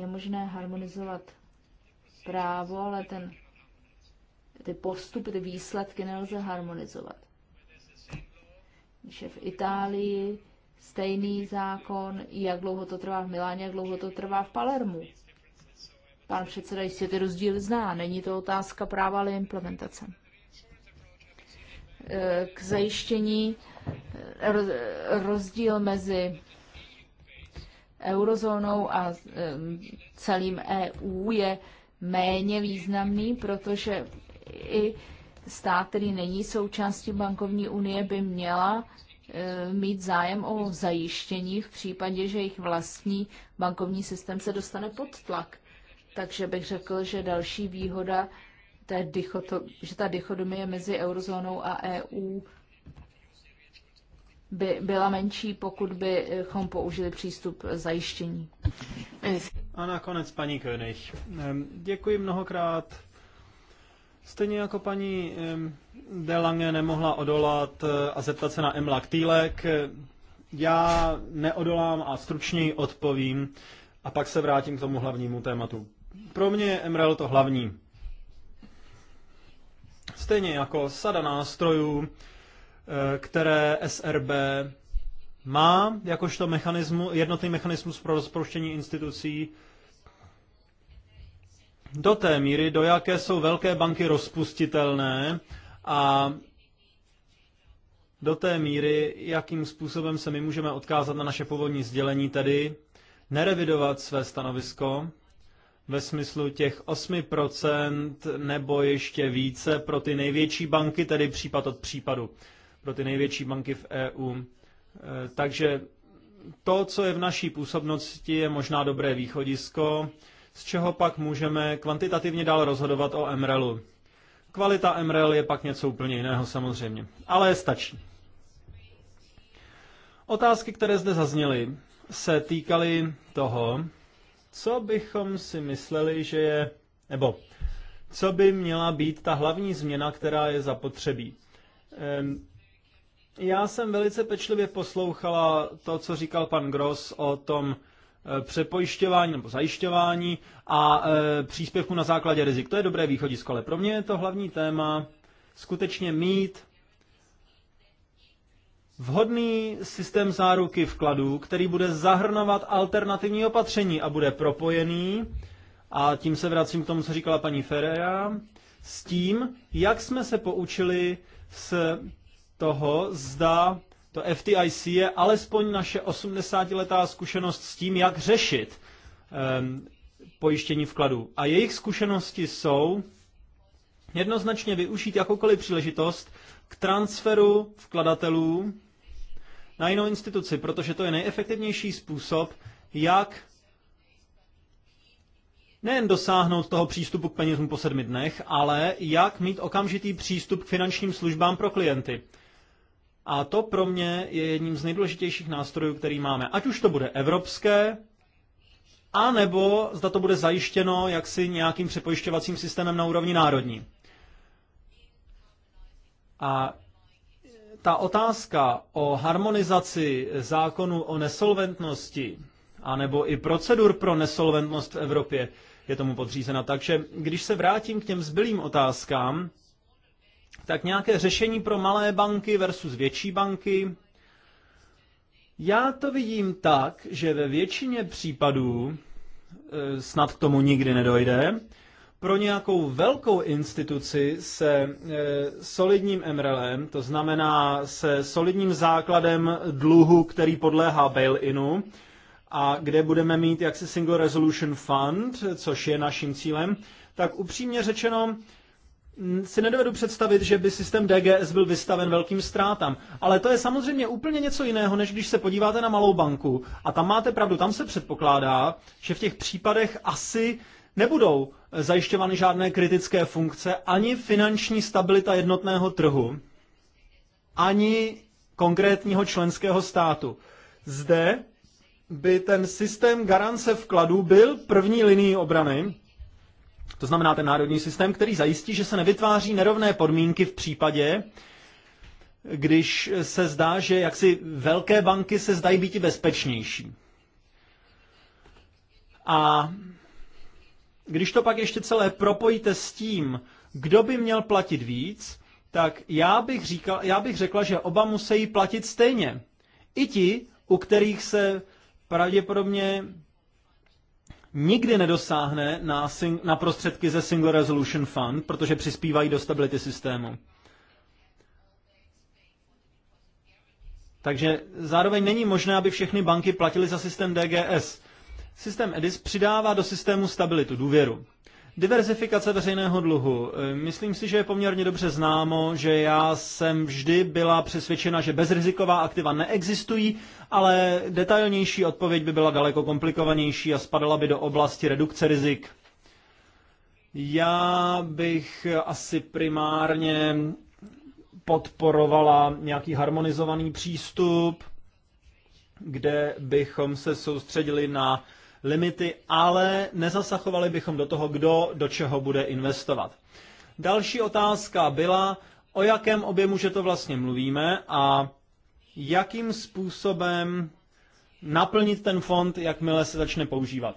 B: Je možné harmonizovat právo, ale ten, ty postupy, ty výsledky nelze harmonizovat. Když je v Itálii stejný zákon, jak dlouho to trvá v Miláně, jak dlouho to trvá v Palermu. Pan předseda jistě ty rozdíly zná, není to otázka práva, ale implementace k zajištění eh, rozdíl mezi eurozónou a celým EU je méně významný, protože i stát, který není součástí bankovní unie, by měla eh, mít zájem o zajištění v případě, že jejich vlastní bankovní systém se dostane pod tlak. Takže bych řekl, že další výhoda té dichoto, že ta dichotomie mezi eurozónou a EU by byla menší, pokud bychom použili přístup zajištění.
C: A nakonec paní König. Děkuji mnohokrát. Stejně jako paní Delange nemohla odolat e, a zeptat se na Emla Týlek, e, já neodolám a stručněji odpovím a pak se vrátím k tomu hlavnímu tématu. Pro mě je Emrel to hlavní. Stejně jako sada nástrojů, eh, které SRB má jakožto mechanismu, jednotný mechanismus pro rozproštění institucí do té míry, do jaké jsou velké banky rozpustitelné a do té míry, jakým způsobem se my můžeme odkázat na naše původní sdělení, tedy nerevidovat své stanovisko ve smyslu těch 8% nebo ještě více pro ty největší banky, tedy případ od případu, pro ty největší banky v EU. E, takže to, co je v naší působnosti, je možná dobré východisko, z čeho pak můžeme kvantitativně dál rozhodovat o MRLu. Kvalita MREL je pak něco úplně jiného samozřejmě, ale stačí. Otázky, které zde zazněly, se týkaly toho, co bychom si mysleli, že je, nebo co by měla být ta hlavní změna, která je zapotřebí. Já jsem velice pečlivě poslouchala to, co říkal pan Gross o tom e, přepojišťování nebo zajišťování a e, příspěvku na základě rizik. To je dobré východisko, ale pro mě je to hlavní téma skutečně mít vhodný systém záruky vkladů, který bude zahrnovat alternativní opatření a bude propojený, a tím se vracím k tomu, co říkala paní Ferreira, s tím, jak jsme se poučili z toho, zda to FTIC je alespoň naše 80-letá zkušenost s tím, jak řešit um, pojištění vkladů. A jejich zkušenosti jsou jednoznačně využít jakoukoliv příležitost, k transferu vkladatelů na jinou instituci, protože to je nejefektivnější způsob, jak nejen dosáhnout toho přístupu k penězům po sedmi dnech, ale jak mít okamžitý přístup k finančním službám pro klienty. A to pro mě je jedním z nejdůležitějších nástrojů, který máme. Ať už to bude evropské, a nebo zda to bude zajištěno jaksi nějakým přepojišťovacím systémem na úrovni národní. A ta otázka o harmonizaci zákonu o nesolventnosti, anebo i procedur pro nesolventnost v Evropě, je tomu podřízena. Takže když se vrátím k těm zbylým otázkám, tak nějaké řešení pro malé banky versus větší banky. Já to vidím tak, že ve většině případů e, snad k tomu nikdy nedojde, pro nějakou velkou instituci se e, solidním MRLem, to znamená se solidním základem dluhu, který podléhá bail-inu, a kde budeme mít jaksi Single Resolution Fund, což je naším cílem, tak upřímně řečeno si nedovedu představit, že by systém DGS byl vystaven velkým ztrátám. Ale to je samozřejmě úplně něco jiného, než když se podíváte na malou banku. A tam máte pravdu, tam se předpokládá, že v těch případech asi nebudou zajišťovány žádné kritické funkce, ani finanční stabilita jednotného trhu, ani konkrétního členského státu. Zde by ten systém garance vkladů byl první linií obrany, to znamená ten národní systém, který zajistí, že se nevytváří nerovné podmínky v případě, když se zdá, že jaksi velké banky se zdají být bezpečnější. A když to pak ještě celé propojíte s tím, kdo by měl platit víc, tak já bych, říkal, já bych řekla, že oba musí platit stejně. I ti, u kterých se pravděpodobně nikdy nedosáhne na, sing- na prostředky ze Single Resolution Fund, protože přispívají do stability systému. Takže zároveň není možné, aby všechny banky platily za systém DGS. Systém EDIS přidává do systému stabilitu, důvěru. Diverzifikace veřejného dluhu. E, myslím si, že je poměrně dobře známo, že já jsem vždy byla přesvědčena, že bezriziková aktiva neexistují, ale detailnější odpověď by byla daleko komplikovanější a spadala by do oblasti redukce rizik. Já bych asi primárně podporovala nějaký harmonizovaný přístup, kde bychom se soustředili na limity, ale nezasahovali bychom do toho, kdo do čeho bude investovat. Další otázka byla, o jakém objemu, že to vlastně mluvíme a jakým způsobem naplnit ten fond, jakmile se začne používat.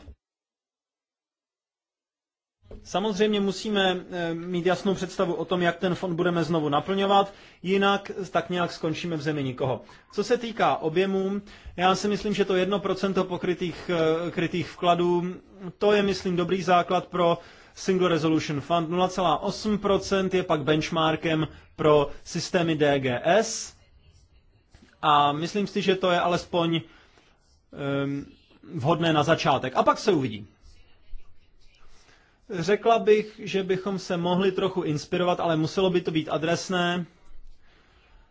C: Samozřejmě musíme eh, mít jasnou představu o tom, jak ten fond budeme znovu naplňovat, jinak tak nějak skončíme v zemi nikoho. Co se týká objemů, já si myslím, že to 1% pokrytých eh, krytých vkladů, to je, myslím, dobrý základ pro Single Resolution Fund. 0,8% je pak benchmarkem pro systémy DGS a myslím si, že to je alespoň um, vhodné na začátek. A pak se uvidí. Řekla bych, že bychom se mohli trochu inspirovat, ale muselo by to být adresné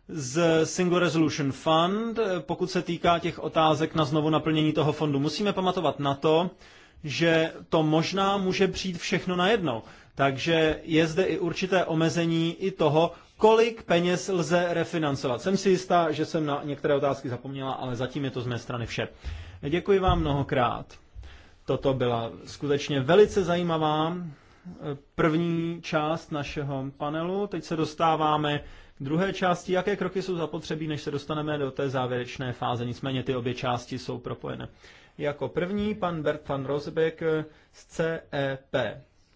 C: z Single Resolution Fund, pokud se týká těch otázek na znovu naplnění toho fondu. Musíme pamatovat na to, že to možná může přijít všechno najednou. Takže je zde i určité omezení i toho, kolik peněz lze refinancovat. Jsem si jistá, že jsem na některé otázky zapomněla, ale zatím je to z mé strany vše. Děkuji vám mnohokrát. Toto byla skutečně velice zajímavá eh, první část našeho panelu. Teď se dostáváme k druhé části, jaké kroky jsou zapotřebí, než se dostaneme do té závěrečné fáze. Nicméně ty obě části jsou propojené. Jako první pan Bert van Rosbeck eh, z CEP.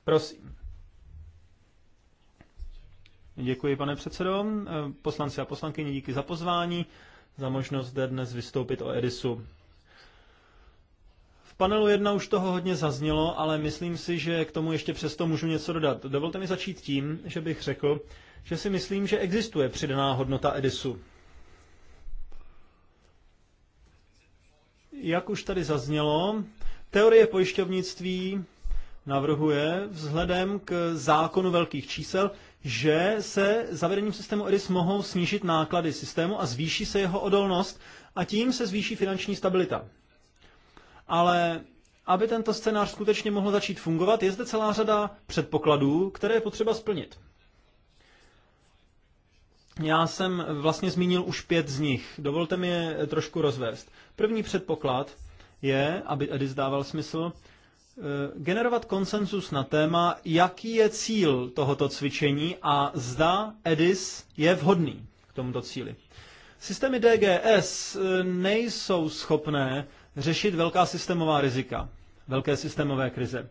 C: Prosím. Děkuji, pane předsedo. Eh, poslanci a poslankyně, díky za pozvání, za možnost zde dnes vystoupit o Edisu panelu jedna už toho hodně zaznělo, ale myslím si, že k tomu ještě přesto můžu něco dodat. Dovolte mi začít tím, že bych řekl, že si myslím, že existuje přidaná hodnota Edisu. Jak už tady zaznělo, teorie pojišťovnictví navrhuje vzhledem k zákonu velkých čísel, že se zavedením systému EDIS mohou snížit náklady systému a zvýší se jeho odolnost a tím se zvýší finanční stabilita ale aby tento scénář skutečně mohl začít fungovat, je zde celá řada předpokladů, které je potřeba splnit. Já jsem vlastně zmínil už pět z nich. Dovolte mi je trošku rozvést. První předpoklad je, aby Edis dával smysl, eh, generovat konsenzus na téma, jaký je cíl tohoto cvičení a zda EDIS je vhodný k tomuto cíli. Systémy DGS eh, nejsou schopné řešit velká systémová rizika, velké systémové krize.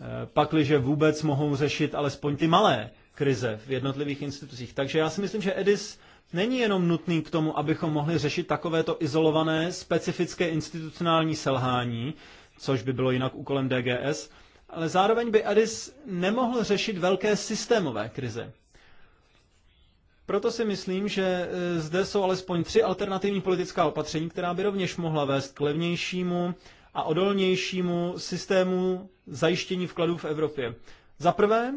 C: Eh, pakliže vůbec mohou řešit alespoň ty malé krize v jednotlivých institucích. Takže já si myslím, že EDIS není jenom nutný k tomu, abychom mohli řešit takovéto izolované, specifické institucionální selhání, což by bylo jinak úkolem DGS, ale zároveň by EDIS nemohl řešit velké systémové krize. Proto si myslím, že e, zde jsou alespoň tři alternativní politická opatření, která by rovněž mohla vést k levnějšímu a odolnějšímu systému zajištění vkladů v Evropě. Za prvé,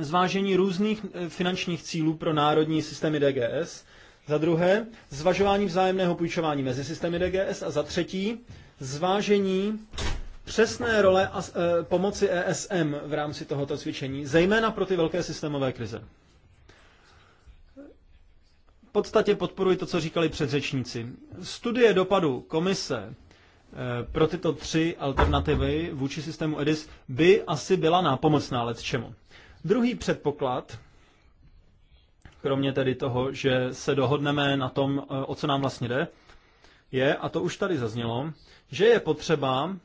C: zvážení různých e, finančních cílů pro národní systémy DGS, za druhé, zvažování vzájemného půjčování mezi systémy DGS a za třetí, zvážení přesné role a, e, pomoci ESM v rámci tohoto cvičení, zejména pro ty velké systémové krize podstatě podporuji to, co říkali předřečníci. Studie dopadu komise eh, pro tyto tři alternativy vůči systému EDIS by asi byla nápomocná ale čemu. Druhý předpoklad, kromě tedy toho, že se dohodneme na tom, eh, o co nám vlastně jde, je, a to už tady zaznělo, že je potřeba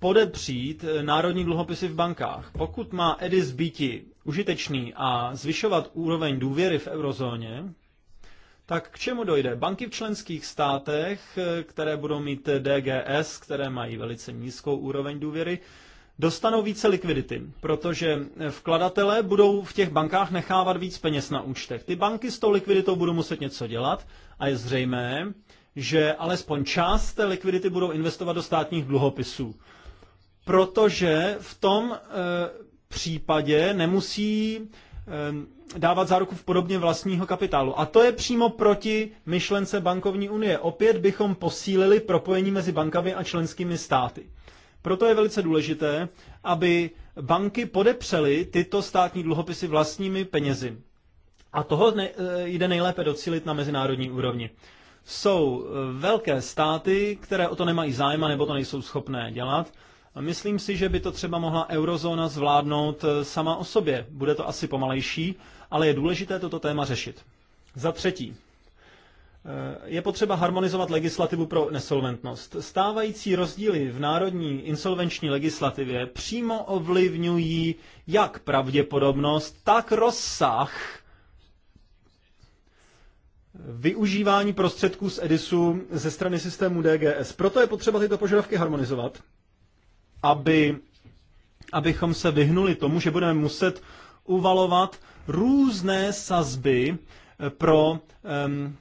C: podepřít eh, národní dluhopisy v bankách. Pokud má Edis býti užitečný a zvyšovat úroveň důvěry v eurozóně, tak k čemu dojde? Banky v členských státech, eh, které budou mít DGS, které mají velice nízkou úroveň důvěry, dostanou více likvidity, protože eh, vkladatelé budou v těch bankách nechávat víc peněz na účtech. Ty banky s tou likviditou budou muset něco dělat a je zřejmé, že alespoň část té likvidity budou investovat do státních dluhopisů. Protože v tom eh, případě nemusí eh, dávat záruku v podobně vlastního kapitálu. A to je přímo proti myšlence bankovní unie. Opět bychom posílili propojení mezi bankami a členskými státy. Proto je velice důležité, aby banky podepřely tyto státní dluhopisy vlastními penězi. A toho ne, eh, jde nejlépe docílit na mezinárodní úrovni. Jsou eh, velké státy, které o to nemají zájma nebo to nejsou schopné dělat myslím si, že by to třeba mohla eurozóna zvládnout eh, sama o sobě. Bude to asi pomalejší, ale je důležité toto téma řešit. Za třetí, eh, je potřeba harmonizovat legislativu pro nesolventnost. Stávající rozdíly v národní insolvenční legislativě přímo ovlivňují jak pravděpodobnost, tak rozsah využívání prostředků z EDISu ze strany systému DGS. Proto je potřeba tyto požadavky harmonizovat aby, abychom se vyhnuli tomu, že budeme muset uvalovat různé sazby eh, pro um,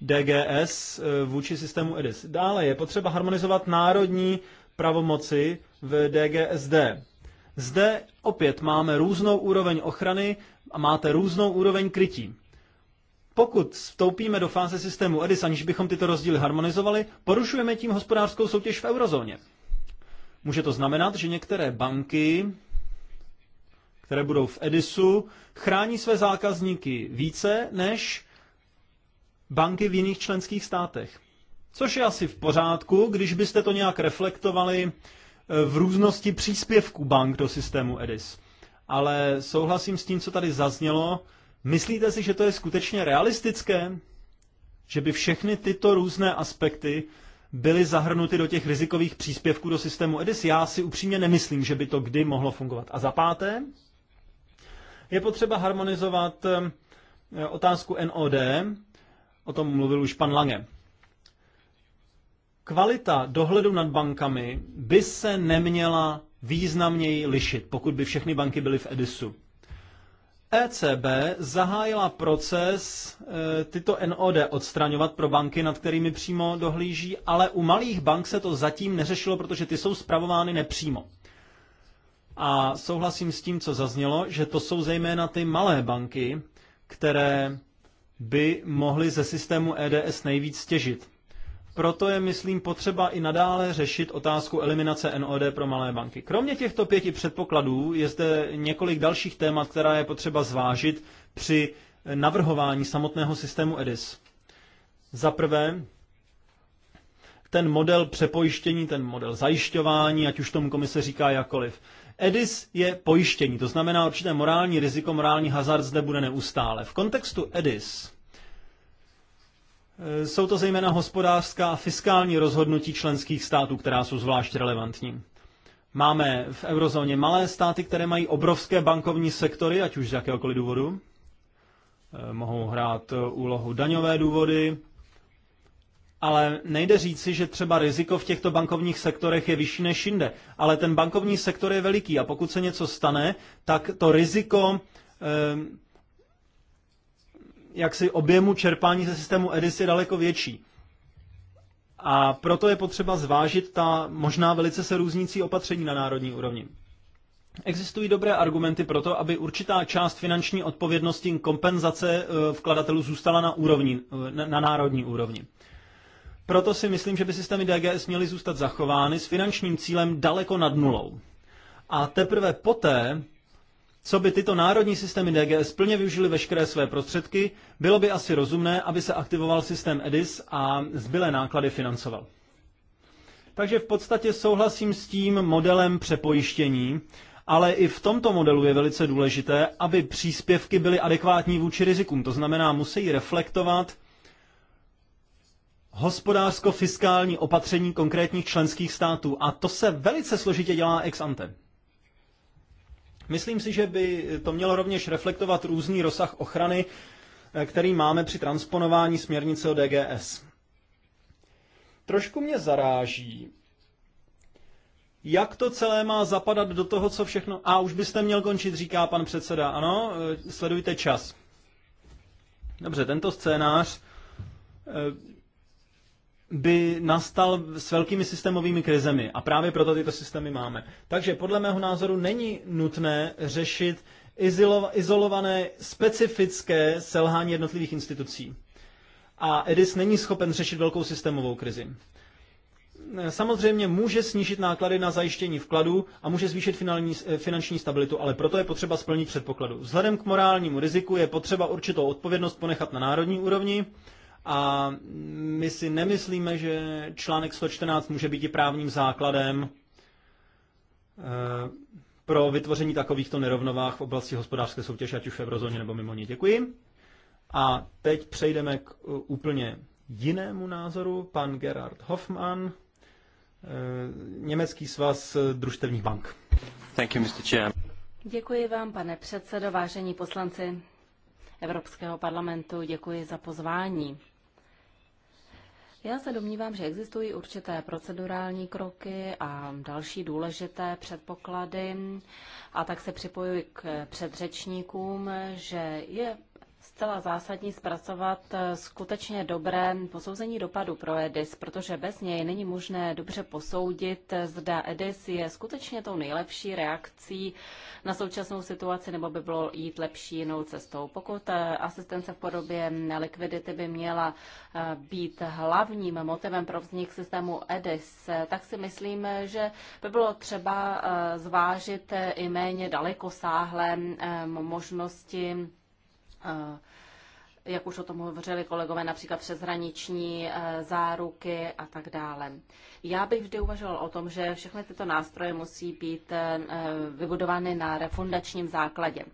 C: DGS eh, vůči systému EDIS. Dále je potřeba harmonizovat národní pravomoci v DGSD. Zde opět máme různou úroveň ochrany a máte různou úroveň krytí. Pokud vstoupíme do fáze systému EDIS, aniž bychom tyto rozdíly harmonizovali, porušujeme tím hospodářskou soutěž v eurozóně. Může to znamenat, že některé banky, které budou v Edisu, chrání své zákazníky více než banky v jiných členských státech. Což je asi v pořádku, když byste to nějak reflektovali eh, v různosti příspěvků bank do systému EDIS. Ale souhlasím s tím, co tady zaznělo. Myslíte si, že to je skutečně realistické? Že by všechny tyto různé aspekty byly zahrnuty do těch rizikových příspěvků do systému EDIS. Já si upřímně nemyslím, že by to kdy mohlo fungovat. A za páté, je potřeba harmonizovat eh, otázku NOD, o tom mluvil už pan Lange. Kvalita dohledu nad bankami by se neměla významněji lišit, pokud by všechny banky byly v Edisu. ECB zahájila proces e, tyto NOD odstraňovat pro banky, nad kterými přímo dohlíží, ale u malých bank se to zatím neřešilo, protože ty jsou zpravovány nepřímo. A souhlasím s tím, co zaznělo, že to jsou zejména ty malé banky, které by mohly ze systému EDS nejvíc těžit. Proto je, myslím, potřeba i nadále řešit otázku eliminace NOD pro malé banky. Kromě těchto pěti předpokladů je zde několik dalších témat, která je potřeba zvážit při navrhování samotného systému EDIS. Za prvé, ten model přepojištění, ten model zajišťování, ať už tomu komise říká jakoliv. EDIS je pojištění, to znamená určité morální riziko, morální hazard zde bude neustále. V kontextu EDIS Eh, jsou to zejména hospodářská a fiskální rozhodnutí členských států, která jsou zvlášť relevantní. Máme v eurozóně malé státy, které mají obrovské bankovní sektory, ať už z jakéhokoliv důvodu. Eh, mohou hrát eh, úlohu daňové důvody, ale nejde říci, že třeba riziko v těchto bankovních sektorech je vyšší než jinde. Ale ten bankovní sektor je veliký a pokud se něco stane, tak to riziko jaksi objemu čerpání ze systému EDIS je daleko větší. A proto je potřeba zvážit ta možná velice se různící opatření na národní úrovni. Existují dobré argumenty pro to, aby určitá část finanční odpovědnosti kompenzace eh, vkladatelů zůstala na, úrovni, eh, na, národní úrovni. Proto si myslím, že by systémy DGS měly zůstat zachovány s finančním cílem daleko nad nulou. A teprve poté co by tyto národní systémy DGS plně využili veškeré své prostředky, bylo by asi rozumné, aby se aktivoval systém EDIS a zbylé náklady financoval. Takže v podstatě souhlasím s tím modelem přepojištění, ale i v tomto modelu je velice důležité, aby příspěvky byly adekvátní vůči rizikům. To znamená, musí reflektovat hospodářsko-fiskální opatření konkrétních členských států. A to se velice složitě dělá ex ante. Myslím si, že by to mělo rovněž reflektovat různý rozsah ochrany, eh, který máme při transponování směrnice o DGS. Trošku mě zaráží, jak to celé má zapadat do toho, co všechno... A už byste měl končit, říká pan předseda. Ano, eh, sledujte čas. Dobře, tento scénář eh, by nastal s velkými systémovými krizemi a právě proto tyto systémy máme. Takže podle mého názoru není nutné řešit izolované specifické selhání jednotlivých institucí. A EDIS není schopen řešit velkou systémovou krizi. Samozřejmě může snížit náklady na zajištění vkladu a může zvýšit finální, eh, finanční stabilitu, ale proto je potřeba splnit předpokladu. Vzhledem k morálnímu riziku je potřeba určitou odpovědnost ponechat na národní úrovni, a my si nemyslíme, že článek 114 může být i právním základem eh, pro vytvoření takovýchto nerovnovách v oblasti hospodářské soutěže, ať už v eurozóně nebo mimo ní. Děkuji. A teď přejdeme k eh, úplně jinému názoru. Pan Gerhard Hoffmann, eh, Německý svaz družstevních bank.
D: Thank you, Mr. Chair.
A: Děkuji vám, pane předsedo, vážení poslanci Evropského parlamentu, děkuji za pozvání. Já se domnívám, že existují určité procedurální kroky a další důležité předpoklady a tak se připojuji k předřečníkům, že je zcela zásadní zpracovat eh, skutečně dobré posouzení dopadu pro EDIS, protože bez něj není možné dobře posoudit, eh, zda EDIS je skutečně tou nejlepší reakcí na současnou situaci, nebo by bylo jít lepší jinou cestou. Pokud eh, asistence v podobě likvidity by měla být hlavním motivem pro vznik systému EDIS, tak si myslím, že by bylo třeba zvážit i méně dalekosáhlé možnosti Eh, jak už o tom hovořili kolegové, například přeshraniční eh, záruky a tak dále. Já bych vždy uvažoval o tom, že všechny tyto nástroje musí být eh, vybudovány na refundačním základě.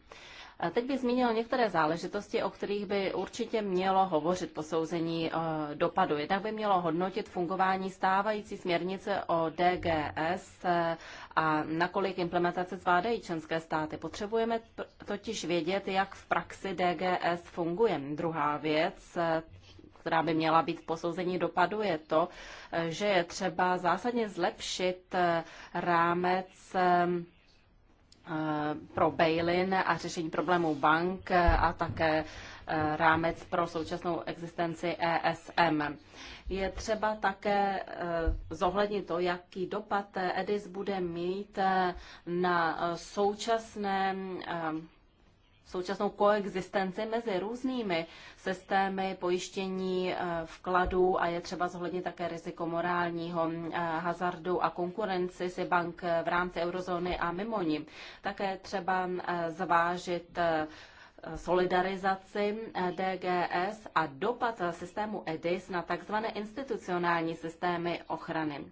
A: Teď bych zmínil některé záležitosti, o kterých by určitě mělo hovořit posouzení eh, dopadu. Jednak by mělo hodnotit fungování stávající směrnice o DGS eh, a nakolik implementace zvládají členské státy. Potřebujeme totiž vědět, jak v praxi DGS funguje. Druhá věc, eh, která by měla být v posouzení dopadu, je to, že je třeba zásadně zlepšit rámec Eh, pro bail-in a řešení problémů bank a také eh, rámec pro současnou existenci ESM. Je třeba také eh, zohlednit to, jaký dopad EDIS bude mít na současné současnou koexistenci mezi různými systémy pojištění eh, vkladů a je třeba zohlednit také riziko morálního eh, hazardu a konkurenci si bank eh, v rámci eurozóny a mimo ní. Také třeba zvážit solidarizaci DGS a dopad systému EDIS na tzv. institucionální systémy ochrany.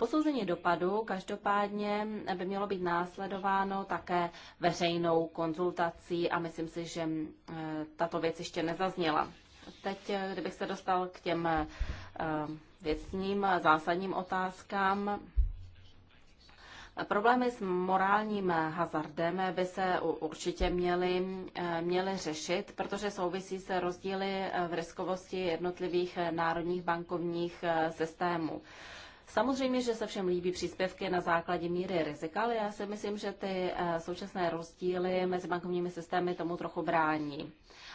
A: Posouzení dopadu každopádně by mělo být následováno také veřejnou konzultací a myslím si, že eh, tato věc ještě nezazněla. Teď, eh, kdybych se dostal k těm eh, věcním zásadním otázkám, Problémy s morálním hazardem by se určitě měly, měly řešit, protože souvisí se rozdíly v riskovosti jednotlivých národních bankovních systémů. Samozřejmě, že se všem líbí příspěvky na základě míry rizika, ale já si myslím, že ty eh, současné rozdíly mezi bankovními systémy tomu trochu brání.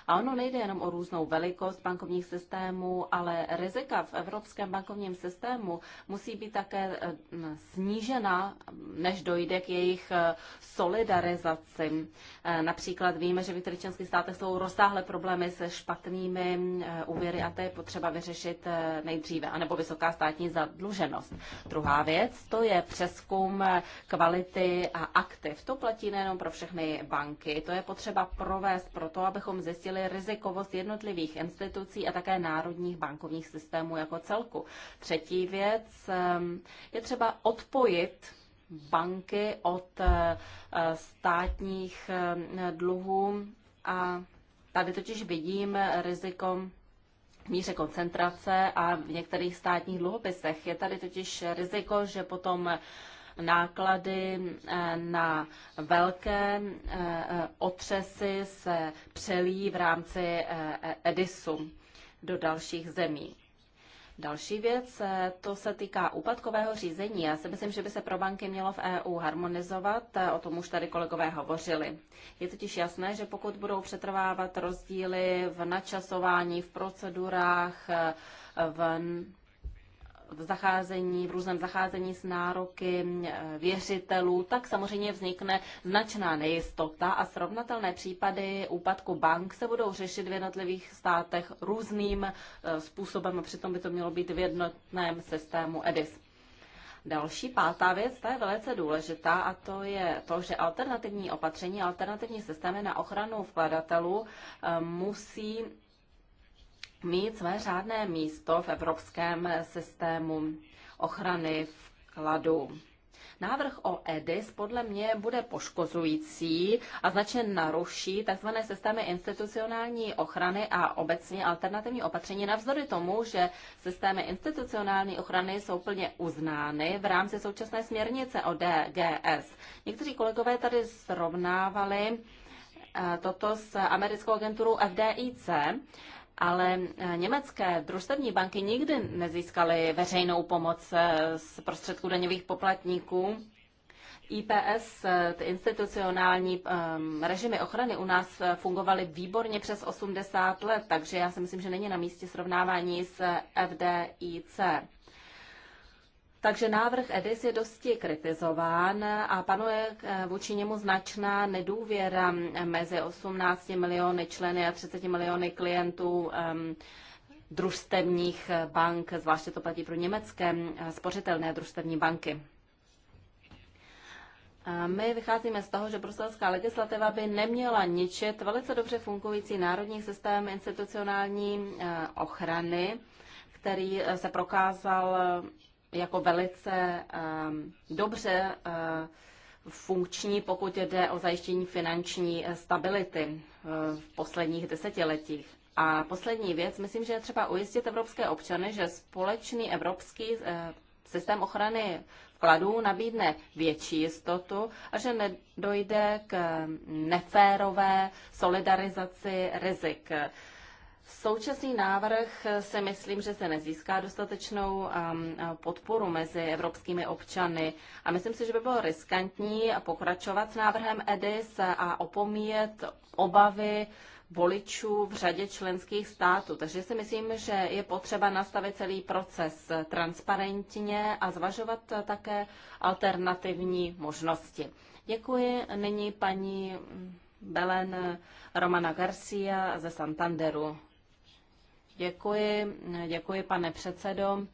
A: A ono nejde jenom o různou velikost bankovních systémů, ale rizika v evropském bankovním systému musí být také eh, snížena, než dojde k jejich eh, solidarizaci. Eh, například víme, že v některých členských státech jsou rozsáhlé problémy se špatnými úvěry a to je potřeba vyřešit nejdříve, anebo vysoká státní zadluženost. Druhá věc, to je přeskum kvality a aktiv. To platí nejenom pro všechny banky, to je potřeba provést proto, abychom zjistili, snížili rizikovost jednotlivých institucí a také národních bankovních systémů jako celku. Třetí věc ehm, je třeba odpojit banky od eh, státních ehm, dluhů a tady totiž vidím riziko míře koncentrace a v některých státních dluhopisech. Je tady totiž riziko, že potom náklady eh, na velké eh, otřesy se přelíjí v rámci eh, EDISu do dalších zemí. Další věc, to se týká úpadkového řízení. Já si myslím, že by se pro banky mělo v EU harmonizovat, o tom už tady kolegové hovořili. Je totiž jasné, že pokud budou přetrvávat rozdíly v načasování, v procedurách, v v zacházení, v různém zacházení s nároky eh, věřitelů, tak samozřejmě vznikne značná nejistota a srovnatelné případy úpadku bank se budou řešit v jednotlivých státech různým eh, způsobem a přitom by to mělo být v jednotném systému EDIS. Další pátá věc, ta je velice důležitá a to je to, že alternativní opatření, alternativní systémy na ochranu vkladatelů eh, musí mít své řádné místo v evropském systému ochrany vkladu. Návrh o EDIS podle mě bude poškozující a značně naruší tzv. systémy institucionální ochrany a obecně alternativní opatření, navzdory tomu, že systémy institucionální ochrany jsou plně uznány v rámci současné směrnice o DGS. Někteří kolegové tady srovnávali eh, toto s americkou agenturou FDIC ale eh, německé družstevní banky nikdy nezískaly veřejnou pomoc eh, z prostředků daňových poplatníků. IPS, eh, ty institucionální um, režimy ochrany u nás fungovaly výborně přes 80 let, takže já si myslím, že není na místě srovnávání s FDIC. Takže návrh EDIS je dosti kritizován a panuje eh, vůči němu značná nedůvěra mezi 18 miliony členy a 30 miliony klientů družstevních bank, zvláště to platí pro německé eh, spořitelné družstevní banky. My vycházíme z toho, že bruselská legislativa by neměla ničit velice dobře fungující národní systém institucionální eh, ochrany, který se prokázal jako velice ehm, dobře eh, funkční, pokud jde o zajištění finanční eh, stability eh, v posledních desetiletích. A poslední věc, myslím, že je třeba ujistit evropské občany, že společný evropský systém ochrany vkladů nabídne větší jistotu a že nedojde k neférové solidarizaci rizik. Současný návrh se myslím, že se nezíská dostatečnou um, podporu mezi evropskými občany a myslím si, že by bylo riskantní pokračovat s návrhem EDIS a opomíjet obavy voličů v řadě členských států. Takže si myslím, že je potřeba nastavit celý proces transparentně a zvažovat také alternativní možnosti. Děkuji. Nyní paní Belen Romana Garcia ze Santanderu. Děkuji, děkuji pane předsedo.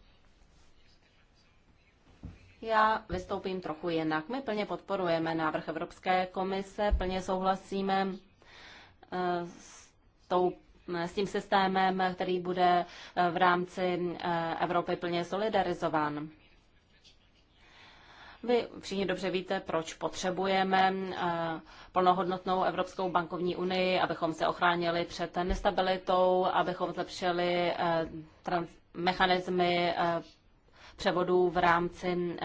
A: Já vystoupím trochu jinak. My plně podporujeme návrh Evropské komise, plně souhlasíme eh, s, tou, eh, s tím systémem, který bude eh, v rámci Evropy plně solidarizován. Vy všichni dobře víte, proč potřebujeme eh, plnohodnotnou Evropskou bankovní unii, abychom se ochránili před nestabilitou, abychom zlepšili eh, trans- mechanismy eh, převodů v rámci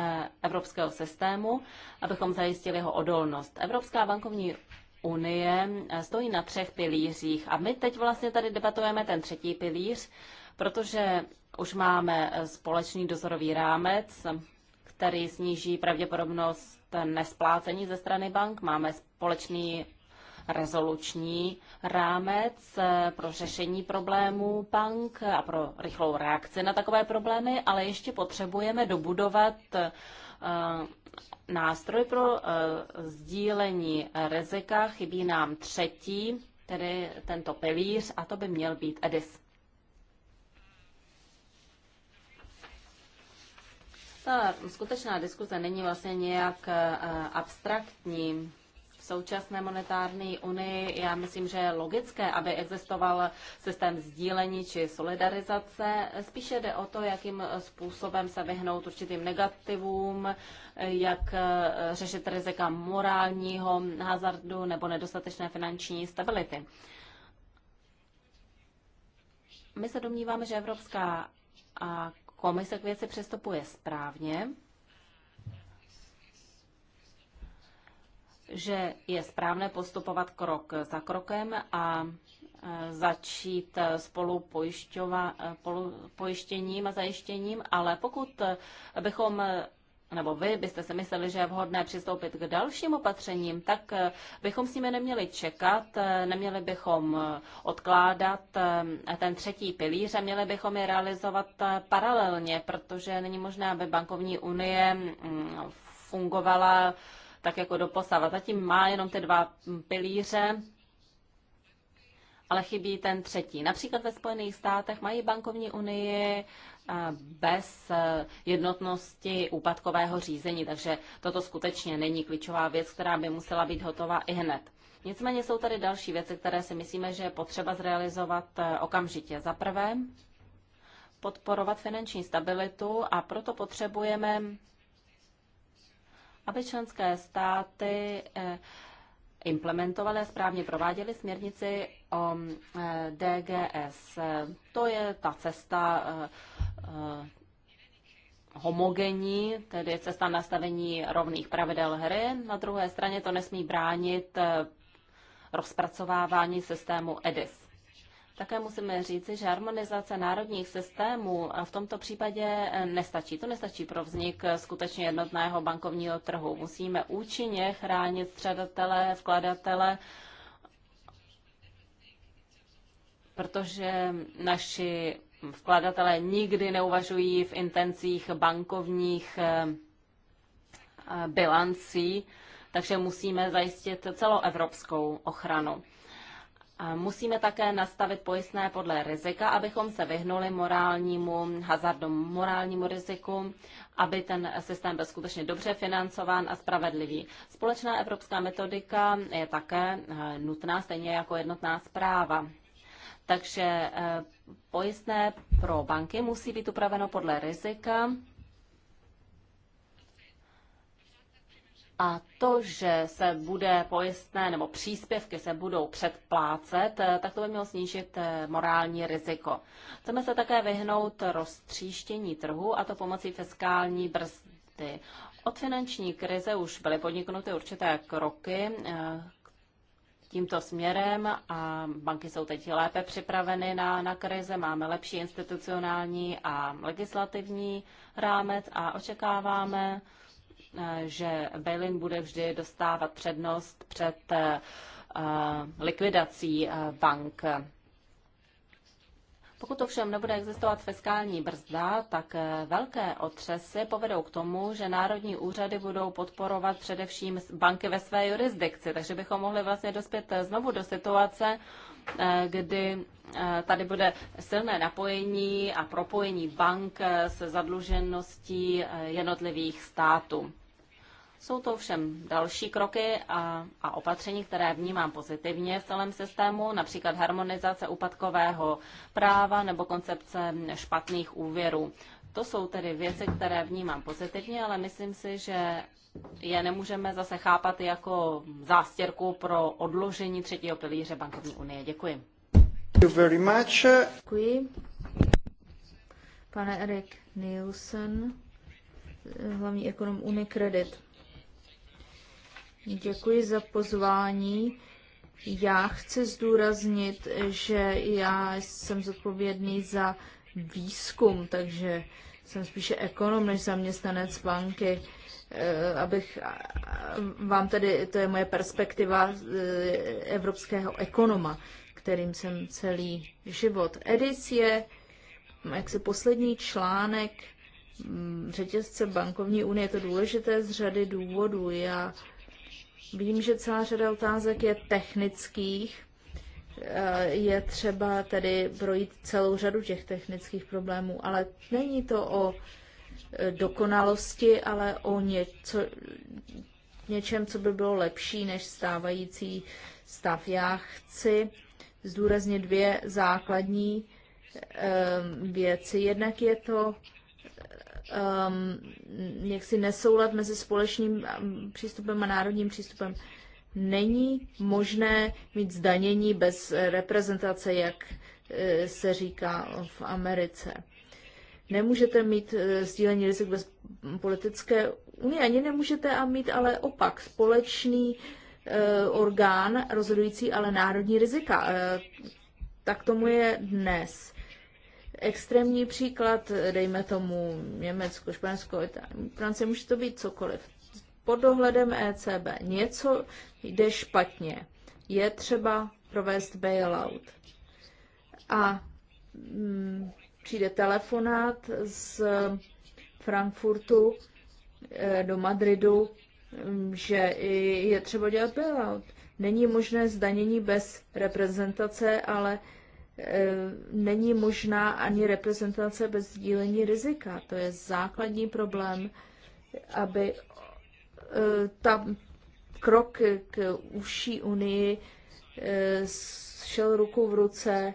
A: evropského systému, abychom zajistili jeho odolnost. Evropská bankovní unie stojí na třech pilířích a my teď vlastně tady debatujeme ten třetí pilíř, protože už máme společný dozorový rámec, který sníží pravděpodobnost nesplácení ze strany bank. Máme společný rezoluční rámec eh, pro řešení problémů bank a pro rychlou reakci na takové problémy, ale ještě potřebujeme dobudovat eh, nástroj pro eh, sdílení rizika. Chybí nám třetí, tedy tento pilíř, a to by měl být EDIS. ta skutečná diskuze není vlastně nějak eh, abstraktní. V současné monetární unii já myslím, že je logické, aby existoval systém sdílení či solidarizace. Spíše jde o to, jakým způsobem se vyhnout určitým negativům, jak eh, řešit rizika morálního hazardu nebo nedostatečné finanční stability. My se domníváme, že Evropská a komise k věci přistupuje správně, že je správné postupovat krok za krokem a e, začít spolu e, pojištěním a zajištěním, ale pokud e, bychom nebo vy byste si mysleli, že je vhodné přistoupit k dalším opatřením, tak eh, bychom s nimi neměli čekat, eh, neměli bychom eh, odkládat ten třetí pilíř a měli bychom je realizovat paralelně, protože není možné, aby bankovní unie mm, fungovala tak jako posava. Zatím má jenom ty dva mm, pilíře, ale chybí ten třetí. Například ve Spojených státech mají bankovní unii bez eh, jednotnosti úpadkového řízení, takže toto skutečně není klíčová věc, která by musela být hotová i hned. Nicméně jsou tady další věci, které si myslíme, že je potřeba zrealizovat eh, okamžitě. Za prvé, podporovat finanční stabilitu a proto potřebujeme, aby členské státy eh, implementovali a správně prováděli směrnici o DGS. To je ta cesta, Eh, homogenní, tedy cesta nastavení rovných pravidel hry. Na druhé straně to nesmí bránit eh, rozpracovávání systému EDIS. Také musíme říci, že harmonizace národních systémů eh, v tomto případě nestačí. To nestačí pro vznik skutečně jednotného bankovního trhu. Musíme účinně chránit středatele, vkladatele, protože naši vkladatelé nikdy neuvažují v intencích bankovních eh, eh, bilancí, takže musíme zajistit celoevropskou ochranu. A musíme také nastavit pojistné podle rizika, abychom se vyhnuli morálnímu hazardu, morálnímu riziku, aby ten systém byl skutečně dobře financován a spravedlivý. Společná evropská metodika je také eh, nutná, stejně jako jednotná zpráva. Takže eh, pojistné pro banky musí být upraveno podle rizika. A to, že se bude pojistné nebo příspěvky se budou předplácet, eh, tak to by mělo snížit eh, morální riziko. Chceme se také vyhnout roztříštění trhu a to pomocí fiskální brzdy. Od finanční krize už byly podniknuty určité kroky, tímto směrem a banky jsou teď lépe připraveny na, na krize, máme lepší institucionální a legislativní rámec a očekáváme, eh, že Bailin bude vždy dostávat přednost před eh, eh, likvidací bank. Pokud ovšem nebude existovat fiskální brzda, tak eh, velké otřesy povedou k tomu, že národní úřady budou podporovat především banky ve své jurisdikci, takže bychom mohli vlastně dospět eh, znovu do situace, eh, kdy tady bude silné napojení a propojení bank se zadlužeností jednotlivých států. Jsou to všem další kroky a, a opatření, které vnímám pozitivně v celém systému, například harmonizace úpadkového práva nebo koncepce špatných úvěrů. To jsou tedy věci, které vnímám pozitivně, ale myslím si, že je nemůžeme zase chápat jako zástěrku pro odložení třetího pilíře bankovní unie. Děkuji.
B: Děkuji. Pane Erik Nielsen, hlavní ekonom Unicredit. Děkuji za pozvání. Já chci zdůraznit, že já jsem zodpovědný za výzkum, takže jsem spíše ekonom než zaměstnanec banky. Eh, abych vám tedy, to je moje perspektiva eh, evropského ekonoma, kterým jsem celý život. Edis je jak se poslední článek mm, řetězce bankovní unie, je to důležité z řady důvodů. Já Vím, že celá řada otázek je technických. Eh, je třeba tedy projít celou řadu těch technických problémů, ale není to o eh, dokonalosti, ale o něco, něčem, co by bylo lepší než stávající stav. Já chci zdůraznit dvě základní eh, věci. Jednak je to um, jaksi nesoulad mezi společným um, přístupem a národním přístupem. Není možné mít zdanění bez reprezentace, jak uh, se říká v Americe. Nemůžete mít uh, sdílení rizik bez politické unie, ani nemůžete a mít ale opak, společný uh, orgán rozhodující ale národní rizika. Tak tomu je dnes extrémní příklad, dejme tomu Německo, Španělsko, Francie, může to být cokoliv. Pod dohledem ECB něco jde špatně. Je třeba provést bailout. A mm, přijde telefonát z Frankfurtu eh, do Madridu, mm, že je třeba dělat bailout. Není možné zdanění bez reprezentace, ale Eh, není možná ani reprezentace bez sdílení rizika. To je základní problém, aby eh, ta krok k užší unii eh, šel ruku v ruce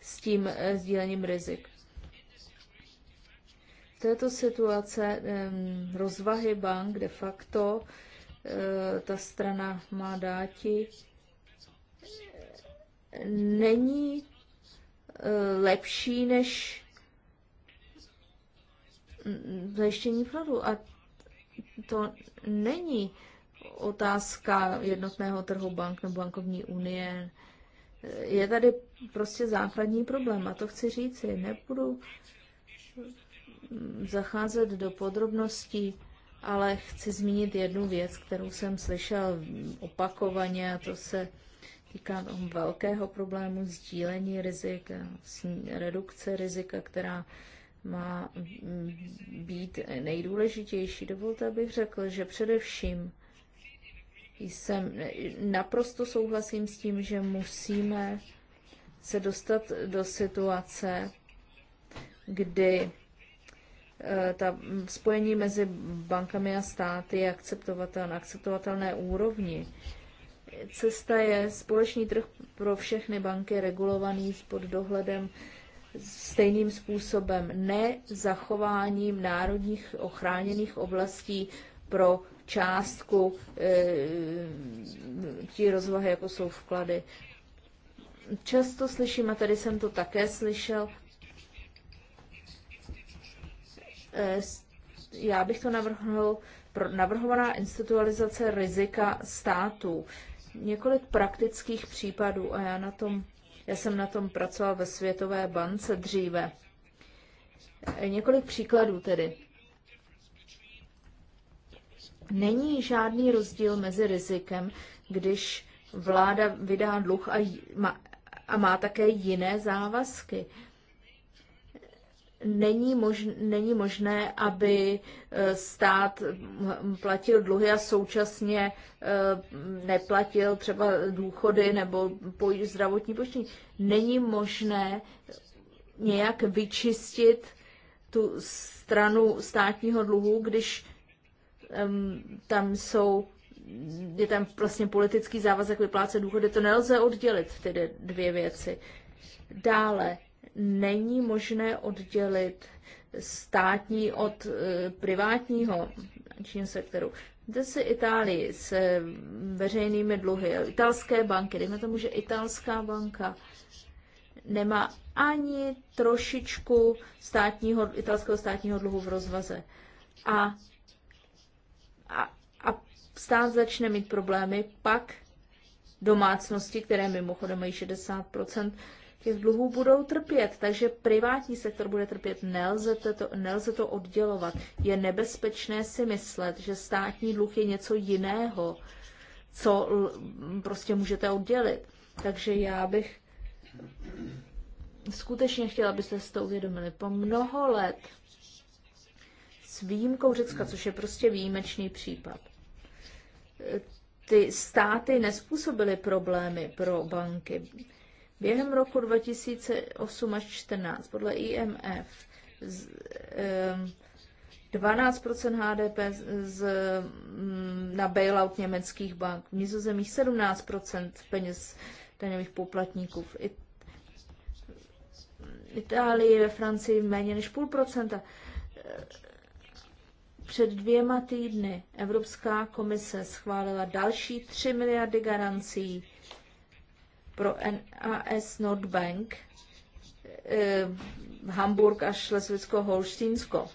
B: s tím sdílením rizik. V této situace rozvahy bank de facto ta strana má dáti není Eh, lepší než zajištění vkladu. A to není otázka jednotného trhu bank nebo bankovní unie. Je tady prostě základní problém a to chci říci. Nebudu zacházet do podrobností, ale chci zmínit jednu věc, kterou jsem slyšel opakovaně a to se týká toho velkého problému sdílení rizik, redukce rizika, která má být nejdůležitější. Dovolte, abych řekl, že především jsem naprosto souhlasím s tím, že musíme se dostat do situace, kdy eh, ta spojení mezi bankami a státy je akceptovatelné, akceptovatelné úrovni cesta je společný trh pro všechny banky regulovaný pod dohledem stejným způsobem, ne zachováním národních ochráněných oblastí pro částku e, tí rozvahy, jako jsou vklady. Často slyším, a tady jsem to také slyšel, e, já bych to navrhl, navrhovaná institucionalizace rizika států. E, Několik praktických případů a já, na tom, já jsem na tom pracoval ve Světové bance dříve. Několik příkladů tedy. Není žádný rozdíl mezi rizikem, když vláda vydá dluh a, má, a má také jiné závazky není, mož, není možné, aby eh, stát hm, platil dluhy a současně eh, neplatil třeba důchody nebo zdravotní pojištění. Není možné nějak vyčistit tu stranu státního dluhu, když tam jsou je tam vlastně politický závazek vyplácet důchody, to nelze oddělit, ty dvě věci. Dále, není možné oddělit státní od e, privátního finančního sektoru. Jde si Itálii s veřejnými dluhy, italské banky, dejme tomu, že italská banka nemá ani trošičku státního, italského státního dluhu v rozvaze. A, a, a stát začne mít problémy, pak domácnosti, které mimochodem mají 60 těch dluhů budou trpět, takže privátní sektor bude trpět. Nelze to, nelze to oddělovat. Je nebezpečné si myslet, že státní dluh je něco jiného, co prostě můžete oddělit. Takže já bych skutečně chtěla, abyste si to uvědomili. Po mnoho let s výjimkou Řecka, což je prostě výjimečný případ, ty státy nespůsobily problémy pro banky Během roku 2008 až 2014 podle IMF z, 12 HDP z, na bailout německých bank, v Nizozemích 17 peněz daňových poplatníků, v Itálii, ve Francii méně než půl procenta. Před dvěma týdny Evropská komise schválila další 3 miliardy garancí pro NAS Nordbank eh, Hamburg a Šlesvicko-Holštínsko.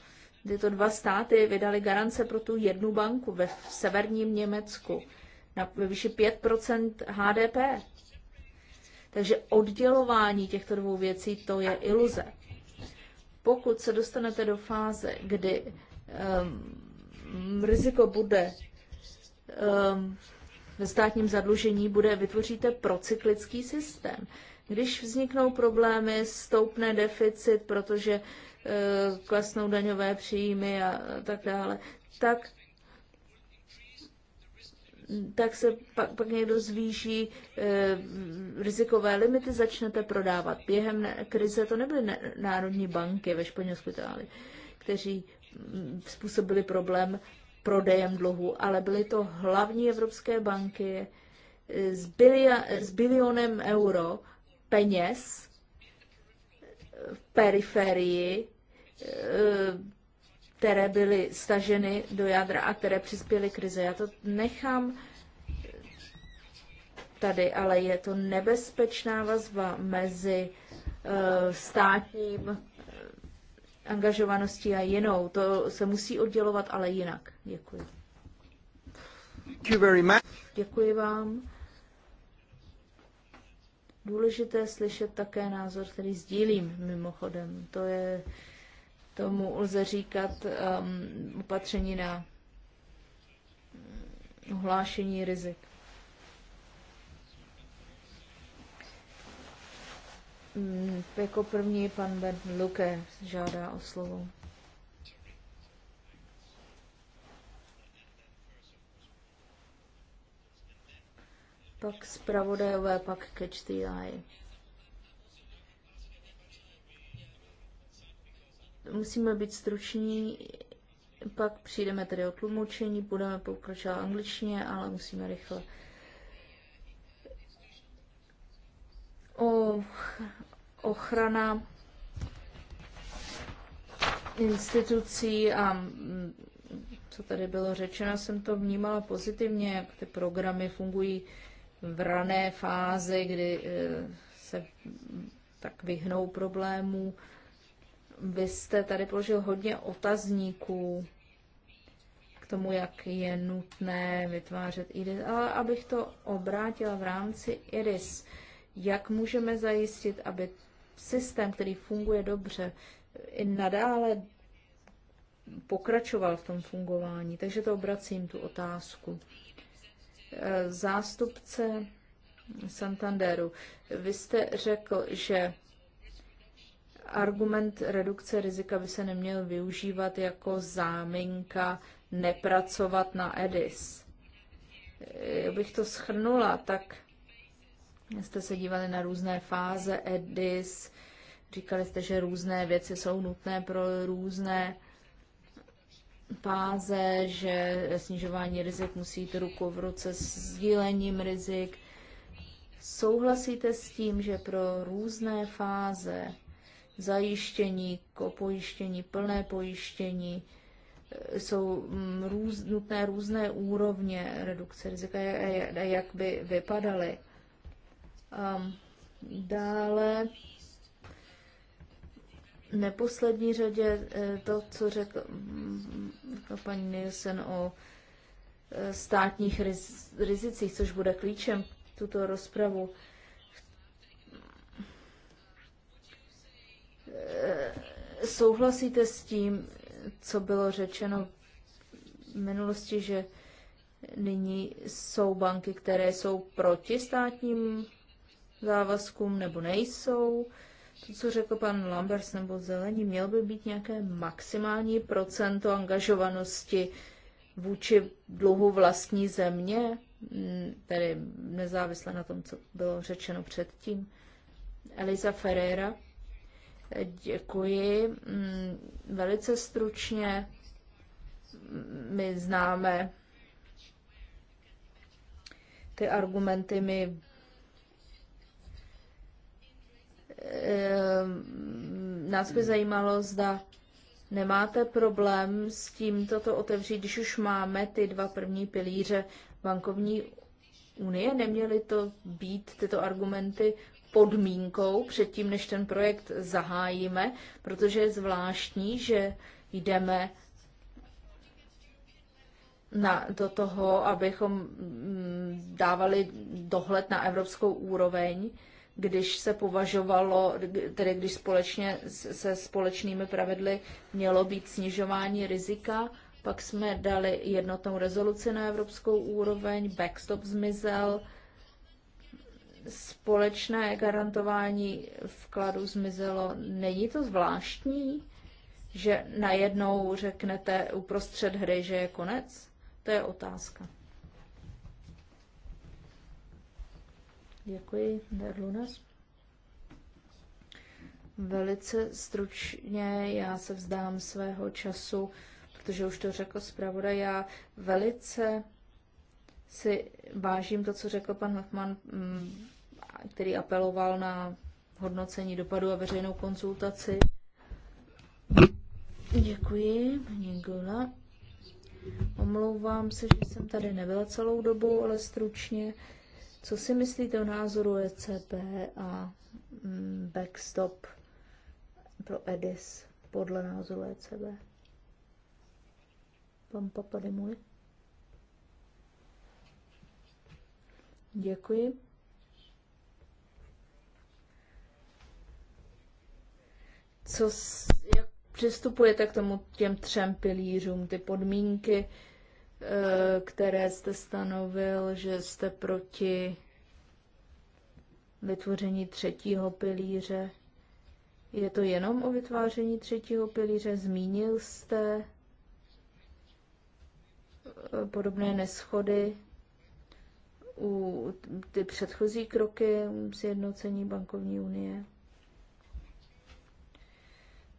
B: Tyto dva státy vydali garance pro tu jednu banku ve severním Německu na výši 5 HDP. Takže oddělování těchto dvou věcí to je iluze. Pokud se dostanete do fáze, kdy um, riziko bude um, ve státním zadlužení bude, vytvoříte procyklický systém. Když vzniknou problémy, stoupne deficit, protože e, klesnou daňové příjmy a tak dále, tak tak se pak, pak někdo zvýší e, rizikové limity, začnete prodávat. Během krize to nebyly ne, národní banky ve Španělsku, kteří způsobili problém prodejem dluhu, ale byly to hlavní evropské banky s, bilia, s bilionem euro peněz eh, v periferii, eh, které byly staženy do jádra a které přispěly krize. Já to nechám tady, ale je to nebezpečná vazba mezi eh, státním Angažovanosti a jinou. To se musí oddělovat, ale jinak. Děkuji. Děkuji vám. Důležité slyšet také názor, který sdílím mimochodem. To je, tomu lze říkat um, opatření na hlášení rizik. Mm, jako první pan Ben Luke žádá o slovo. Pak zpravodajové, pak catch the eye. Musíme být struční, pak přijdeme tedy o tlumočení, budeme pokračovat angličtině, ale musíme rychle. Oh ochrana institucí a mm, co tady bylo řečeno, jsem to vnímala pozitivně, jak ty programy fungují v rané fázi, kdy eh, se tak vyhnou problémů. Vy jste tady položil hodně otazníků k tomu, jak je nutné vytvářet IRIS, ale abych to obrátila v rámci IRIS, jak můžeme zajistit, aby systém, který funguje dobře, i nadále pokračoval v tom fungování. Takže to obracím tu otázku. E, zástupce Santanderu, vy jste řekl, že argument redukce rizika by se neměl využívat jako záminka nepracovat na EDIS. E, já bych to schrnula, tak jste se dívali na různé fáze EDIS, říkali jste, že různé věci jsou nutné pro různé fáze, že snižování rizik musí jít ruku v ruce s sdílením rizik. Souhlasíte s tím, že pro různé fáze zajištění, pojištění, plné pojištění, eh, jsou mm, růz, nutné různé úrovně redukce rizika a jak by vypadaly. Um, dále neposlední řadě eh, to, co mm, řekl paní Nielsen o eh, státních riz, rizicích, což bude klíčem tuto rozpravu. Eh, souhlasíte s tím, co bylo řečeno v minulosti, že nyní jsou banky, které jsou proti státním závazkům nebo nejsou. To, co řekl pan Lambers nebo Zelení, měl by být nějaké maximální procento angažovanosti vůči dluhu vlastní země, mm, tedy nezávisle na tom, co bylo řečeno předtím. Eliza Ferreira, děkuji. Mm, velice stručně mm, my známe ty argumenty, my Ehm, nás by zajímalo, zda nemáte problém s tím toto otevřít, když už máme ty dva první pilíře bankovní unie. Neměly to být tyto argumenty podmínkou předtím, než ten projekt zahájíme, protože je zvláštní, že jdeme na, do toho, abychom mm, dávali dohled na evropskou úroveň, když se považovalo, tedy když společně se společnými pravidly mělo být snižování rizika, pak jsme dali jednotnou rezoluci na evropskou úroveň, backstop zmizel, společné garantování vkladu zmizelo. Není to zvláštní, že najednou řeknete uprostřed hry, že je konec? To je otázka. Děkuji, Darlunas. Velice stručně, já se vzdám svého času, protože už to řekl zpravodaj. Já velice si vážím to, co řekl pan Hoffman, mm, který apeloval na hodnocení dopadu a veřejnou konzultaci. Děkuji, paní Gula. Omlouvám se, že jsem tady nebyla celou dobu, ale stručně. Uh, co si myslíte o názoru ECB a mm, backstop pro EDIS podle názoru ECB? Pan můj? Děkuji. Co, jak přistupujete k tomu těm třem pilířům, ty podmínky, Eh, které jste stanovil, že jste proti vytvoření třetího pilíře. Je to jenom o vytváření třetího pilíře? Zmínil jste eh, podobné neschody u ty předchozí kroky sjednocení bankovní unie?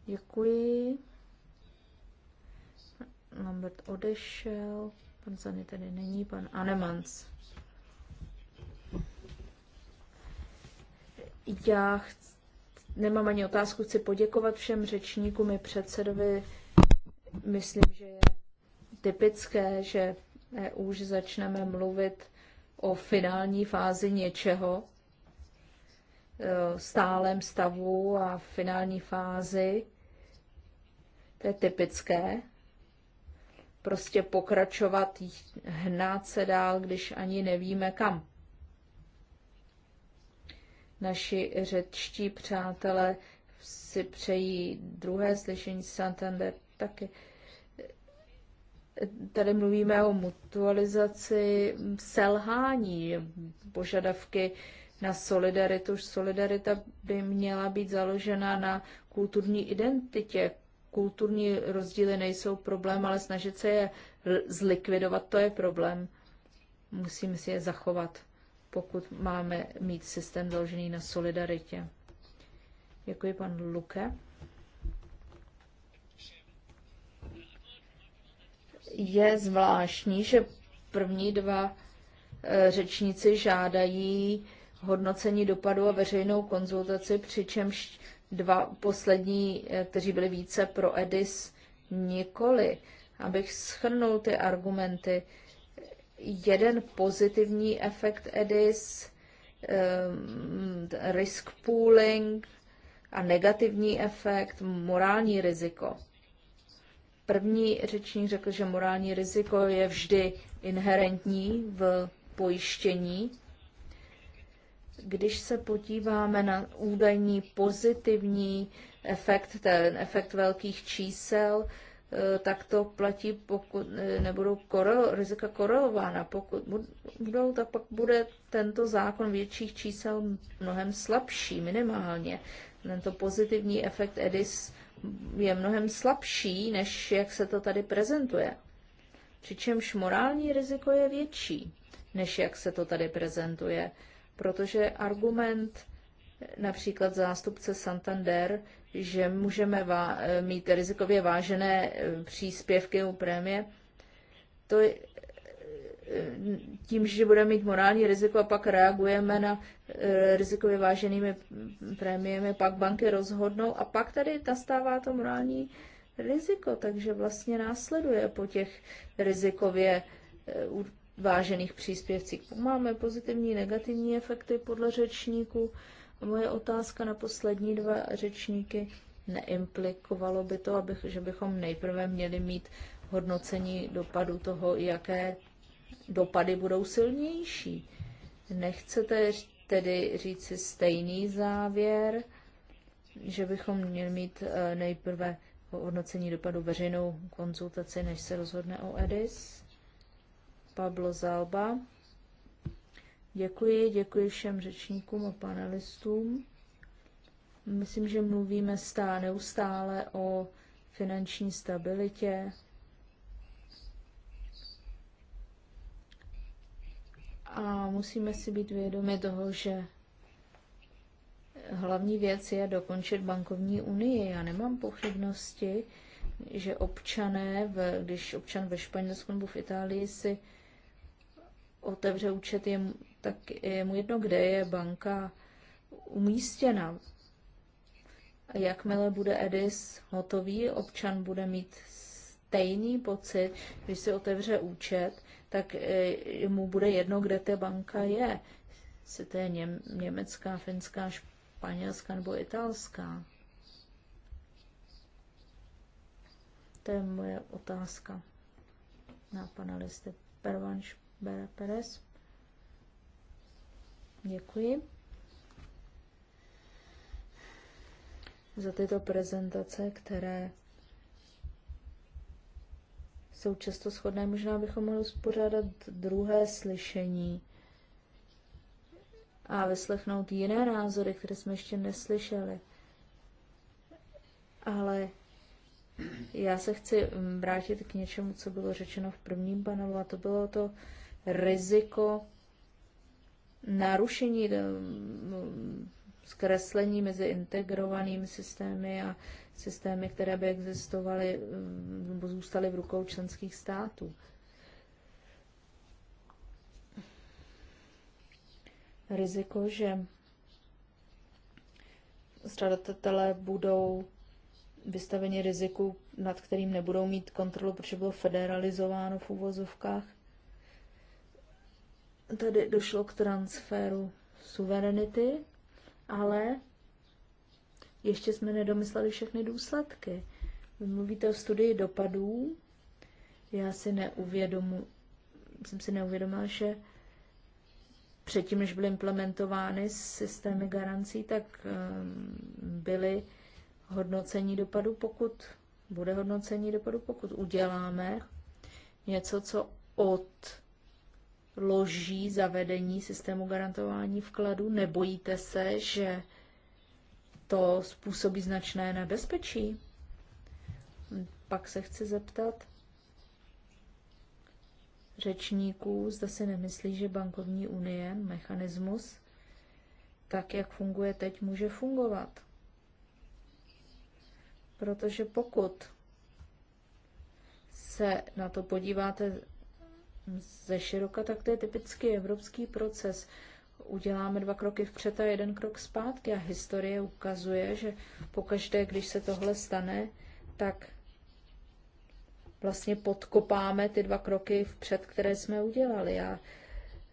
B: Děkuji. Lambert odešel, pan Zany tady není, pan Anemans. Já chci, nemám ani otázku, chci poděkovat všem řečníkům i předsedovi. Myslím, že je typické, že už začneme mluvit o finální fázi něčeho, e, stálem stavu a finální fázi. To je typické prostě pokračovat, hnát se dál, když ani nevíme kam. Naši řečtí přátelé si přejí druhé slyšení Santander taky. Tady mluvíme o mutualizaci selhání, požadavky na solidaritu. Solidarita by měla být založena na kulturní identitě, kulturní rozdíly nejsou problém, ale snažit se je zlikvidovat, to je problém. Musíme si je zachovat, pokud máme mít systém založený na solidaritě. Děkuji, pan Luke. Je zvláštní, že první dva e, řečníci žádají hodnocení dopadu a veřejnou konzultaci, přičemž Dva poslední, eh, kteří byli více pro EDIS, nikoli. Abych schrnul ty argumenty, jeden pozitivní efekt EDIS, eh, risk pooling a negativní efekt, morální riziko. První řečník řekl, že morální riziko je vždy inherentní v pojištění když se podíváme na údajní pozitivní efekt, ten efekt velkých čísel, eh, tak to platí, pokud eh, nebudou korelo, rizika korelována. Pokud budou, tak pak bude tento zákon větších čísel mnohem slabší, minimálně. Tento pozitivní efekt EDIS je mnohem slabší, než jak se to tady prezentuje. Přičemž morální riziko je větší, než jak se to tady prezentuje protože argument například zástupce Santander, že můžeme mít rizikově vážené eh, příspěvky u prémie, to je, eh, tím, že budeme mít morální riziko a pak reagujeme na eh, rizikově váženými prémiemi, pak banky rozhodnou a pak tady nastává to morální riziko, takže vlastně následuje po těch rizikově vážených příspěvcích. Máme pozitivní, negativní efekty podle řečníků. moje otázka na poslední dva řečníky neimplikovalo by to, abych, že bychom nejprve měli mít hodnocení dopadu toho, jaké dopady budou silnější. Nechcete tedy říci stejný závěr, že bychom měli mít eh, nejprve hodnocení dopadu veřejnou konzultaci, než se rozhodne o EDIS? Pablo Zalba. Děkuji, děkuji všem řečníkům a panelistům. Myslím, že mluvíme stále, neustále o finanční stabilitě. A musíme si být vědomi toho, že hlavní věc je dokončit bankovní unii. Já nemám pochybnosti, že občané, v, když občan ve Španělsku nebo v Itálii si otevře účet, je, tak je mu jedno, kde je banka umístěna. A jakmile bude EDIS hotový, občan bude mít stejný pocit, když si otevře účet, tak eh, mu bude jedno, kde ta banka je. Jestli to je německá, finská, španělská nebo italská. To je moje otázka na pana listy. Pervanš Bera Perez. Děkuji za tyto prezentace, které jsou často shodné. Možná bychom mohli uspořádat druhé slyšení a vyslechnout jiné názory, které jsme ještě neslyšeli. Ale já se chci vrátit k něčemu, co bylo řečeno v prvním panelu, a to bylo to riziko narušení, eh, zkreslení mezi integrovanými systémy a systémy, které by existovaly eh, nebo zůstaly v rukou členských států. Riziko, že stradatelé budou vystaveni riziku, nad kterým nebudou mít kontrolu, protože bylo federalizováno v uvozovkách tady došlo k transferu suverenity, ale ještě jsme nedomysleli všechny důsledky. Vy mluvíte o studii dopadů. Já si neuvědomu, jsem si neuvědomila, že předtím, než byly implementovány systémy garancí, tak ehm, byly hodnocení dopadu, pokud bude hodnocení dopadu, pokud uděláme něco, co od loží zavedení systému garantování vkladu? Nebojíte se, že to způsobí značné nebezpečí? Pak se chci zeptat řečníků, zda si nemyslí, že bankovní unie, mechanismus, tak jak funguje teď, může fungovat. Protože pokud se na to podíváte ze široka, tak to je typický evropský proces. Uděláme dva kroky vpřed a jeden krok zpátky a historie ukazuje, že pokaždé, když se tohle stane, tak vlastně podkopáme ty dva kroky vpřed, které jsme udělali. Já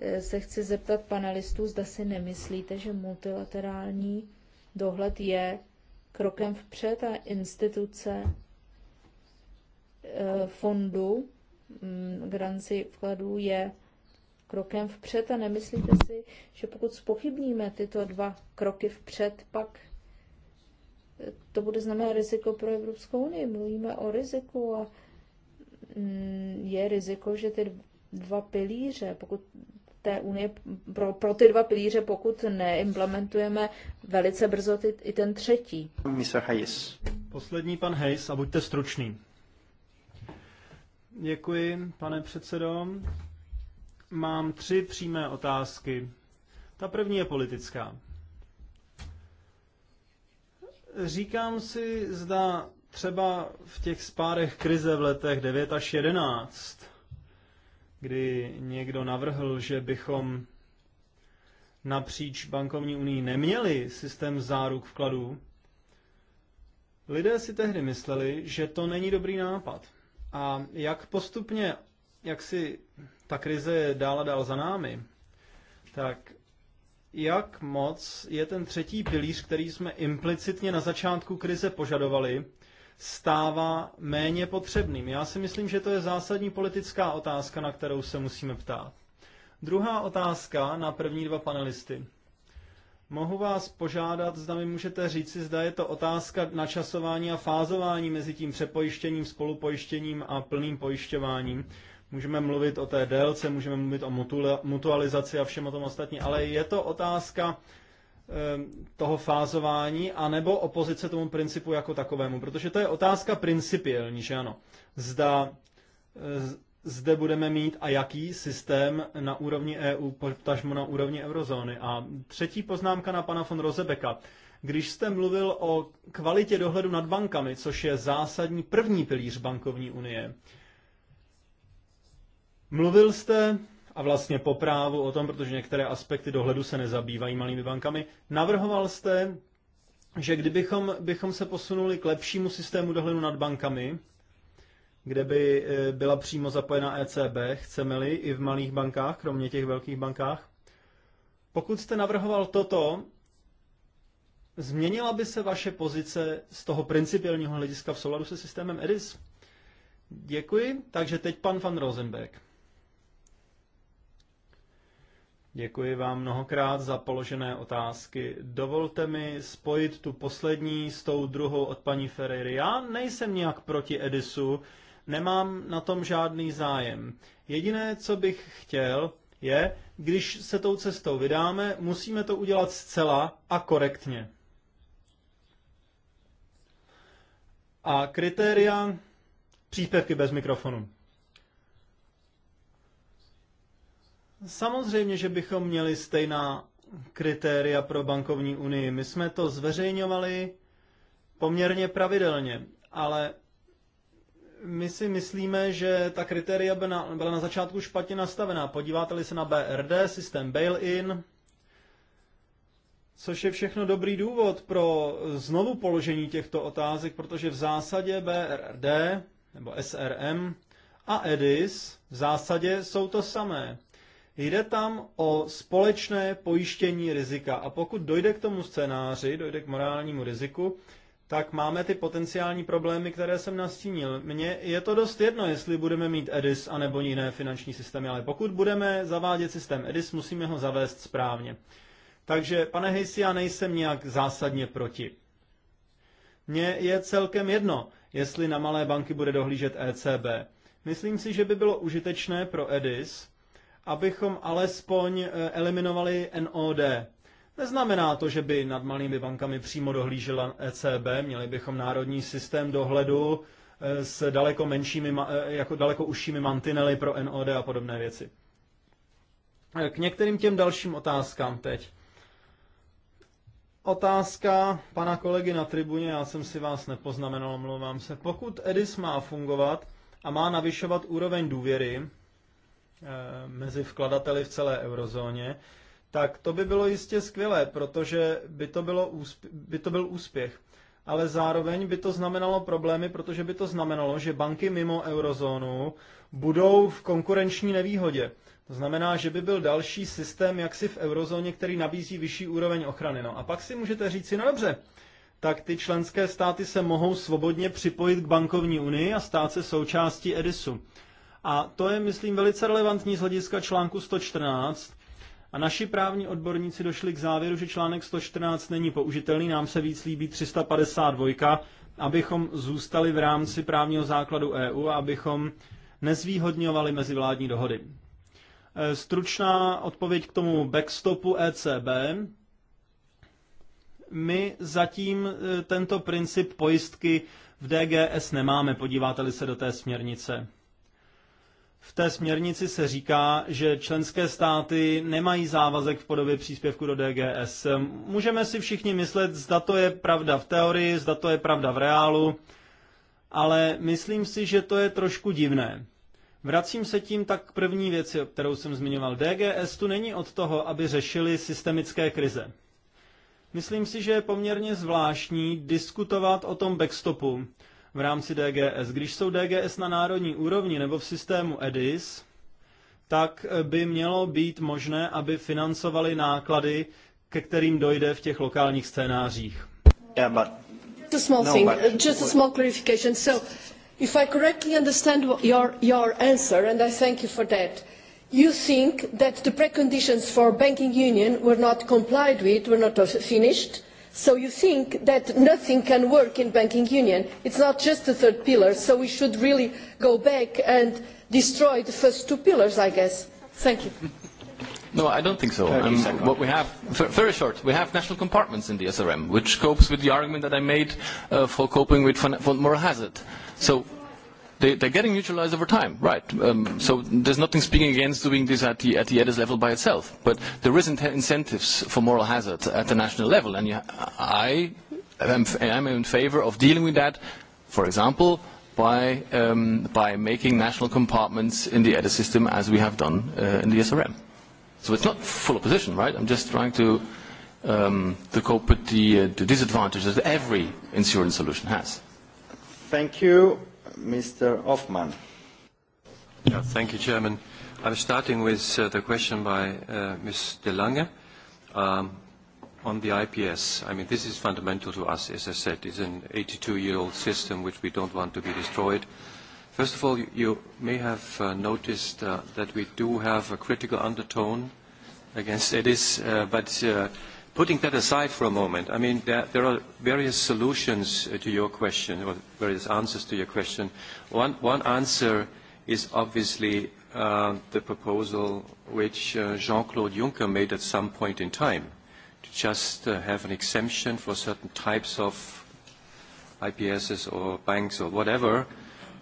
B: eh, se chci zeptat panelistů, zda si nemyslíte, že multilaterální dohled je krokem vpřed a instituce eh, fondu Mm, garanci vkladů je krokem vpřed a nemyslíte si, že pokud spochybníme tyto dva kroky vpřed, pak to bude znamenat riziko pro Evropskou unii. Mluvíme o riziku a mm, je riziko, že ty dva pilíře, pokud té unie, pro, pro ty dva pilíře, pokud neimplementujeme velice brzo ty, i ten třetí.
D: Hayes.
C: Poslední pan Hayes a buďte stručný. Děkuji, pane předsedo. Mám tři přímé otázky. Ta první je politická. Říkám si, zda třeba v těch spárech krize v letech 9 až 11, kdy někdo navrhl, že bychom napříč bankovní unii neměli systém záruk vkladů, lidé si tehdy mysleli, že to není dobrý nápad. A jak postupně, jak si ta krize je dál a dál za námi, tak jak moc je ten třetí pilíř, který jsme implicitně na začátku krize požadovali, stává méně potřebným. Já si myslím, že to je zásadní politická otázka, na kterou se musíme ptát. Druhá otázka na první dva panelisty. Mohu vás požádat, zda mi můžete říct, zda je to otázka načasování a fázování mezi tím přepojištěním, spolupojištěním a plným pojišťováním. Můžeme mluvit o té délce, můžeme mluvit o mutualizaci a všem o tom ostatní, ale je to otázka eh, toho fázování, a nebo opozice tomu principu jako takovému. Protože to je otázka principiální, že ano. Zda eh, zde budeme mít a jaký systém na úrovni EU, potažmo na úrovni eurozóny. A třetí poznámka na pana von Rozebeka. Když jste mluvil o kvalitě dohledu nad bankami, což je zásadní první pilíř bankovní unie, mluvil jste a vlastně po právu o tom, protože některé aspekty dohledu se nezabývají malými bankami, navrhoval jste, že kdybychom bychom se posunuli k lepšímu systému dohledu nad bankami, kde by eh, byla přímo zapojena ECB, chceme-li, i v malých bankách, kromě těch velkých bankách. Pokud jste navrhoval toto, změnila by se vaše pozice z toho principiálního hlediska v souladu se systémem EDIS? Děkuji, takže teď pan van Rosenberg. Děkuji vám mnohokrát za položené otázky. Dovolte mi spojit tu poslední s tou druhou od paní Ferreira. Já nejsem nějak proti Edisu, nemám na tom žádný zájem. Jediné, co bych chtěl, je, když se tou cestou vydáme, musíme to udělat zcela a korektně. A kritéria příspěvky bez mikrofonu. Samozřejmě, že bychom měli stejná kritéria pro bankovní unii. My jsme to zveřejňovali poměrně pravidelně, ale my si myslíme, že ta kritéria byla na začátku špatně nastavená. Podíváte-li se na BRD, systém bail-in, což je všechno dobrý důvod pro znovu položení těchto otázek, protože v zásadě BRD nebo SRM a EDIS v zásadě jsou to samé. Jde tam o společné pojištění rizika a pokud dojde k tomu scénáři, dojde k morálnímu riziku, tak máme ty potenciální problémy, které jsem nastínil. Mně je to dost jedno, jestli budeme mít EDIS anebo jiné finanční systémy, ale pokud budeme zavádět systém EDIS, musíme ho zavést správně. Takže, pane Hejsi, já nejsem nějak zásadně proti. Mně je celkem jedno, jestli na malé banky bude dohlížet ECB. Myslím si, že by bylo užitečné pro EDIS, abychom alespoň eh, eliminovali NOD, Neznamená to, že by nad malými bankami přímo dohlížela ECB, měli bychom národní systém dohledu eh, s daleko menšími, eh, jako daleko užšími mantinely pro NOD a podobné věci. Eh, k některým těm dalším otázkám teď. Otázka pana kolegy na tribuně, já jsem si vás nepoznamenal, omlouvám se. Pokud EDIS má fungovat a má navyšovat úroveň důvěry mezi vkladateli v celé eurozóně, tak to by bylo jistě skvělé, protože by to, bylo úspě- by to byl úspěch. Ale zároveň by to znamenalo problémy, protože by to znamenalo, že banky mimo eurozónu budou v konkurenční nevýhodě. To znamená, že by byl další systém jaksi v eurozóně, který nabízí vyšší úroveň ochrany. No a pak si můžete říct si, no dobře, tak ty členské státy se mohou svobodně připojit k bankovní unii a stát se součástí EDISu. A to je, myslím, velice relevantní z hlediska článku 114, a naši právní odborníci došli k závěru, že článek 114 není použitelný, nám se víc líbí 352, abychom zůstali v rámci právního základu EU a abychom nezvýhodňovali mezivládní dohody. E, stručná odpověď k tomu backstopu ECB. My zatím e, tento princip pojistky v DGS nemáme, podíváte-li se do té směrnice. V té směrnici se říká, že členské státy nemají závazek v podobě příspěvku do DGS. Můžeme si všichni myslet, zda to je pravda v teorii, zda to je pravda v reálu, ale myslím si, že to je trošku divné. Vracím se tím tak k první věci, kterou jsem zmiňoval. DGS tu není od toho, aby řešili systemické krize. Myslím si, že je poměrně zvláštní diskutovat o tom backstopu, v rámci DGS. Když jsou DGS na národní úrovni nebo v systému EDIS, tak eh, by mělo být možné, aby financovali náklady, ke kterým dojde v těch lokálních scénářích. Yeah, but...
G: Just a small no, thing, but... Uh, just a small clarification. So, if I correctly understand your, your answer, and I thank you for that, you think that the preconditions for banking union were not complied with, were not finished, So you think that nothing can work in banking union. It's not just the third pillar, so we should really go back and destroy the first two pillars, I guess. Thank you.
D: No, I don't think so. Um, what we have, very short, we have national compartments in the SRM, which copes with the argument that I made uh, for coping with von moral hazard. So They, they're getting neutralized over time, right? Um, so there's nothing speaking against doing this at the, at the EDIS level by itself. But there is incentives for moral hazard at the national level. And you, I am I'm in favor of dealing with that, for example, by, um, by making national compartments in the EDIS system as we have done uh, in the SRM. So it's not full opposition, right? I'm just trying to, um, to cope with the, uh, the disadvantages that every insurance solution has. Thank you. Mr. Hoffman. Yeah, thank you, Chairman. I'm starting with uh, the question by uh, Ms. De Lange um, on the IPS. I mean, this is fundamental to us, as I said. It's an 82-year-old system which we don't want to be destroyed. First of all, you, you may have uh, noticed uh, that we do have a critical undertone against EDIS, uh, but uh, putting that aside for a moment, I mean, there, there are various solutions uh, to your question, or various answers to your question. One, one answer is obviously uh, the proposal which uh, Jean-Claude Juncker made at some point in time, to just uh, have an exemption for certain types of IPSs or banks or whatever.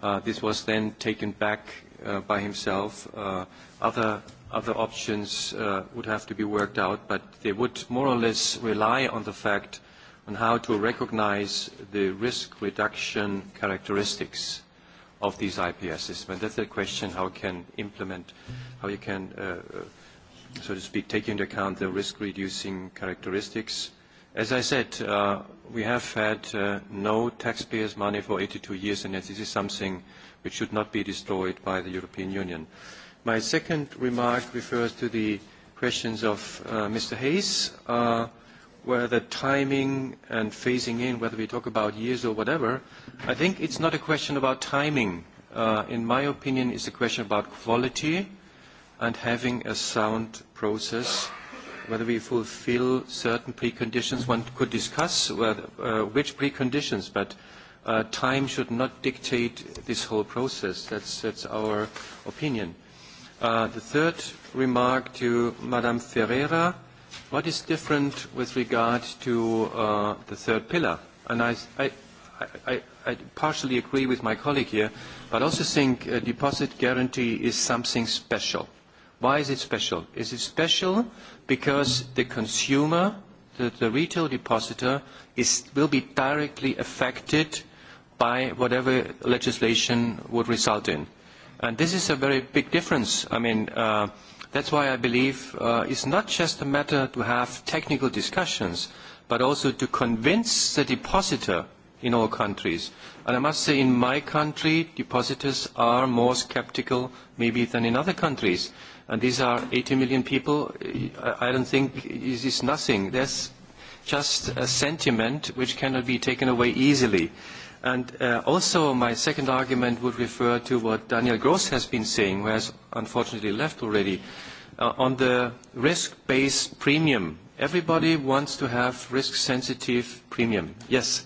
D: Uh, this was then taken back uh, by himself. Uh, other Other options uh, would have to be worked out, but they would more or less rely on the fact on how to recognize the risk reduction characteristics of these IPS systems. And that's the question, how can implement, how you can, uh, uh so to speak, take into account the risk-reducing characteristics. As I said, uh, we have had uh, no taxpayers' money for 82 years, and this is something which should not be destroyed by the European Union. My second remark refers to the questions of uh, Mr. Hayes, uh, where the timing and phasing in, whether we talk about years or whatever, I think it's not a question about timing. Uh, in my opinion, it's a question about quality and having a sound process, whether we fulfill certain preconditions. One could discuss whether, uh, which preconditions, but uh, time should not dictate this whole process. That's, that's our opinion. Uh, the third remark to Madame Ferreira, what is different with regard to uh, the third pillar? And I, I, I, I partially agree with my colleague here, but also think a deposit guarantee is something special. Why is it special? Is it special because the consumer, the, the retail depositor, is, will be directly affected by whatever legislation would result in? And this is a very big difference. I mean, uh, that's why I believe uh, it's not just a matter to have technical discussions, but also to convince the depositor in all countries. And I must say, in my country, depositors are more skeptical maybe than in other countries. And these are 80 million people. I don't think it is nothing. There's just a sentiment which cannot be taken away easily. And uh, also my second argument would refer to what Daniel Gross has been saying, who has unfortunately left already, uh, on the risk-based premium. Everybody wants to have risk-sensitive premium. Yes?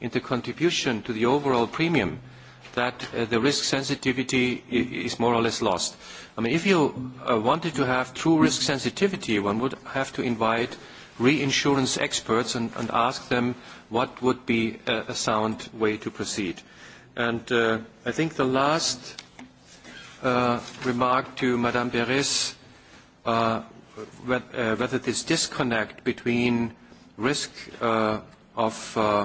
D: in the contribution to the overall premium that uh, the risk sensitivity is more or less lost. I mean, if you uh, wanted to have true risk sensitivity, one would have to invite reinsurance experts and, and ask them what would be a, a sound way to proceed. And uh, I think the last uh, remark to Madame Beres, uh, uh whether this disconnect between risk uh, of uh,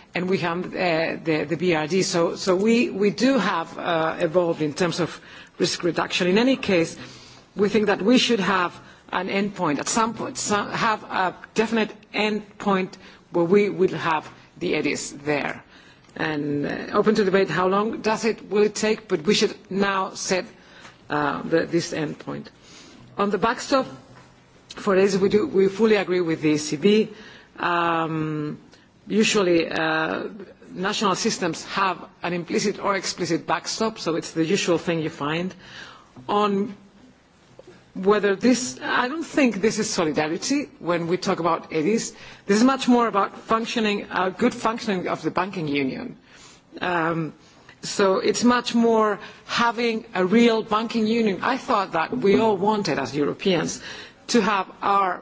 F: and we have uh, the, the BRD. So, so we, we do have uh, evolved in terms of risk reduction. In any case, we think that we should have an endpoint at some point, some, have a definite endpoint where we will have the EDIs there. And uh, open to debate how long does it, will it take, but we should now set uh, the, this endpoint. On the backstop, for this, we, do, we fully agree with the ECB. Um, usually uh, national systems have an implicit or explicit backstop, so it's the usual thing you find. On whether this, I don't think this is solidarity when we talk about EDIs. This is much more about functioning, uh, good functioning of the banking union. Um, so it's much more having a real banking union. I thought that we all wanted as Europeans to have our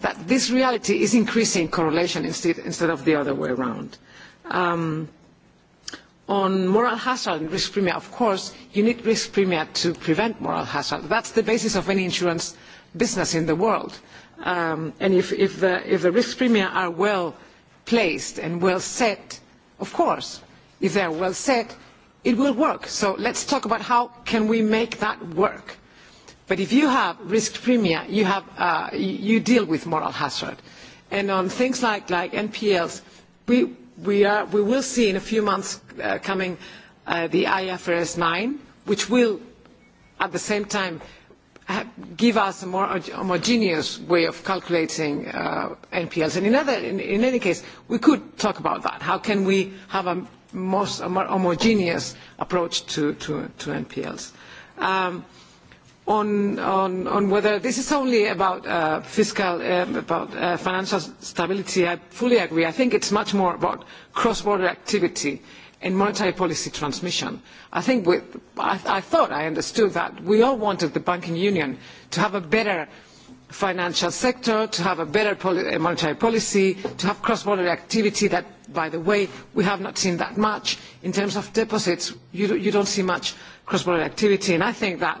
F: that this reality is increasing correlation instead, instead of the other way around. Um, on moral hazard and risk premium, of course, you need risk premium to prevent moral hazard. That's the basis of any insurance business in the world. Um, and if, if, the, if the risk premium are well placed and well set, of course, if they are well set, it will work. So let's talk about how can we make that work But if you have risk premia, you, have, uh, you deal with moral hazard. And on things like, like NPLs, we, we, are, we will see in a few months uh, coming uh, the IFRS 9, which will at the same time give us a more homogeneous way of calculating uh, NPLs. And in, other, in, in any case, we could talk about that. How can we have a, most, a more homogeneous approach to, to, to NPLs? Um, on, whether this is only about uh, fiscal, um, about uh, financial stability, I fully agree. I think it's much more about cross-border activity and monetary policy transmission. I think with, I, I thought I understood that we all wanted the banking union to have a better financial sector, to have a better poli uh, monetary policy, to have cross-border activity that, by the way, we have not seen that much. In terms of deposits, you, you don't see much cross-border activity, and I think that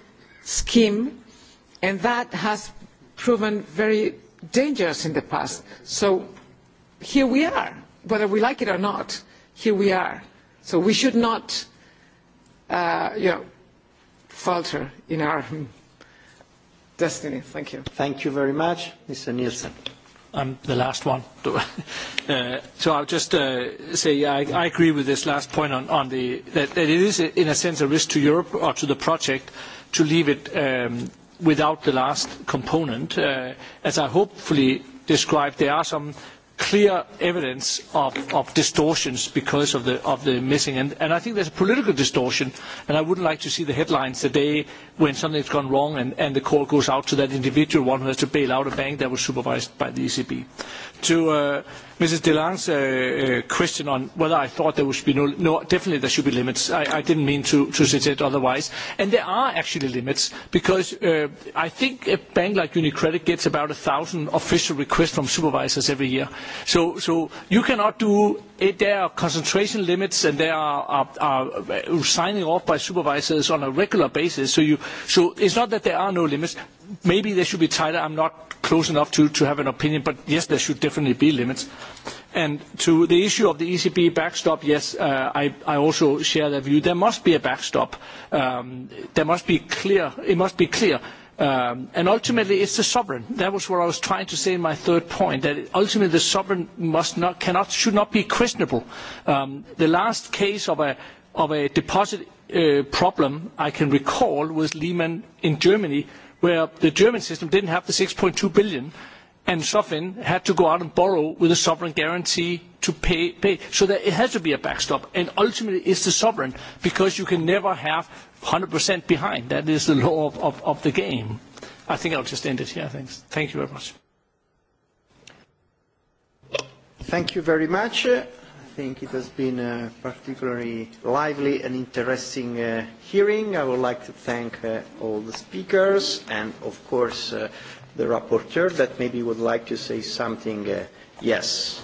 F: scheme and that has proven very dangerous in the past. So here we are, whether we like it or not, here we are. So we should not uh, you know, falter in our destiny. Thank you. Thank you
E: very much, Mr. Nielsen. I'm um, the last one. uh, so I'll just uh, say I, I agree with this last point on, on the, that, that it is, in a sense, a risk to Europe or to the project to leave it um, without the last component. Uh, as I hopefully described, there are some clear evidence of, distortions because of the, missing. And, I think there's a political distortion, and I wouldn't like to see the headlines the day when something's gone wrong and, the call goes out to that individual one who has to bail out a bank that was supervised by the ECB. To... Uh, Mrs. DeLange's uh, uh, question on whether I thought there should be no, no, definitely there should be limits. I, I didn't mean to, to suggest otherwise. And there are actually limits because uh, I think a bank like UniCredit gets about a thousand official requests from supervisors every year. So, so you cannot do It, there are concentration limits and they are, are, are signing off by supervisors on a regular basis. So, you, so it's not that there are no limits. Maybe they should be tighter. I'm not close enough to, to have an opinion, but yes, there should definitely be limits. And to the issue of the ECB backstop, yes, uh, I, I also share that view. There must be a backstop. Um, there must be clear. It must be clear Um, and ultimately, it's the sovereign. That was what I was trying to say in my third point, that ultimately the sovereign must not, cannot, should not be questionable. Um, the last case of a, of a deposit uh, problem I can recall was Lehman in Germany, where the German system didn't have the 6.2 billion, and SOFIN had to go out and borrow with a sovereign guarantee to pay. pay. So that it has to be a backstop, and ultimately it's the sovereign, because you can never have 100% behind. That is the law of, of, of the game. I think I'll just end it here. Thanks. Thank you very much.
C: Thank you very much. I think it has been a particularly lively and interesting uh, hearing. I would like to thank uh, all the speakers and, of course, uh, the
D: rapporteur that maybe would like to say something. Uh, yes